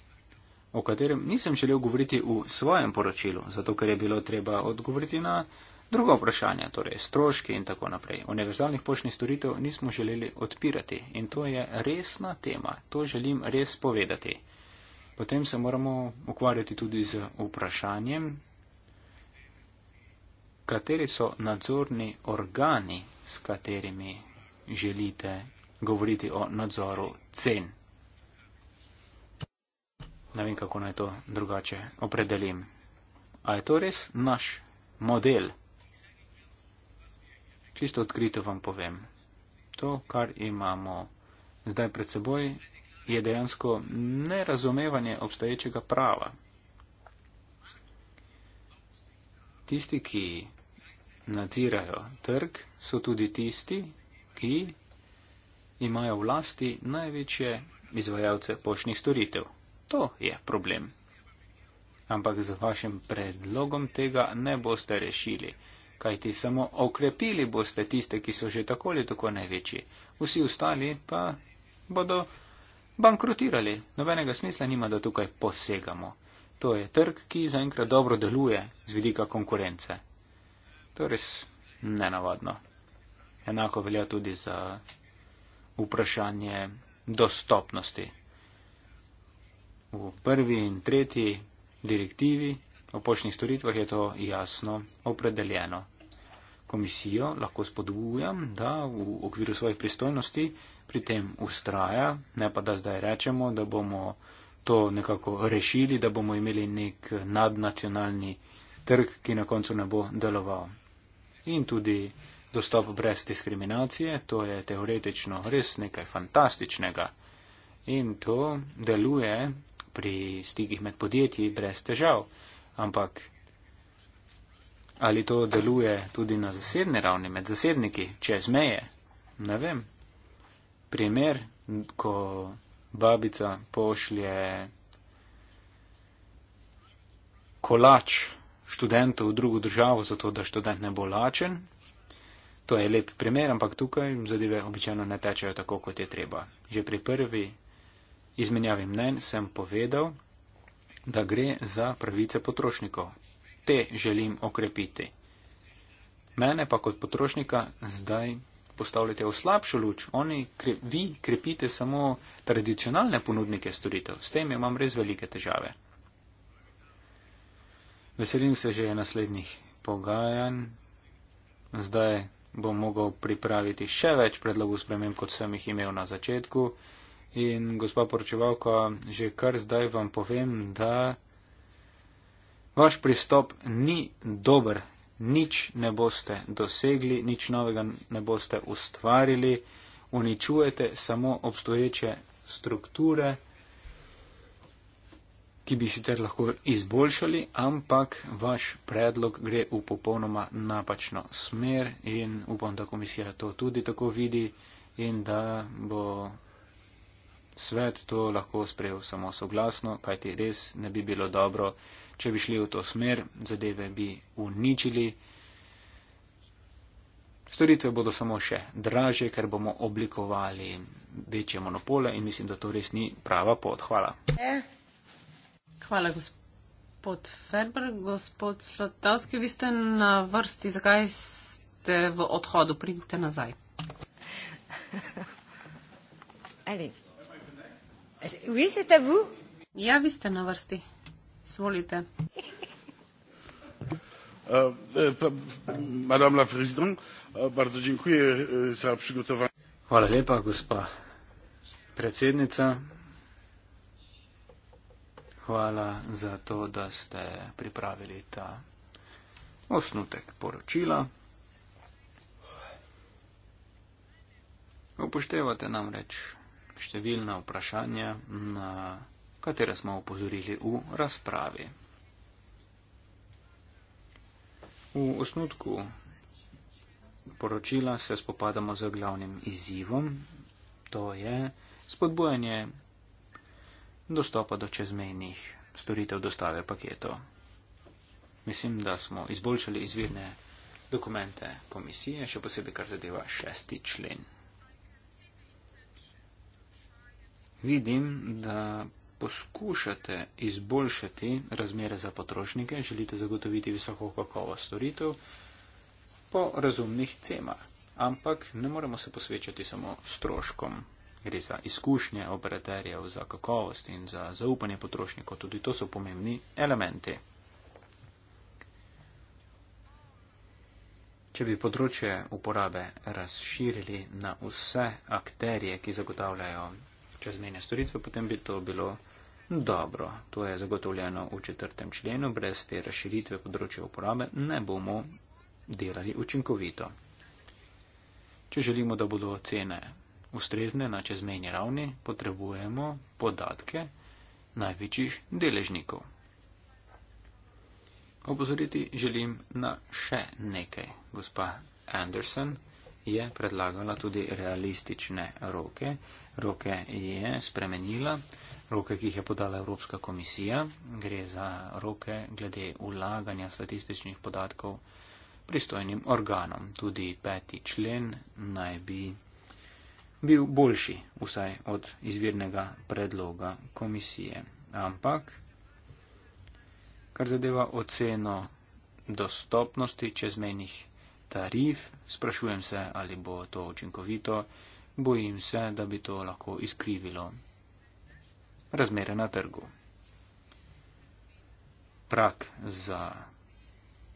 o katerem nisem želel govoriti v svojem poročilu, zato ker je bilo treba odgovoriti na drugo vprašanje, torej stroški in tako naprej. Univerzalnih poštnih storitev nismo želeli odpirati in to je resna tema, to želim res povedati. Potem se moramo ukvarjati tudi z vprašanjem, kateri so nadzorni organi, s katerimi želite govoriti o nadzoru cen ne vem, kako naj to drugače opredelim. A je to res naš model? Čisto odkrito vam povem. To, kar imamo zdaj pred seboj, je dejansko nerazumevanje obstoječega prava. Tisti, ki nadzirajo trg, so tudi tisti, ki imajo vlasti največje izvajalce poštnih storitev. To je problem. Ampak z vašim predlogom tega ne boste rešili, kajti samo okrepili boste tiste, ki so že tako ali tako največji. Vsi ostali pa bodo bankrotirali. Nobenega smisla nima, da tukaj posegamo. To je trg, ki zaenkrat dobro deluje z vidika konkurence. To je res nenavadno. Enako velja tudi za vprašanje dostopnosti v prvi in tretji direktivi o poštnih storitvah je to jasno opredeljeno. Komisijo lahko spodbujam, da v okviru svojih pristojnosti pri tem ustraja, ne pa da zdaj rečemo, da bomo to nekako rešili, da bomo imeli nek nadnacionalni trg, ki na koncu ne bo deloval. In tudi dostop brez diskriminacije, to je teoretično res nekaj fantastičnega. In to deluje pri stikih med podjetji brez težav. Ampak ali to deluje tudi na zasebni ravni, med zasebniki, čez meje? Ne vem. Primer, ko babica pošlje kolač študenta v drugo državo, zato da študent ne bo lačen. To je lep primer, ampak tukaj zadeve običajno ne tečejo tako, kot je treba. Že pri prvi izmenjavi mnen sem povedal, da gre za pravice potrošnikov. Te želim okrepiti. Mene pa kot potrošnika zdaj postavljate v slabšo luč. Oni, kre, vi krepite samo tradicionalne ponudnike storitev. S tem imam res velike težave. Veselim se že naslednjih pogajanj. Zdaj bom mogel pripraviti še več predlogov spremem, kot sem jih imel na začetku. In gospa poročevalka, že kar zdaj vam povem, da vaš pristop ni dober. Nič ne boste dosegli, nič novega ne boste ustvarili, uničujete samo obstoječe strukture, ki bi sicer lahko izboljšali, ampak vaš predlog gre v popolnoma napačno smer in upam, da komisija to tudi tako vidi in da bo Svet to lahko sprejel samo soglasno, kajti res ne bi bilo dobro, če bi šli v to smer, zadeve bi uničili. Storitve bodo samo še draže, ker bomo oblikovali večje monopole in mislim, da to res ni prava pot. Hvala. Hvala, gospod Ferber. Gospod Slotavski, vi ste na vrsti, zakaj ste v odhodu? Pridite nazaj. Oui, c'est à vous. Ja, vi ste na vrsti. Svolite. Eh, eh, madame la présidente, eh, bardzo dziękuję za przygotowanie. Hvala lepa, gospa predsednica. Hvala za to, da ste pripravili ta osnutek poročila. Upoštevate namreč številna vprašanja, na katere smo upozorili v razpravi. V osnutku poročila se spopadamo z glavnim izzivom, to je spodbojanje dostopa do čezmejnih storitev dostave paketov. Mislim, da smo izboljšali izvirne dokumente komisije, še posebej kar zadeva šesti člen. Vidim, da poskušate izboljšati razmere za potrošnike, želite zagotoviti visoko kakovost storitev po razumnih cenah. Ampak ne moremo se posvečati samo stroškom. Gre za izkušnje operaterjev, za kakovost in za zaupanje potrošnikov. Tudi to so pomembni elementi. Če bi področje uporabe razširili na vse akterje, ki zagotavljajo čezmene storitve, potem bi to bilo dobro. To je zagotovljeno v četrtem členu. Brez te razširitve področja uporabe ne bomo delali učinkovito. Če želimo, da bodo cene ustrezne na čezmeni ravni, potrebujemo podatke največjih deležnikov. Opozoriti želim na še nekaj. Gospa Anderson je predlagala tudi realistične roke, roke je spremenila, roke, ki jih je podala Evropska komisija. Gre za roke glede ulaganja statističnih podatkov pristojnim organom. Tudi peti člen naj bi bil boljši, vsaj od izvirnega predloga komisije. Ampak, kar zadeva oceno dostopnosti čezmenih tarif, sprašujem se, ali bo to učinkovito bojim se, da bi to lahko izkrivilo razmere na trgu. Prak za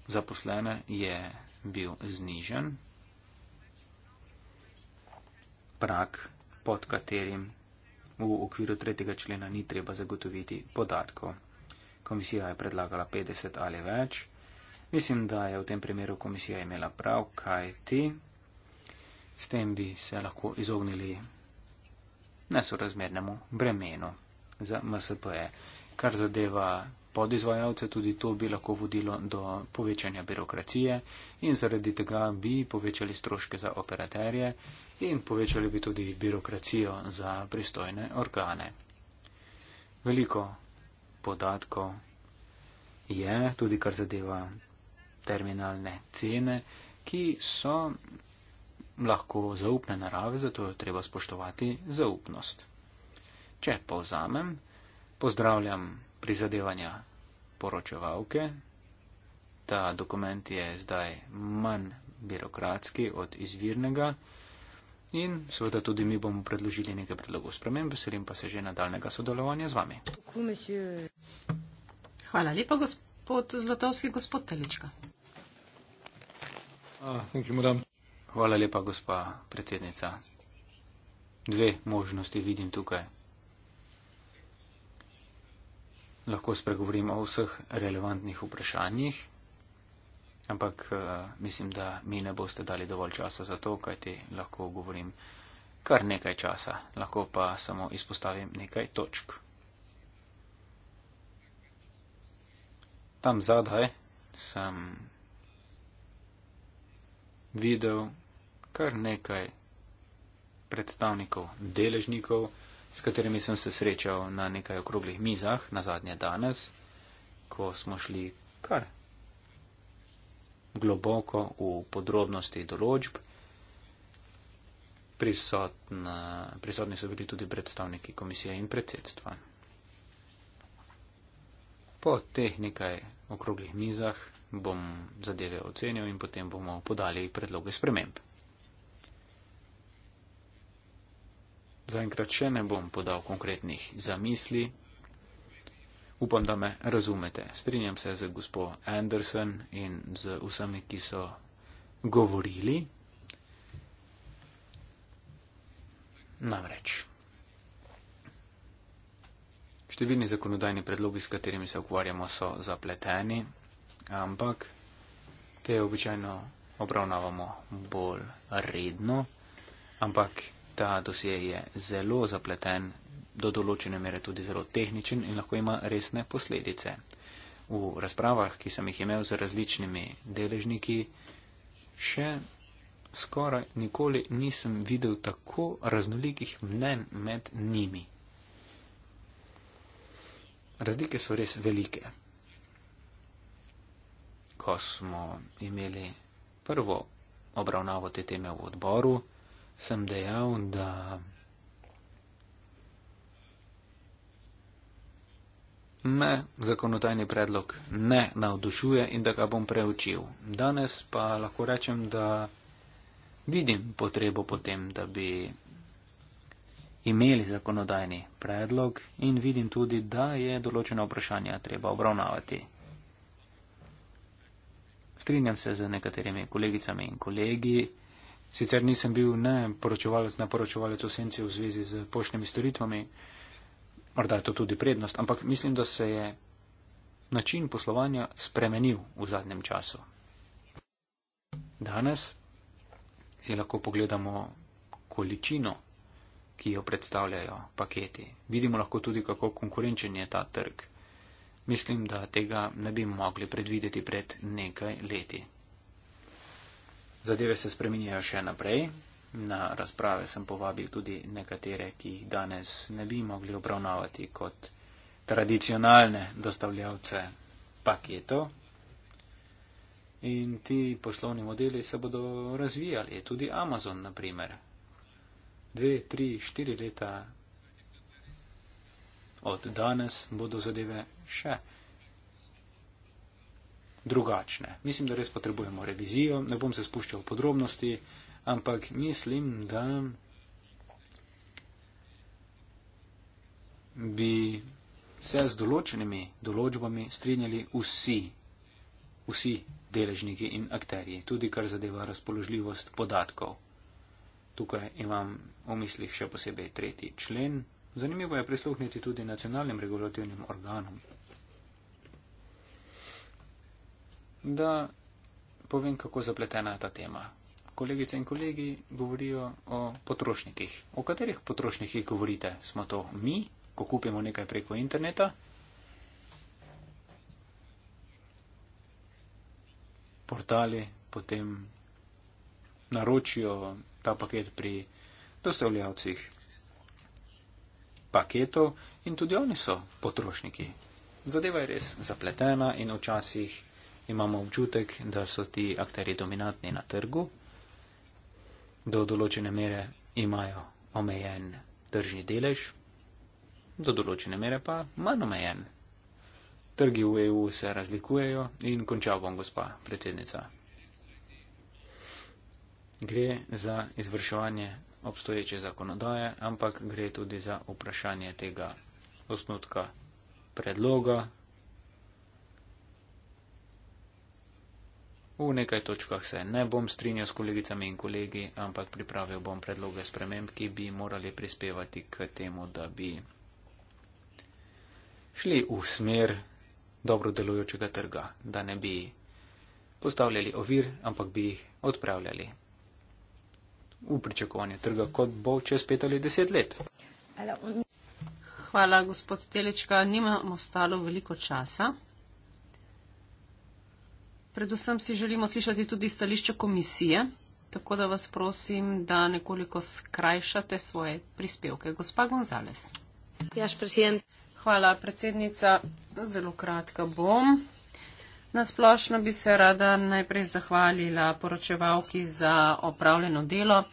zaposlene je bil znižen, prak pod katerim v okviru tretjega člena ni treba zagotoviti podatkov. Komisija je predlagala 50 ali več. Mislim, da je v tem primeru komisija imela prav, kaj ti. S tem bi se lahko izognili nesorazmernemu bremenu za MSP-je. Kar zadeva podizvajalce, tudi to bi lahko vodilo do povečanja birokracije in zaradi tega bi povečali stroške za operaterje in povečali bi tudi birokracijo za pristojne organe. Veliko podatkov je, tudi kar zadeva terminalne cene, ki so lahko zaupne narave, zato je treba spoštovati zaupnost. Če povzamem, pozdravljam prizadevanja poročevalke, ta dokument je zdaj manj birokratski od izvirnega in seveda tudi mi bomo predložili nekaj predlogov sprememb, veselim pa se že nadaljnega sodelovanja z vami. Hvala lepa, gospod Zlatovski, gospod Telička. Ah, thank you, madam. Hvala lepa, gospa predsednica. Dve možnosti vidim tukaj. Lahko spregovorimo o vseh relevantnih vprašanjih, ampak eh, mislim, da mi ne boste dali dovolj časa za to, kajti lahko govorim kar nekaj časa, lahko pa samo izpostavim nekaj točk. Tam zadaj sem videl kar nekaj predstavnikov, deležnikov, s katerimi sem se srečal na nekaj okroglih mizah, na zadnje danes, ko smo šli kar globoko v podrobnosti določb. Prisotna, prisotni so bili tudi predstavniki komisije in predsedstva. Po teh nekaj okroglih mizah bom zadeve ocenil in potem bomo podali predloge sprememb. Zaenkrat še ne bom podal konkretnih zamisli. Upam, da me razumete. Strinjam se z gospod Anderson in z vsemi, ki so govorili. Namreč. Številni zakonodajni predlogi, s katerimi se ukvarjamo, so zapleteni, ampak te običajno obravnavamo bolj redno. Ampak ta dosje je zelo zapleten, do določene mere tudi zelo tehničen in lahko ima resne posledice. V razpravah, ki sem jih imel z različnimi deležniki, še skoraj nikoli nisem videl tako raznolikih mnen med njimi. Razlike so res velike. Ko smo imeli prvo obravnavo te teme v odboru, sem dejal, da me zakonodajni predlog ne navdušuje in da ga bom preučil. Danes pa lahko rečem, da vidim potrebo potem, da bi imeli zakonodajni predlog in vidim tudi, da je določena vprašanja treba obravnavati. Strinjam se z nekaterimi kolegicami in kolegi, Sicer nisem bil ne poročevalec, ne poročevalec osencije v zvezi z poštnimi storitvami, morda je to tudi prednost, ampak mislim, da se je način poslovanja spremenil v zadnjem času. Danes si lahko pogledamo količino, ki jo predstavljajo paketi. Vidimo lahko tudi, kako konkurenčen je ta trg. Mislim, da tega ne bi mogli predvideti pred nekaj leti. Zadeve se spreminjajo še naprej. Na razprave sem povabil tudi nekatere, ki jih danes ne bi mogli obravnavati kot tradicionalne dostavljavce paketov. In ti poslovni modeli se bodo razvijali, tudi Amazon, naprimer. Dve, tri, štiri leta od danes bodo zadeve še drugačne. Mislim, da res potrebujemo revizijo, ne bom se spuščal v podrobnosti, ampak mislim, da bi se z določenimi določbami strinjali vsi, vsi deležniki in akterji, tudi kar zadeva razpoložljivost podatkov. Tukaj imam v mislih še posebej tretji člen. Zanimivo je prisluhniti tudi nacionalnim regulativnim organom, da povem, kako zapletena je ta tema. Kolegice in kolegi govorijo o potrošnikih. O katerih potrošnikih govorite? Smo to mi, ko kupimo nekaj preko interneta? Portali potem naročijo ta paket pri dostavljavcih paketov in tudi oni so potrošniki. Zadeva je res zapletena in včasih imamo občutek, da so ti akteri dominantni na trgu, do določene mere imajo omejen tržni delež, do določene mere pa manj omejen. Trgi v EU se razlikujejo in končal bom, gospa predsednica. Gre za izvrševanje obstoječe zakonodaje, ampak gre tudi za vprašanje tega osnutka predloga, V nekaj točkah se ne bom strinjal s kolegicami in kolegi, ampak pripravil bom predloge sprememb, ki bi morali prispevati k temu, da bi šli v smer dobro delujočega trga, da ne bi postavljali ovir, ampak bi jih odpravljali v pričakovanje trga, kot bo čez pet ali deset let. Hvala, gospod Telečka. Nimamo ostalo veliko časa predvsem si želimo slišati tudi stališče komisije, tako da vas prosim, da nekoliko skrajšate svoje prispevke. Gospa Gonzales. Ja, predsednik. Hvala, predsednica. Zelo kratka bom. Nasplošno bi se rada najprej zahvalila poročevalki za opravljeno delo.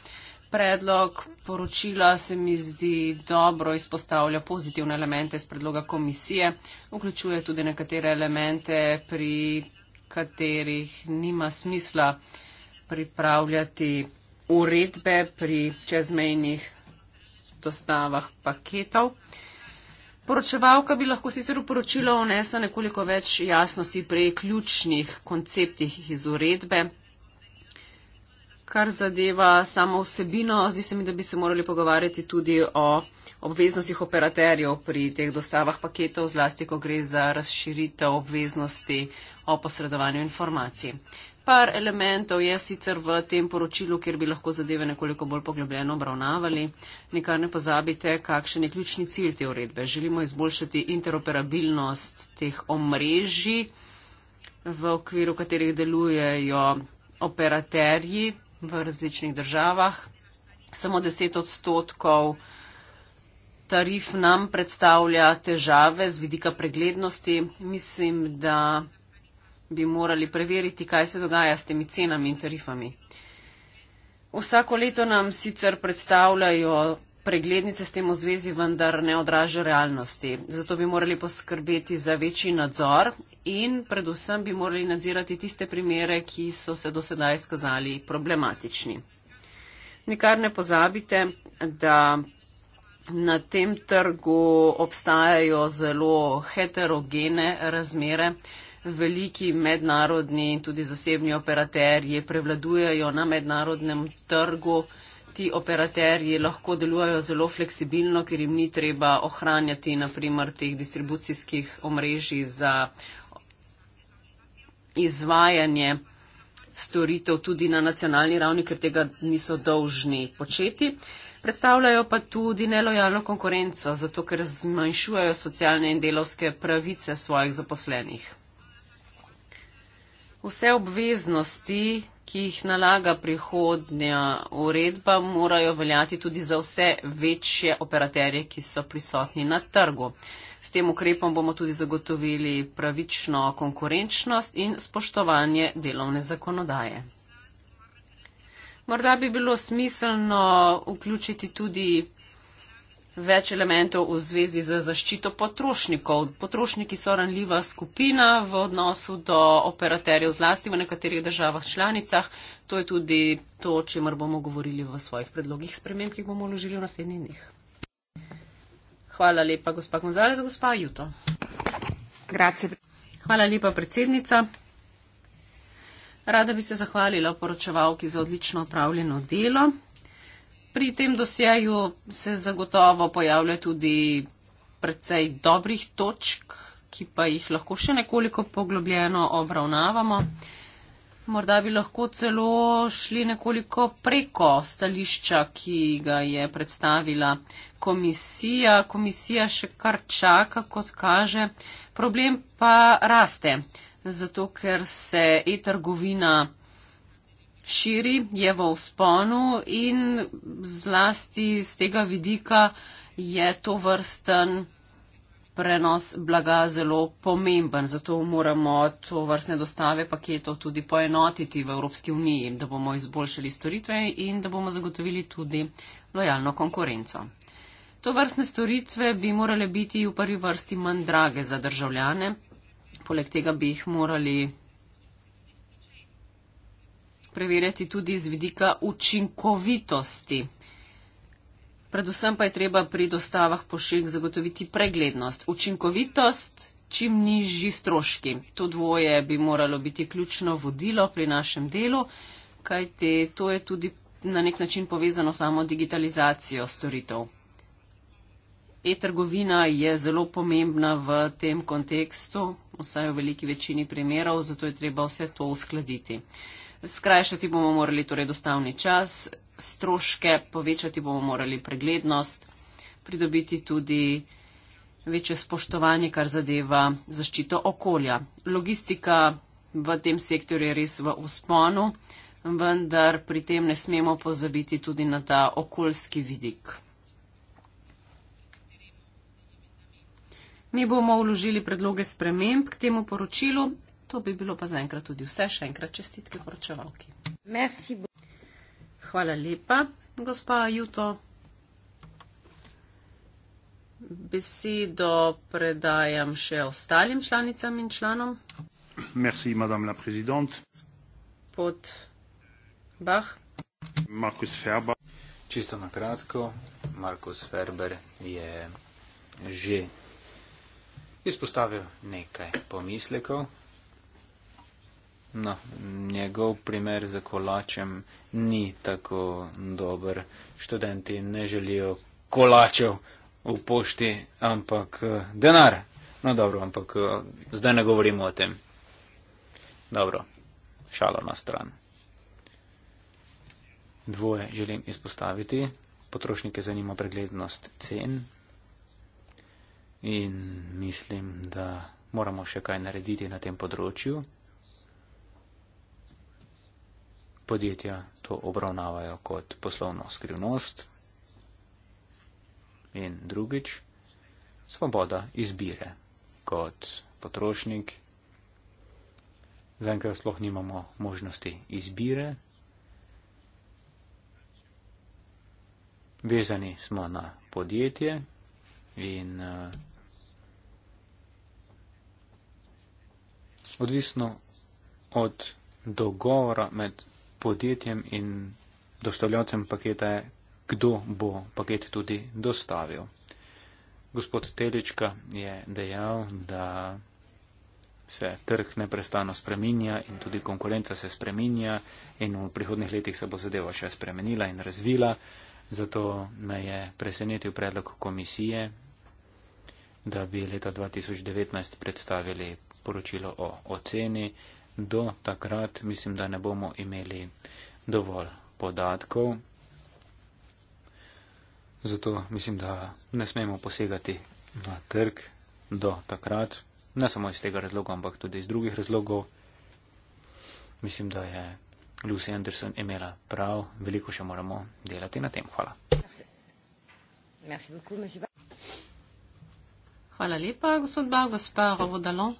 Predlog poročila se mi zdi dobro izpostavlja pozitivne elemente iz predloga komisije, vključuje tudi nekatere elemente pri katerih nima smisla pripravljati uredbe pri čezmejnih dostavah paketov. Poročevalka bi lahko sicer v poročilo vnesla nekoliko več jasnosti pri ključnih konceptih iz uredbe kar zadeva samo vsebino, zdi se mi, da bi se morali pogovarjati tudi o obveznostih operaterjev pri teh dostavah paketov, zlasti ko gre za razširitev obveznosti o posredovanju informacij. Par elementov je sicer v tem poročilu, kjer bi lahko zadeve nekoliko bolj poglobljeno obravnavali. Nikar ne pozabite, kakšen je ključni cilj te uredbe. Želimo izboljšati interoperabilnost teh omrežij, v okviru katerih delujejo operaterji v različnih državah. Samo 10 odstotkov tarif nam predstavlja težave z vidika preglednosti. Mislim, da bi morali preveriti, kaj se dogaja s temi cenami in tarifami. Vsako leto nam sicer predstavljajo preglednice s tem v zvezi vendar ne odraža realnosti. Zato bi morali poskrbeti za večji nadzor in predvsem bi morali nadzirati tiste primere, ki so se do sedaj skazali problematični. Nikar ne pozabite, da na tem trgu obstajajo zelo heterogene razmere. Veliki mednarodni in tudi zasebni operaterji prevladujejo na mednarodnem trgu ti operaterji lahko delujejo zelo fleksibilno, ker jim ni treba ohranjati naprimer teh distribucijskih omrežij za izvajanje storitev tudi na nacionalni ravni, ker tega niso dolžni početi. Predstavljajo pa tudi nelojalno konkurenco, zato ker zmanjšujejo socialne in delovske pravice svojih zaposlenih. Vse obveznosti ki jih nalaga prihodnja uredba, morajo veljati tudi za vse večje operaterje, ki so prisotni na trgu. S tem ukrepom bomo tudi zagotovili pravično konkurenčnost in spoštovanje delovne zakonodaje. Morda bi bilo smiselno vključiti tudi več elementov v zvezi z zaščito potrošnikov. Potrošniki so ranljiva skupina v odnosu do operaterjev zlasti v nekaterih državah članicah. To je tudi to, o čemer bomo govorili v svojih predlogih sprememb, ki bomo vložili v naslednjih dneh. Hvala lepa, gospa Gonzalez, gospa Juto. Grazie. Hvala lepa, predsednica. Rada bi se zahvalila poročevalki za odlično opravljeno delo pri tem dosjeju se zagotovo pojavlja tudi precej dobrih točk, ki pa jih lahko še nekoliko poglobljeno obravnavamo. Morda bi lahko celo šli nekoliko preko stališča, ki ga je predstavila komisija. Komisija še kar čaka, kot kaže. Problem pa raste, zato ker se e-trgovina širi, je v usponu in zlasti z tega vidika je to vrsten prenos blaga zelo pomemben. Zato moramo to vrstne dostave paketov tudi poenotiti v Evropski uniji, da bomo izboljšali storitve in da bomo zagotovili tudi lojalno konkurenco. To vrstne storitve bi morale biti v prvi vrsti manj drage za državljane, poleg tega bi jih morali preverjati tudi z vidika učinkovitosti. Predvsem pa je treba pri dostavah pošiljk zagotoviti preglednost. Učinkovitost, čim nižji stroški. To dvoje bi moralo biti ključno vodilo pri našem delu, kajte to je tudi na nek način povezano samo digitalizacijo storitev. E-trgovina je zelo pomembna v tem kontekstu, vsaj v veliki večini primerov, zato je treba vse to uskladiti skrajšati bomo morali torej dostavni čas, stroške, povečati bomo morali preglednost, pridobiti tudi večje spoštovanje, kar zadeva zaščito okolja. Logistika v tem sektorju je res v usponu, vendar pri tem ne smemo pozabiti tudi na ta okoljski vidik. Mi bomo vložili predloge sprememb k temu poročilu, To bi bilo pa zaenkrat tudi vse. Še enkrat čestitke poročevalki. Hvala lepa, gospa Juto. Besedo predajam še ostalim članicam in članom. Merci, madame la présidente. Pod Bach. Markus Ferber. Čisto na kratko, Markus Ferber je že izpostavil nekaj pomislekov, No, njegov primer za kolačem ni tako dober. Študenti ne želijo kolačev v pošti, ampak eh, denar. No, dobro, ampak eh, zdaj ne govorimo o tem. Dobro, šalo na stran. Dvoje želim izpostaviti. Potrošnike zanima preglednost cen in mislim, da moramo še kaj narediti na tem področju. podjetja to obravnavajo kot poslovno skrivnost in drugič svoboda izbire kot potrošnik. Zaenkrat sploh nimamo možnosti izbire. Vezani smo na podjetje in uh, odvisno od dogovora med podjetjem in dostavljavcem paketa je, kdo bo paket tudi dostavil. Gospod Telička je dejal, da se trg neprestano spreminja in tudi konkurenca se spreminja in v prihodnih letih se bo zadeva še spremenila in razvila. Zato me je presenetil predlog komisije, da bi leta 2019 predstavili poročilo o oceni do takrat mislim, da ne bomo imeli dovolj podatkov. Zato mislim, da ne smemo posegati na trg do takrat. Ne samo iz tega razloga, ampak tudi iz drugih razlogov. Mislim, da je Lucy Anderson imela prav, veliko še moramo delati na tem. Hvala. Hvala lepa, gospod Ba, gospa Rovodalo.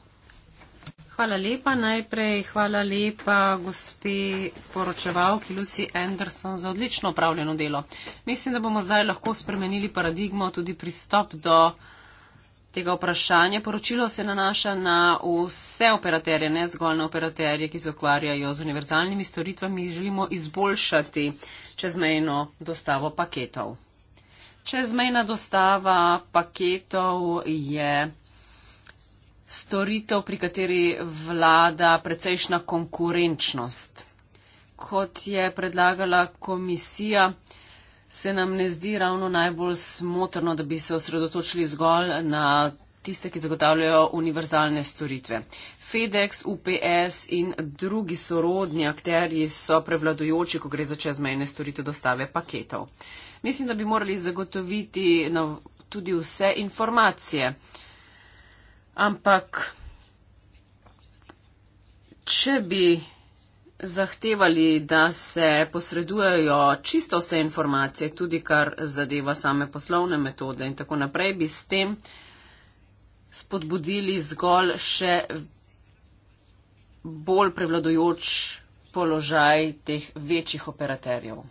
Hvala lepa. Najprej hvala lepa gospe poročevalki Lucy Anderson za odlično upravljeno delo. Mislim, da bomo zdaj lahko spremenili paradigmo, tudi pristop do tega vprašanja. Poročilo se nanaša na vse operaterje, ne zgolj na operaterje, ki se ukvarjajo z univerzalnimi storitvami. Želimo izboljšati čezmejno dostavo paketov. Čezmejna dostava paketov je storitev, pri kateri vlada precejšna konkurenčnost. Kot je predlagala komisija, se nam ne zdi ravno najbolj smotrno, da bi se osredotočili zgolj na tiste, ki zagotavljajo univerzalne storitve. FedEx, UPS in drugi sorodni akterji so prevladojoči, ko gre za čezmejne storitve dostave paketov. Mislim, da bi morali zagotoviti tudi vse informacije, uh, Ampak, če bi zahtevali, da se posredujejo čisto vse informacije, tudi kar zadeva same poslovne metode in tako naprej, bi s tem spodbudili zgolj še bolj prevladojoč položaj teh večjih operaterjev.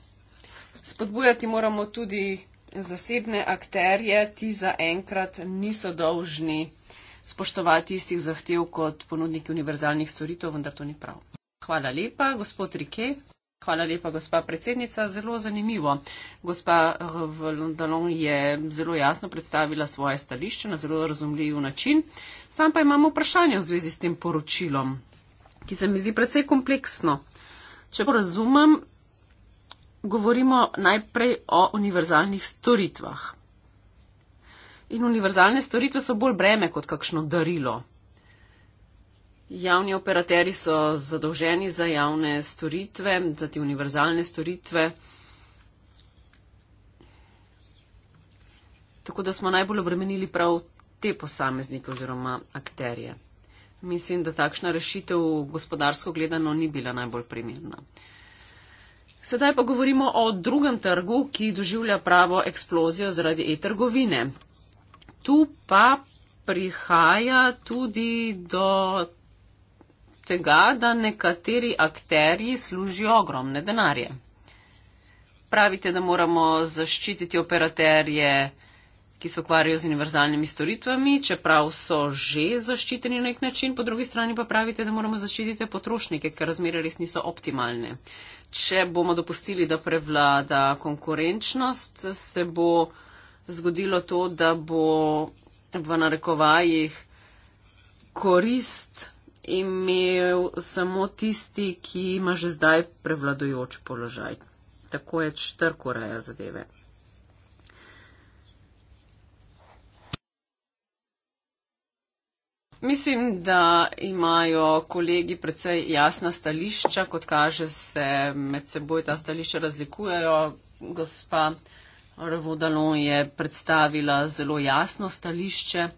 Spodbujati moramo tudi zasebne akterje, ti za enkrat niso dolžni spoštovati istih zahtev kot ponudniki univerzalnih storitev, vendar to ni prav. Hvala lepa, gospod Rike. Hvala lepa, gospa predsednica. Zelo zanimivo. Gospa Vlondalon je zelo jasno predstavila svoje stališče na zelo razumljiv način. Sam pa imamo vprašanje v zvezi s tem poročilom, ki se mi zdi precej kompleksno. Če razumem, govorimo najprej o univerzalnih storitvah in univerzalne storitve so bolj breme kot kakšno darilo. Javni operateri so zadolženi za javne storitve, za te univerzalne storitve. Tako da smo najbolj obremenili prav te posameznike oziroma akterje. Mislim, da takšna rešitev gospodarsko gledano ni bila najbolj primerna. Sedaj pa govorimo o drugem trgu, ki doživlja pravo eksplozijo zaradi e-trgovine tu pa prihaja tudi do tega, da nekateri akteri služijo ogromne denarje. Pravite, da moramo zaščititi operaterje, ki se ukvarjajo z univerzalnimi storitvami, čeprav so že zaščiteni na nek način, po drugi strani pa pravite, da moramo zaščititi potrošnike, ker razmere res niso optimalne. Če bomo dopustili, da prevlada konkurenčnost, se bo zgodilo to, da bo v narekovajih korist imel samo tisti, ki ima že zdaj prevladojoč položaj. Tako je četrk ureja zadeve. Mislim, da imajo kolegi predvsej jasna stališča, kot kaže se med seboj ta stališča razlikujejo. Gospa Revodalon je predstavila zelo jasno stališče.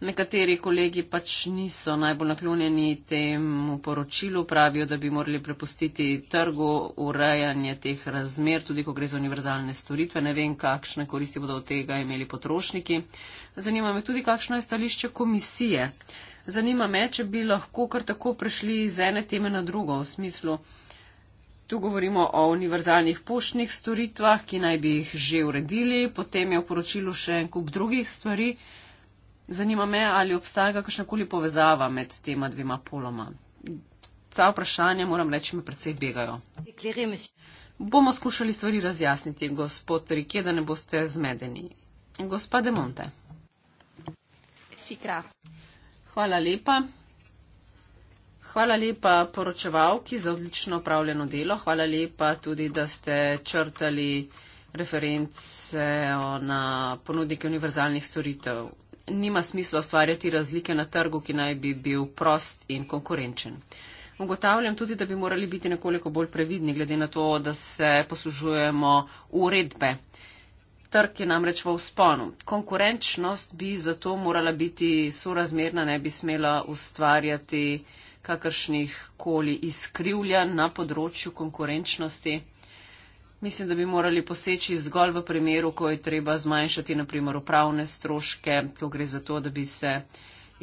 Nekateri kolegi pač niso najbolj naklonjeni temu poročilu, pravijo, da bi morali prepustiti trgu urejanje teh razmer, tudi ko gre za univerzalne storitve. Ne vem, kakšne koristi bodo od tega imeli potrošniki. Zanima me tudi, kakšno je stališče komisije. Zanima me, če bi lahko kar tako prešli iz ene teme na drugo v smislu. Tu govorimo o univerzalnih poštnih storitvah, ki naj bi jih že uredili, potem je v poročilu še en kup drugih stvari. Zanima me, ali obstaja kakršnakoli povezava med tema dvema poloma. Ta vprašanja, moram reči, me predvsej begajo. Bomo skušali stvari razjasniti, gospod Rike, da ne boste zmedeni. Gospa Demonte. Hvala lepa. Hvala lepa poročevalki za odlično upravljeno delo. Hvala lepa tudi, da ste črtali reference eh, na ponudnike univerzalnih storitev. Nima smisla ustvarjati razlike na trgu, ki naj bi bil prost in konkurenčen. Ugotavljam tudi, da bi morali biti nekoliko bolj previdni, glede na to, da se poslužujemo uredbe. Trg je namreč v usponu. Konkurenčnost bi zato morala biti sorazmerna, ne bi smela ustvarjati kakršnih koli izkrivljanj na področju konkurenčnosti. Mislim, da bi morali poseči zgolj v primeru, ko je treba zmanjšati naprimer upravne stroške, to gre za to, da bi se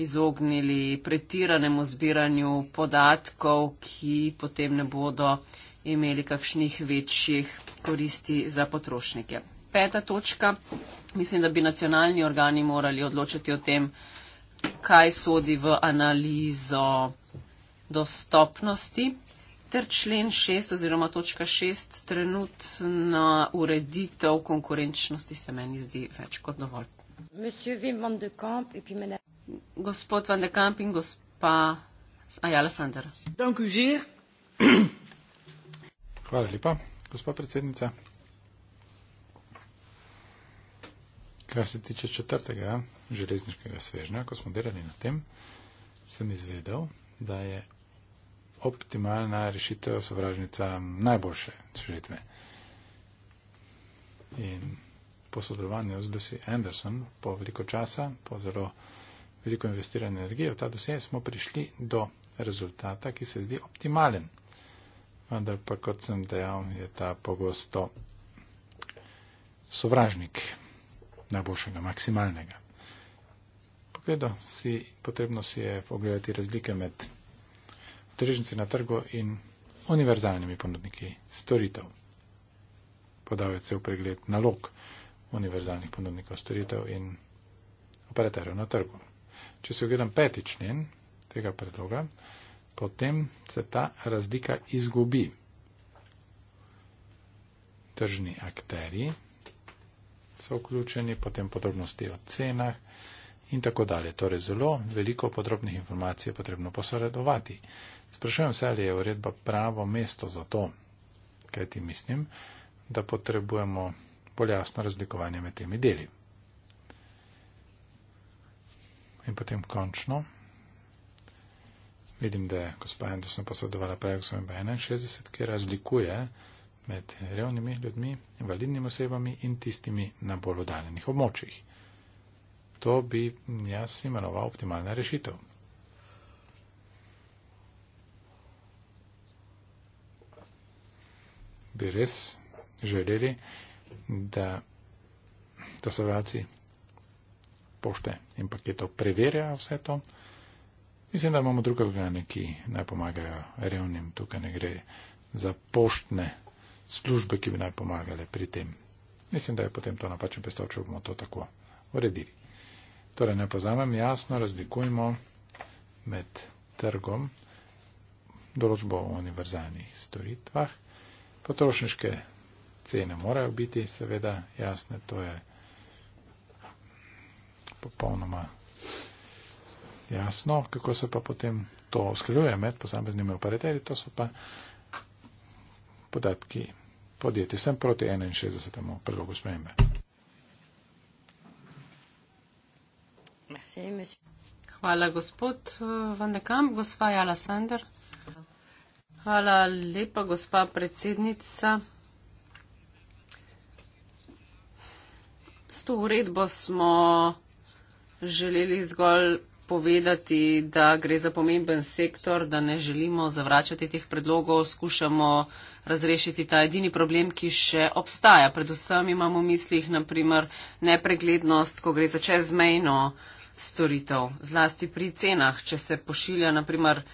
izognili pretiranemu zbiranju podatkov, ki potem ne bodo imeli kakšnih večjih koristi za potrošnike. Peta točka. Mislim, da bi nacionalni organi morali odločiti o tem, kaj sodi v analizo dostopnosti ter člen 6 oziroma točka 6 trenutna ureditev konkurenčnosti se meni zdi več kot dovolj. Gospod Van de Kamp in gospa Aja Alessandra. Hvala lepa, gospa predsednica. Kar se tiče četrtega železniškega svežnja, ko smo delali na tem, sem izvedel, da je optimalna rešitev sovražnica najboljše žrtve. In po sodelovanju z Lucy Anderson, po veliko časa, po zelo veliko investirane energije v ta dosje, smo prišli do rezultata, ki se zdi optimalen. Vendar pa, kot sem dejal, je ta pogosto sovražnik najboljšega, maksimalnega. Pogledo, si, potrebno si je pogledati razlike med tržnici na trgu in univerzalnimi ponudniki storitev. Podal je cel pregled nalog univerzalnih ponudnikov storitev in operaterjev na trgu. Če se ogledam peti člen tega predloga, potem se ta razlika izgubi. Tržni akteri so vključeni, potem podrobnosti o cenah in tako dalje. Torej zelo veliko podrobnih informacij je potrebno posredovati. Sprašujem se, ali je uredba pravo mesto za to, kaj ti mislim, da potrebujemo bolj jasno razlikovanje med temi deli. In potem končno. Vidim, da je gospa Andersen posredovala projekt 61, ki razlikuje med revnimi ljudmi, invalidnimi osebami in tistimi na bolj oddaljenih območjih. To bi jaz imenoval optimalna rešitev. bi res želeli, da dostavljalci pošte in paketov preverjajo vse to. Mislim, da imamo druge organe, ki naj pomagajo revnim. Tukaj ne gre za poštne službe, ki bi naj pomagale pri tem. Mislim, da je potem to napačen pristop, če bomo to tako uredili. Torej, ne pozamem, jasno razlikujemo med trgom določbo o univerzalnih storitvah Potrošniške cene morajo biti seveda jasne, to je popolnoma jasno, kako se pa potem to skrljuje med posameznimi operaterji, to so pa podatki podjetij. Sem proti 61. predlogu spremembe. Hvala, gospod eh, Vandekam. Gospa Jala Sander. Hvala lepa, gospa predsednica. S to uredbo smo želeli zgolj povedati, da gre za pomemben sektor, da ne želimo zavračati teh predlogov, skušamo razrešiti ta edini problem, ki še obstaja. Predvsem imamo v mislih, naprimer, nepreglednost, ko gre za čezmejno storitev, zlasti pri cenah, če se pošilja, naprimer,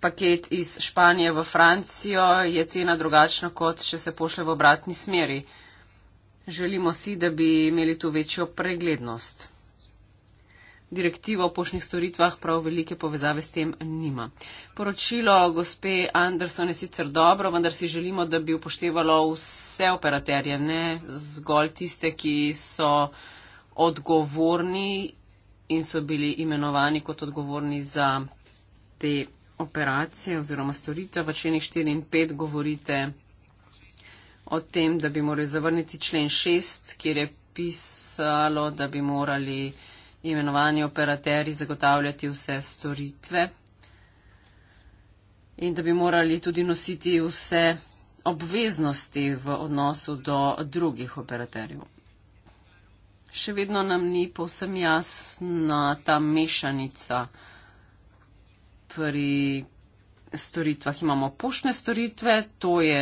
paket iz Španije v Francijo, je cena drugačna, kot če se pošle v obratni smeri. Želimo si, da bi imeli tu večjo preglednost. Direktiva o poštnih storitvah prav velike povezave s tem nima. Poročilo gospe Anderson je sicer dobro, vendar si želimo, da bi upoštevalo vse operaterje, ne zgolj tiste, ki so odgovorni in so bili imenovani kot odgovorni za te operacije oziroma storitev v členih 4 in 5 govorite o tem, da bi morali zavrniti člen 6, kjer je pisalo, da bi morali imenovani operaterji zagotavljati vse storitve in da bi morali tudi nositi vse obveznosti v odnosu do drugih operaterjev. Še vedno nam ni povsem jasna ta mešanica pri storitvah imamo poštne storitve, to je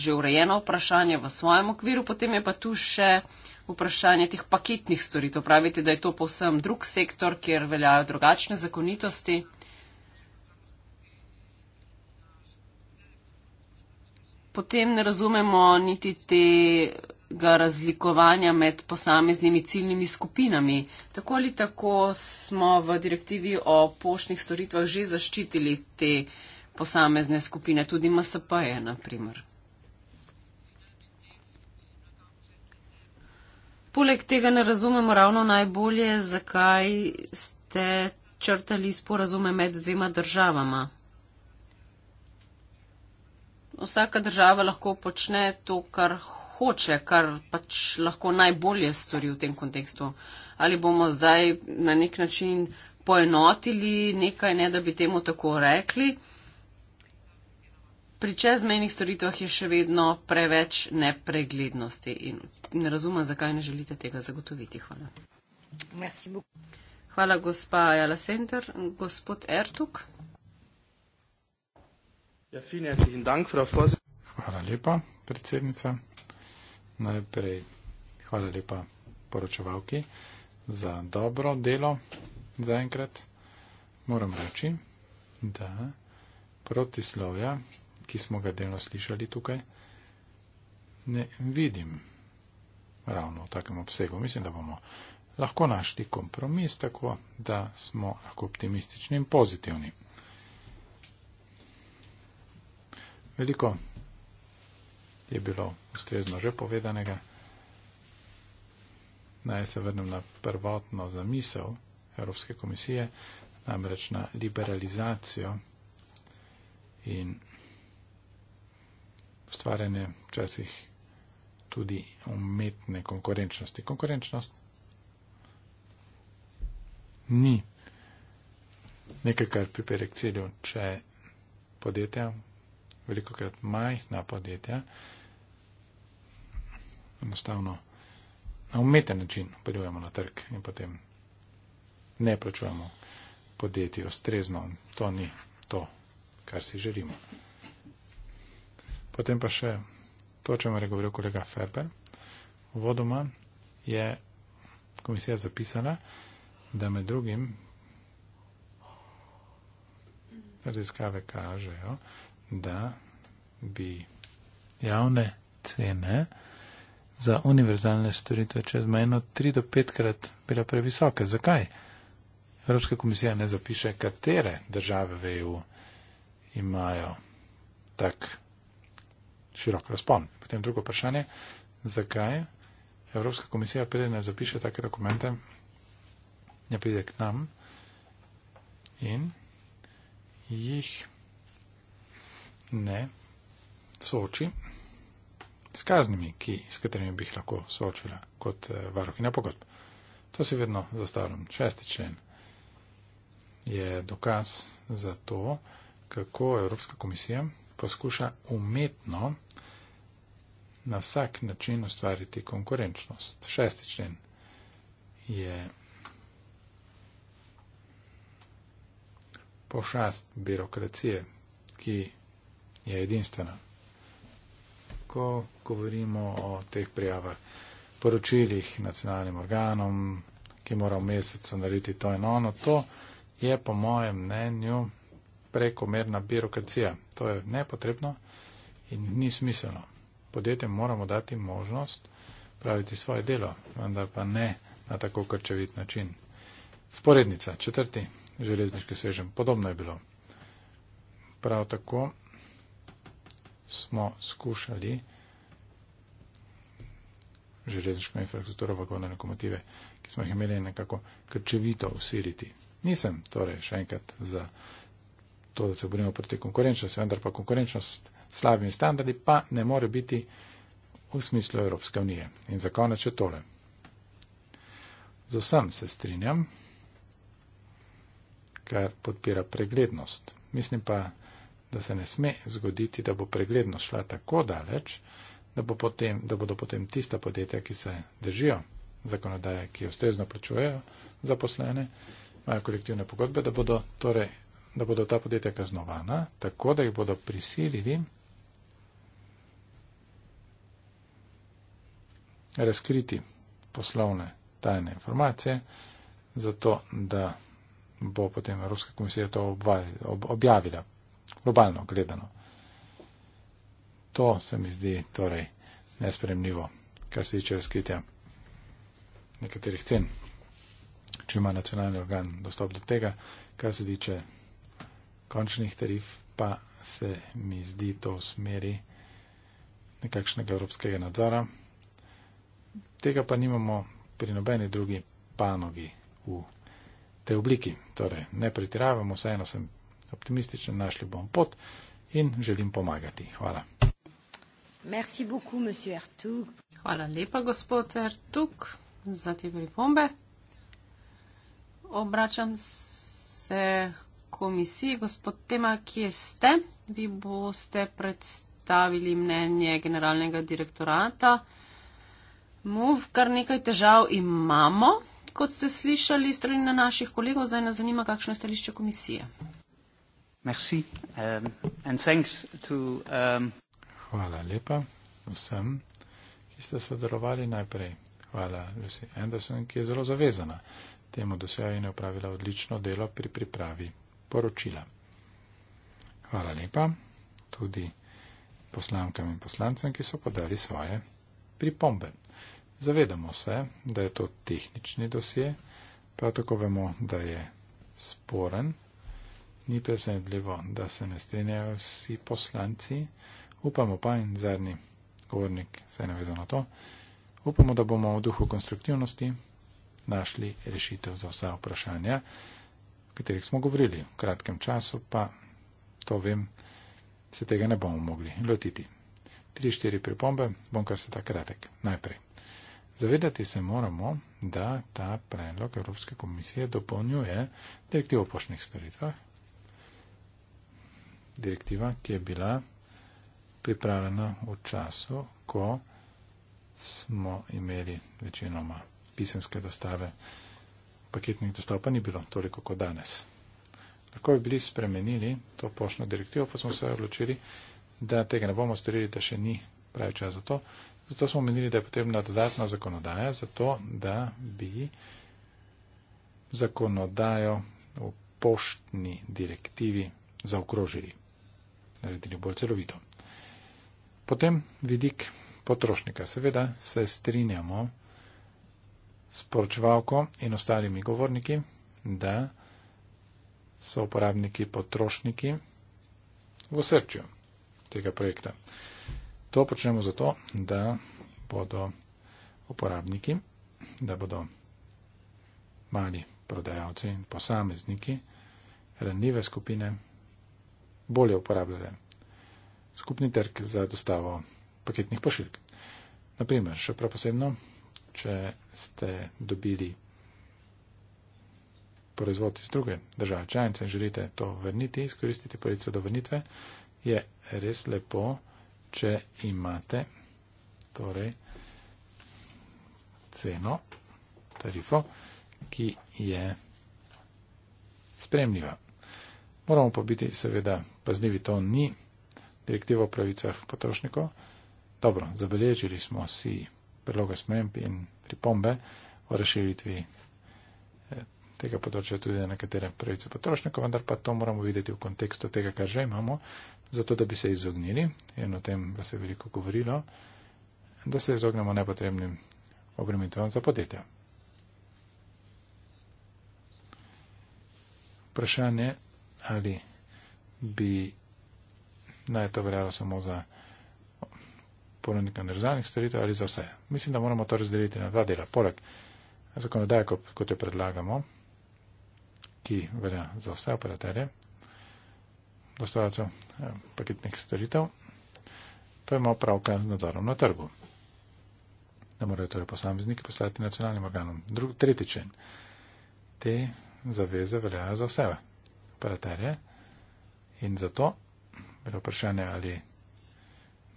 že urejeno vprašanje v svojem okviru, potem je pa tu še vprašanje teh paketnih storitev. Pravite, da je to povsem drug sektor, kjer veljajo drugačne zakonitosti. Potem ne razumemo niti te razlikovanja med posameznimi ciljnimi skupinami. Tako ali tako smo v direktivi o poštnih storitvah že zaščitili te posamezne skupine, tudi MSP-je, na primer. Poleg tega ne razumemo ravno najbolje, zakaj ste črtali sporazume med dvema državama. Vsaka država lahko počne to, kar hoče hoče, kar pač lahko najbolje stori v tem kontekstu. Ali bomo zdaj na nek način poenotili nekaj, ne da bi temu tako rekli. Pri čezmejnih storitvah je še vedno preveč nepreglednosti in ne razumem, zakaj ne želite tega zagotoviti. Hvala. Hvala, gospa Jala Center. Gospod Ertuk. Ja, Hvala lepa, predsednica najprej hvala lepa poročevalki za dobro delo zaenkrat. Moram reči, da protislovja, ki smo ga delno slišali tukaj, ne vidim ravno v takem obsegu. Mislim, da bomo lahko našli kompromis tako, da smo lahko optimistični in pozitivni. Veliko je bilo ustrezno že povedanega. Naj se vrnem na prvotno zamisel Evropske komisije, namreč na liberalizacijo in ustvarjanje včasih tudi umetne konkurenčnosti. Konkurenčnost ni nekaj, kar pripere k cilju, če podjetja, veliko krat majhna podjetja, enostavno na umeten način operujemo na trg in potem ne plačujemo podjetij ustrezno. To ni to, kar si želimo. Potem pa še to, če mora govoril kolega Ferber. Vodoma je komisija zapisala, da med drugim raziskave kažejo, da bi javne cene za univerzalne storitve čez mejno 3 do 5 krat bila previsoka. Zakaj? Evropska komisija ne zapiše, katere države v EU imajo tak širok razpon. Potem drugo vprašanje, zakaj Evropska komisija pride ne zapiše take dokumente, ne pride k nam in jih ne sooči s kaznimi, ki, s katerimi bi jih lahko soočila kot eh, varuhina pogodb. To si vedno zastavljam. Šesti člen je dokaz za to, kako Evropska komisija poskuša umetno na vsak način ustvariti konkurenčnost. Šesti člen je pošast birokracije, ki je edinstvena ko govorimo o teh prijavah, poročilih nacionalnim organom, ki mora v mesecu narediti to in ono, to je po mojem mnenju prekomerna birokracija. To je nepotrebno in ni smiselno. Podjetjem moramo dati možnost praviti svoje delo, vendar pa ne na tako krčevit način. Sporednica, četrti železniški svežem, podobno je bilo. Prav tako smo skušali železniško infrastrukturo, vagone, lokomotive, ki smo jih imeli nekako krčevito usiriti. Nisem torej še enkrat za to, da se borimo proti konkurenčnosti, vendar pa konkurenčnost slabimi standardi pa ne more biti v smislu Evropske unije. In za konec je tole. Z vsem se strinjam, kar podpira preglednost. Mislim pa, da se ne sme zgoditi, da bo preglednost šla tako daleč, da, bo potem, da bodo potem tista podjetja, ki se držijo zakonodaje, ki ustrezno plačujejo zaposlene, imajo kolektivne pogodbe, da bodo, torej, da bodo ta podjetja kaznovana, tako da jih bodo prisilili razkriti poslovne tajne informacije, zato da bo potem Evropska komisija to objavila globalno gledano. To se mi zdi torej nespremljivo, kar se tiče razkritja nekaterih cen, če ima nacionalni organ dostop do tega, kar se tiče končnih tarif, pa se mi zdi to v smeri nekakšnega evropskega nadzora. Tega pa nimamo pri nobeni drugi panogi v tej obliki. Torej, ne pretiravamo, vseeno sem optimističen, našli bom pot in želim pomagati. Hvala. Merci beaucoup, monsieur Artug. Hvala lepa, gospod Artug, za te pripombe. Obračam se komisiji, gospod Tema, kje ste? Vi boste predstavili mnenje generalnega direktorata. MUV, kar nekaj težav imamo, kot ste slišali strani na naših kolegov, zdaj nas zanima, kakšno je stališče komisije. Merci. Um, and thanks to, um, Hvala lepa vsem, ki ste sodelovali najprej. Hvala Lucy Anderson, ki je zelo zavezana temu dosjaju in je opravila odlično delo pri pripravi poročila. Hvala lepa tudi poslankam in poslancem, ki so podali svoje pripombe. Zavedamo se, da je to tehnični dosje, pa tako vemo, da je sporen ni presenetljivo, da se ne strinjajo vsi poslanci. Upamo pa in zadnji govornik se je navezal na to. Upamo, da bomo v duhu konstruktivnosti našli rešitev za vsa vprašanja, o katerih smo govorili. V kratkem času pa, to vem, se tega ne bomo mogli lotiti. Tri, štiri pripombe, bom kar se ta kratek. Najprej. Zavedati se moramo, da ta predlog Evropske komisije dopolnjuje direktivo o poštnih storitvah, direktiva, ki je bila pripravljena v času, ko smo imeli večinoma pisanske dostave, paketnih dostav pa ni bilo toliko kot danes. Lahko bi bili spremenili to poštno direktivo, pa smo se odločili, da tega ne bomo storili, da še ni pravi čas za to. Zato smo menili, da je potrebna dodatna zakonodaja, zato da bi zakonodajo v poštni direktivi zaokrožili naredili bolj celovito. Potem vidik potrošnika. Seveda se strinjamo s poročevalko in ostalimi govorniki, da so uporabniki potrošniki v srčju tega projekta. To počnemo zato, da bodo uporabniki, da bodo mali prodajalci in posamezniki, ranljive skupine bolje uporabljale skupni trg za dostavo paketnih pošiljk. Naprimer, še prav posebno, če ste dobili proizvod iz druge države članice in želite to vrniti, izkoristiti pravico do vrnitve, je res lepo, če imate torej, ceno, tarifo, ki je spremljiva. Moramo pa biti seveda pazljivi, to ni direktiva o pravicah potrošnikov. Dobro, zabeležili smo si predloga sprememb in pripombe o razširitvi eh, tega področja tudi na nekatere pravice potrošnikov, vendar pa to moramo videti v kontekstu tega, kar že imamo, zato da bi se izognili, in o tem vas je veliko govorilo, da se izognemo nepotrebnim obremenitvam za podjetja. Vprašanje ali bi naj to veljalo samo za ponudnika univerzalnih storitev ali za vse. Mislim, da moramo to razdeliti na dva dela. Poleg zakonodaje, kot jo predlagamo, ki velja za vse operaterje, dostavljajo eh, paketnih storitev, to imamo prav kar z nadzorom na trgu. Da morajo torej posamezniki poslati nacionalnim organom. Drugi, tretji člen. Te zaveze veljajo za vse operaterje. In zato je bilo vprašanje, ali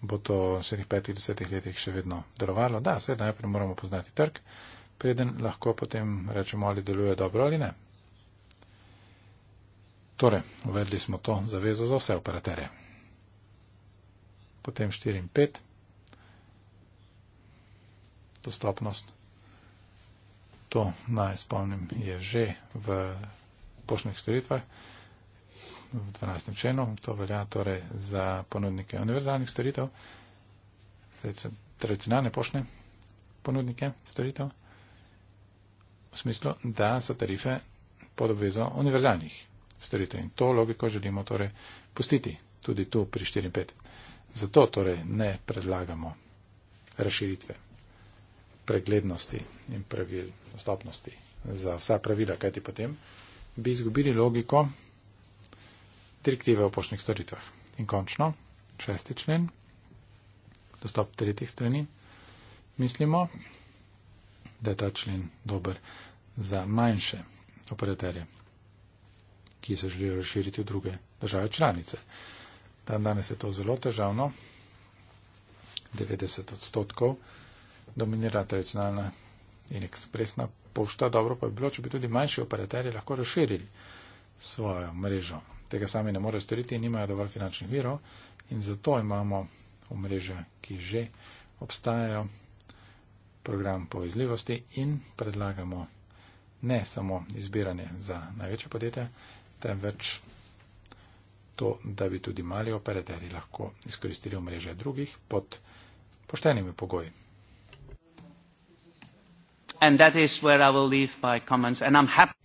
bo to v naslednjih petih, desetih letih še vedno delovalo. Da, seveda najprej moramo poznati trg, preden lahko potem rečemo, ali deluje dobro ali ne. Torej, uvedli smo to zavezo za vse operaterje. Potem 4 in 5. Dostopnost. To naj spomnim je že v poštnih storitvah v 12. členu, to velja torej za ponudnike univerzalnih storitev, tradicionalne pošne ponudnike storitev, v smislu, da so tarife pod obvezo univerzalnih storitev in to logiko želimo torej pustiti tudi tu pri 4.5. Zato torej ne predlagamo razširitve preglednosti in pravil dostopnosti za vsa pravila, kajti potem bi izgubili logiko direktive o poštnih storitvah. In končno, šesti člen, dostop tretjih strani. Mislimo, da je ta člen dober za manjše operaterje, ki se želijo razširiti v druge države članice. Dan danes je to zelo težavno. 90 odstotkov dominira tradicionalna in ekspresna pošta. Dobro pa bi bilo, če bi tudi manjši operaterji lahko razširili svojo mrežo tega sami ne morejo storiti in nimajo dovolj finančnih virov in zato imamo omrežja, ki že obstajajo, program povezljivosti in predlagamo ne samo izbiranje za največje podjetje, temveč to, da bi tudi mali operaterji lahko izkoristili omrežje drugih pod poštenimi pogoji.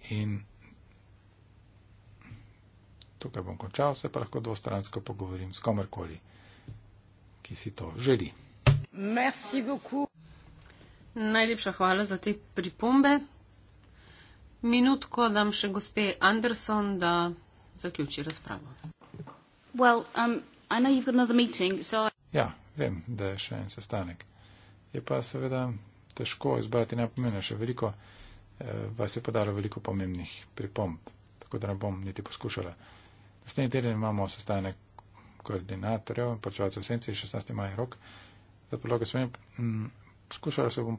In tukaj bom končal, se pa lahko dvostransko pogovorim s komerkoli, ki si to želi. Najlepša hvala za te pripombe. Minutko dam še gospe Anderson, da zaključi razpravo. Well, um, meeting, so... Ja, vem, da je še en sestanek. Je pa seveda težko izbrati najpomembnejše. Veliko eh, vas je podalo veliko pomembnih pripomb, tako da ne bom niti poskušala. Naslednji teden imamo sestanek koordinatorjev, počevalcev senci, 16. maj rok. Za podlogo svojim mm, poskušala se bom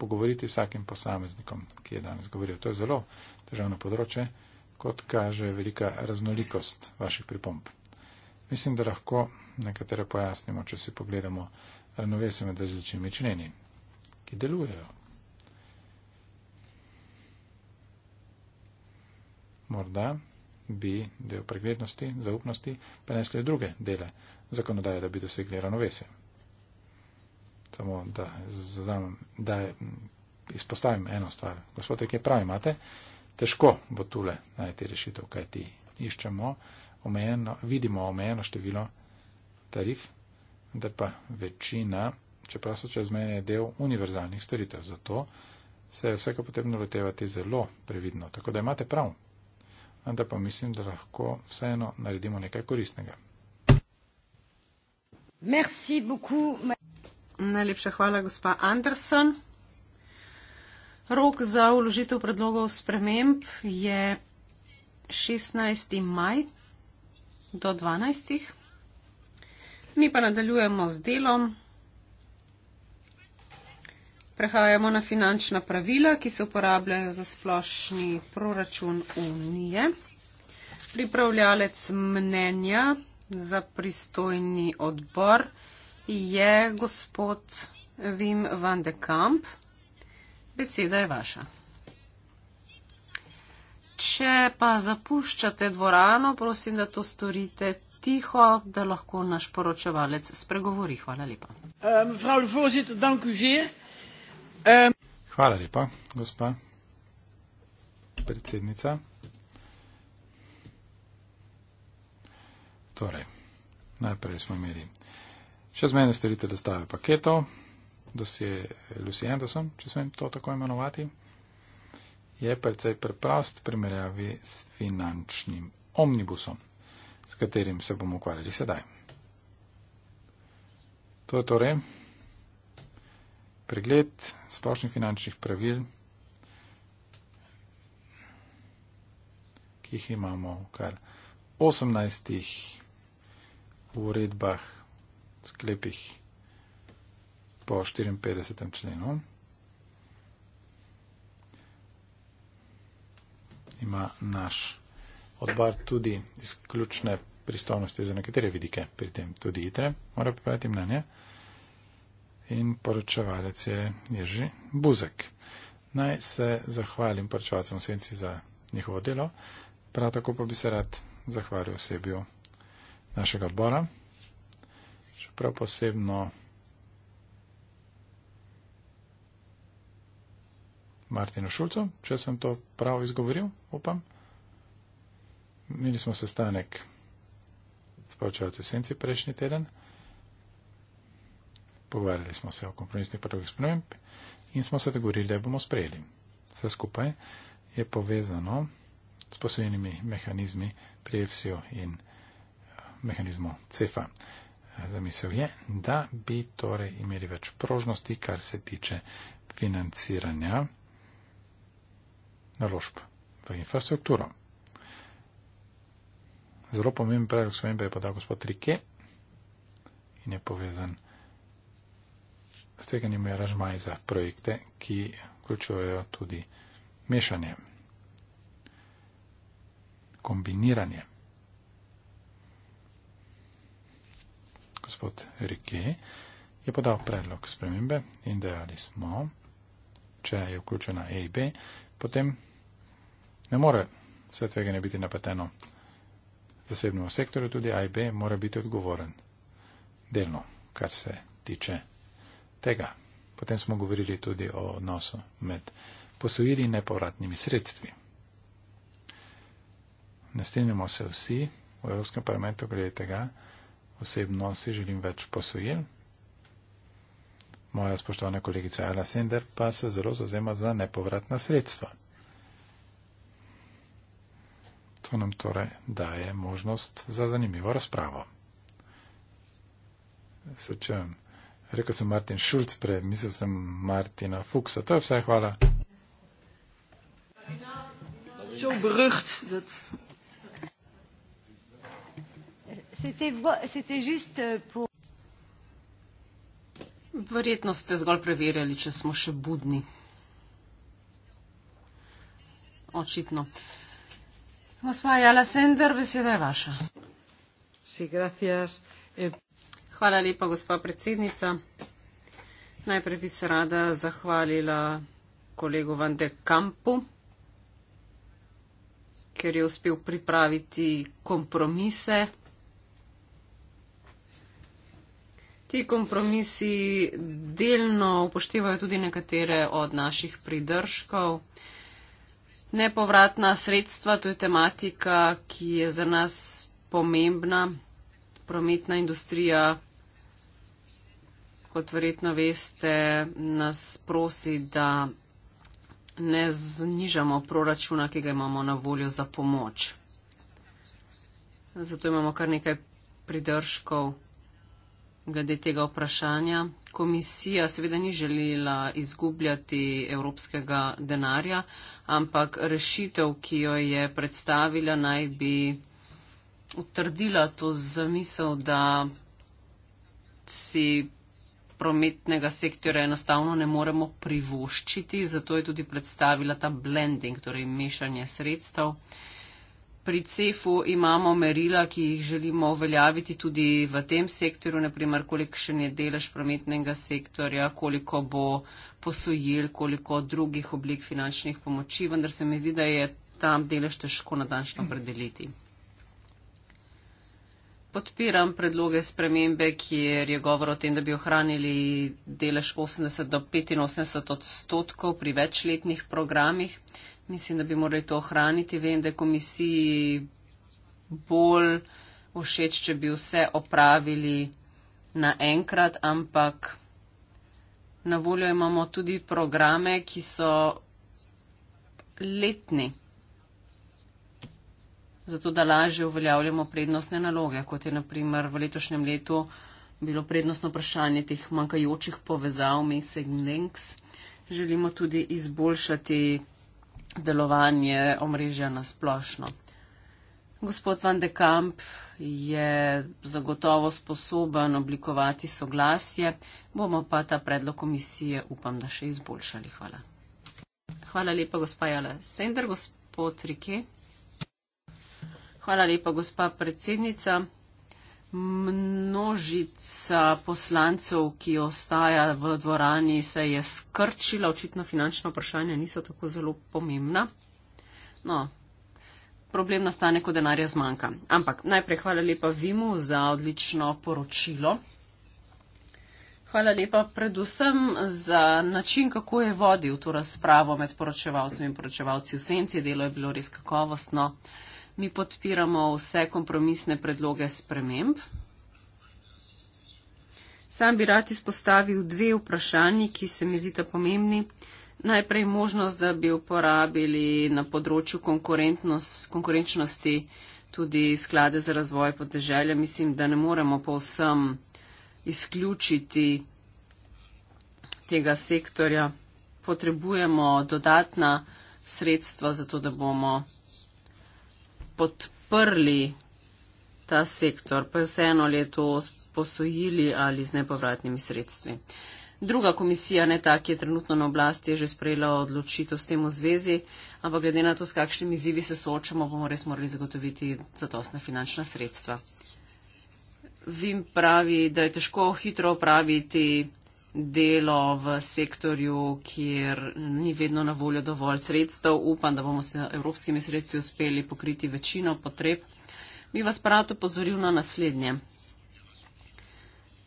pogovoriti s vsakim posameznikom, ki je danes govoril. To je zelo državno področje, kot kaže velika raznolikost vaših pripomb. Mislim, da lahko nekatere pojasnimo, če si pogledamo ravnovesje med različnimi členi, ki delujejo. Morda bi del preglednosti, zaupnosti prenesli v druge dele zakonodaje, da bi dosegli ravnovesje. Samo da, zazamem, da izpostavim eno stvar. Gospod, ki je pravi, imate, težko bo tule najti rešitev, kaj ti iščemo, omejeno, vidimo omejeno število tarif, da pa večina, čeprav so čez meje, je del univerzalnih storitev. Zato se je vsega potrebno lotevati zelo previdno. Tako da imate prav, vendar pa mislim, da lahko vseeno naredimo nekaj koristnega. Merci beaucoup. Najlepša hvala, gospa Anderson. Rok za uložitev predlogov sprememb je 16. maj do 12. Mi pa nadaljujemo z delom. Prehajamo na finančna pravila, ki se uporabljajo za splošni proračun Unije. Pripravljalec mnenja za pristojni odbor je gospod Vim van de Kamp. Beseda je vaša. Če pa zapuščate dvorano, prosim, da to storite tiho, da lahko naš poročevalec spregovori. Hvala lepa. Um, Um, Hvala lepa, gospa predsednica. Torej, najprej smo imeli še zmene storitev dostave paketov, dosje Lucy Anderson, če smem to tako imenovati, je precej preprost v primerjavi s finančnim omnibusom, s katerim se bomo ukvarjali sedaj. To je torej. torej pregled splošnih finančnih pravil, ki jih imamo v kar 18 uredbah, sklepih po 54. členu. Ima naš odbor tudi izključne pristojnosti za nekatere vidike, pri tem tudi itre, mora pripraviti mnenje in poročevalec je Jerzy Buzek. Naj se zahvalim poročevalcem v senci za njihovo delo, prav tako pa bi se rad zahvalil osebju našega odbora, še prav posebno Martinu Šulcu, če sem to prav izgovoril, upam. Imeli smo sestanek s poročevalcem v senci prejšnji teden pogovarjali smo se o kompromisnih predlogih sprememb in smo se dogovorili, da bomo sprejeli. Vse skupaj je povezano s posojenimi mehanizmi pri EFSIO in eh, mehanizmu CEFA. Zamisel je, da bi torej imeli več prožnosti, kar se tiče financiranja naložb v infrastrukturo. Zelo pomemben predlog spremembe je podal gospod Trike in je povezan s s tveganjem je aranžmaj za projekte, ki vključujejo tudi mešanje, kombiniranje. Gospod Rike je podal predlog spremembe in dejali smo, če je vključena A in B, potem ne more vse tveganje biti napeteno zasebnemu sektorju, tudi A in B mora biti odgovoren delno, kar se tiče tega. Potem smo govorili tudi o odnosu med posojili in nepovratnimi sredstvi. Ne strinjamo se vsi v Evropskem parlamentu glede tega, osebno si želim več posojil. Moja spoštovana kolegica Ala Sender pa se zelo zauzema za nepovratna sredstva. To nam torej daje možnost za zanimivo razpravo. Srečujem rekel sem Martin Šulc prej, mislil sem Martina Fuksa. To je vse, hvala. Euh, Verjetno ste zgolj preverjali, če smo še budni. Očitno. Gospa Jala Sender, beseda je vaša. Si, gracias. Eh. Hvala lepa, gospa predsednica. Najprej bi se rada zahvalila kolegu Van de Kampu, ker je uspel pripraviti kompromise. Ti kompromisi delno upoštevajo tudi nekatere od naših pridržkov. Nepovratna sredstva, to je tematika, ki je za nas pomembna. Prometna industrija kot verjetno veste, nas prosi, da ne znižamo proračuna, ki ga imamo na voljo za pomoč. Zato imamo kar nekaj pridržkov glede tega vprašanja. Komisija seveda ni želela izgubljati evropskega denarja, ampak rešitev, ki jo je predstavila, naj bi utrdila to zamisel, da si prometnega sektorja enostavno ne moremo privoščiti, zato je tudi predstavila ta blending, torej mešanje sredstev. Pri CEF-u imamo merila, ki jih želimo uveljaviti tudi v tem sektorju, naprimer, kolikšen je delež prometnega sektorja, koliko bo posojil, koliko drugih oblik finančnih pomoči, vendar se mi zdi, da je tam delež težko na danšnjo predeliti podpiram predloge spremembe, kjer je govor o tem, da bi ohranili delež 80 do 85 odstotkov pri večletnih programih. Mislim, da bi morali to ohraniti. Vem, da je komisiji bolj všeč, če bi vse opravili naenkrat, ampak na voljo imamo tudi programe, ki so letni zato da lažje uveljavljamo prednostne naloge, kot je naprimer v letošnjem letu bilo prednostno vprašanje teh manjkajočih povezav Messing Links. Želimo tudi izboljšati delovanje omrežja na splošno. Gospod Van de Kamp je zagotovo sposoben oblikovati soglasje, bomo pa ta predlog komisije upam, da še izboljšali. Hvala. Hvala lepa, gospa Jala Sender, gospod Rike. Hvala lepa, gospa predsednica. Množica poslancev, ki ostaja v dvorani, se je skrčila. Očitno finančna vprašanja niso tako zelo pomembna. No, problem nastane, ko denarja zmanjka. Ampak najprej hvala lepa Vimu za odlično poročilo. Hvala lepa predvsem za način, kako je vodil to razpravo med poročevalcem in poročevalci v senci. Delo je bilo res kakovostno mi podpiramo vse kompromisne predloge sprememb. Sam bi rad izpostavil dve vprašanji, ki se mi zdita pomembni. Najprej možnost, da bi uporabili na področju konkurenčnosti tudi sklade za razvoj podeželja. Mislim, da ne moremo povsem izključiti tega sektorja. Potrebujemo dodatna sredstva za to, da bomo podprli ta sektor, pa je vseeno leto posojili ali z nepovratnimi sredstvi. Druga komisija, ne ta, ki je trenutno na oblasti, je že sprejela odločitev s tem v zvezi, ampak glede na to, s kakšnimi izzivi se soočamo, bomo res morali zagotoviti zadostna finančna sredstva. Vim pravi, da je težko hitro opraviti delo v sektorju, kjer ni vedno na voljo dovolj sredstev. Upam, da bomo se evropskimi sredstvi uspeli pokriti večino potreb. Bi vas prav upozoril na naslednje.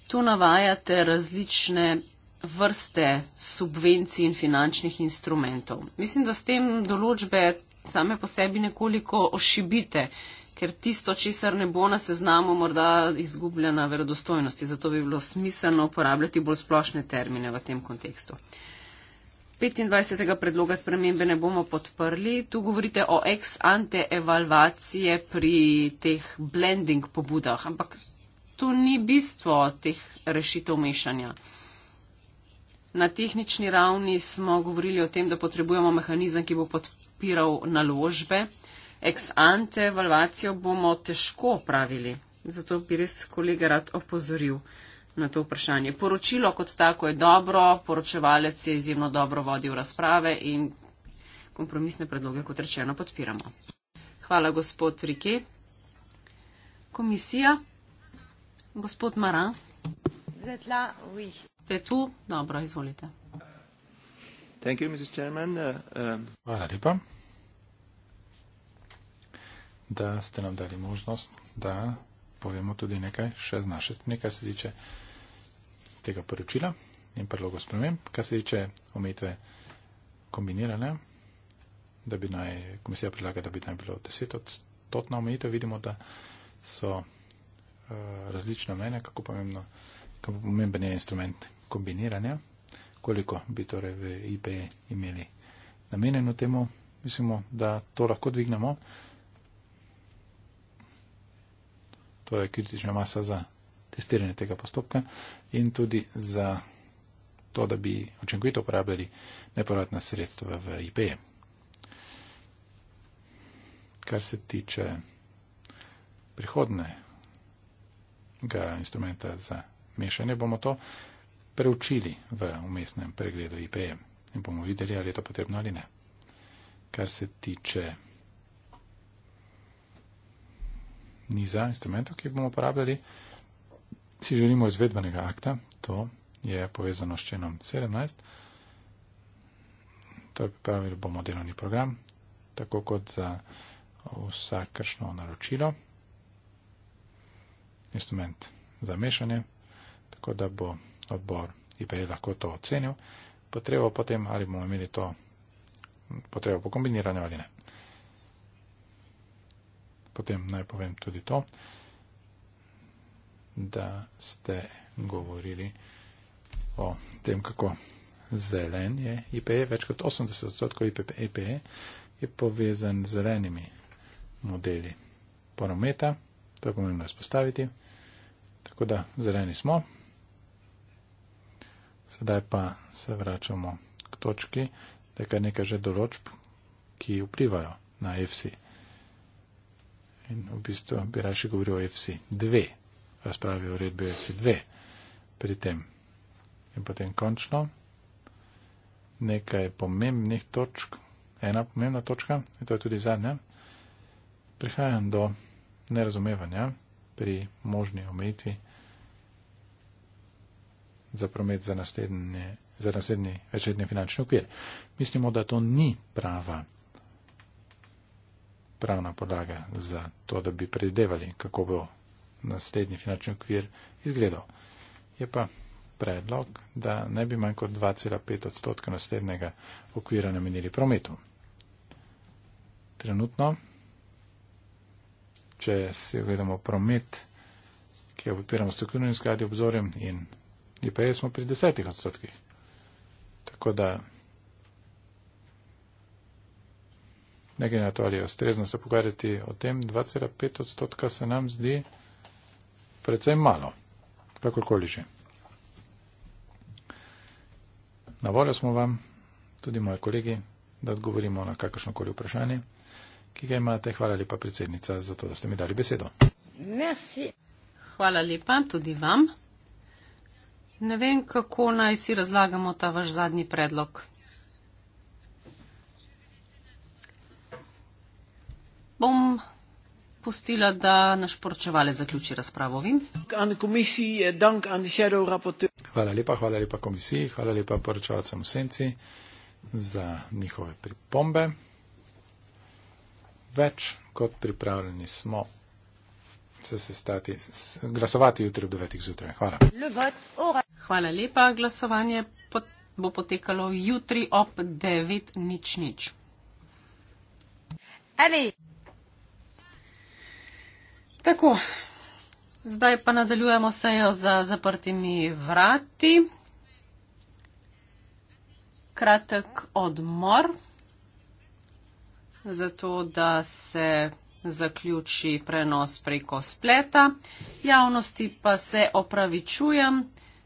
Tu navajate različne vrste subvencij in finančnih instrumentov. Mislim, da s tem določbe same po sebi nekoliko ošibite ker tisto, česar ne bo na seznamu, morda izgublja na verodostojnosti. Zato bi bilo smiselno uporabljati bolj splošne termine v tem kontekstu. 25. predloga spremembe ne bomo podprli. Tu govorite o ex ante evalvacije pri teh blending pobudah, ampak to ni bistvo teh rešitev mešanja. Na tehnični ravni smo govorili o tem, da potrebujemo mehanizem, ki bo podpiral naložbe ex ante evalvacijo bomo težko opravili. Zato bi res kolega rad opozoril na to vprašanje. Poročilo kot tako je dobro, poročevalec je izjemno dobro vodil razprave in kompromisne predloge, kot rečeno, podpiramo. Hvala, gospod Rike. Komisija. Gospod Maran. Ste tu? Dobro, izvolite. Uh, uh, Hvala lepa da ste nam dali možnost, da povemo tudi nekaj še z naše strani, kar se tiče tega poročila in predlogov sprememb, kar se tiče omejitve kombinirane, da bi naj komisija predlaga, da bi naj bilo 10 odstotna omejitev. Vidimo, da so uh, različna mnenja, kako pomembno, kako pomemben je instrument kombiniranja, koliko bi torej v IPE imeli namenjeno temu. Mislimo, da to lahko dvignemo. to je kritična masa za testiranje tega postopka in tudi za to, da bi očinkovito uporabljali nepovratna sredstva v IP. E. Kar se tiče prihodnega instrumenta za mešanje, bomo to preučili v umestnem pregledu IP e in bomo videli, ali je to potrebno ali ne. Kar se tiče niza instrumentov, ki jih bomo uporabljali, si želimo izvedbenega akta, to je povezano s členom 17. To je pripravili bomo delovni program, tako kot za vsakršno naročilo, instrument za mešanje, tako da bo odbor IPA e lahko to ocenil, potrebo potem ali bomo imeli to potrebo po kombiniranju ali ne potem naj povem tudi to, da ste govorili o tem, kako zelen je IPE. Več kot 80 odstotkov IPE e je povezan z zelenimi modeli porometa. To je pomembno izpostaviti. Tako da zeleni smo. Sedaj pa se vračamo k točki, da je kar nekaj že določb, ki vplivajo na EFSI. In v bistvu bi raje govoril o FC2, razpravi o uredbi FC2 pri tem. In potem končno nekaj pomembnih točk, ena pomembna točka, in to je tudi zadnja, prihajam do nerazumevanja pri možni omejitvi za promet za naslednje, za naslednji večletni finančni okvir. Mislimo, da to ni prava pravna podlaga za to, da bi predvidevali, kako bo naslednji finančni okvir izgledal. Je pa predlog, da ne bi manj kot 2,5 odstotka naslednjega okvira namenili prometu. Trenutno, če si ogledamo promet, ki jo upiramo s toklinim skladi obzorjem in IPS smo pri desetih odstotkih. Tako da nekaj na to ali je ustrezno se pogovarjati o tem. 2,5 odstotka se nam zdi predvsem malo, kakorkoli že. Na voljo smo vam, tudi moji kolegi, da odgovorimo na kakršnokoli vprašanje, ki ga imate. Hvala lepa, predsednica, za to, da ste mi dali besedo. Merci. Hvala lepa tudi vam. Ne vem, kako naj si razlagamo ta vaš zadnji predlog. bom pustila, da naš poročevalec zaključi razpravo. Eh, hvala lepa, hvala lepa komisiji, hvala lepa poročevalcem v senci za njihove pripombe. Več kot pripravljeni smo se sestati, glasovati jutri ob 9. zjutraj. Hvala. Hvala lepa, glasovanje pot, bo potekalo jutri ob 9.00. Ali. Tako, zdaj pa nadaljujemo sejo za zaprtimi vrati. Kratek odmor, zato da se zaključi prenos preko spleta. Javnosti pa se opravičujem.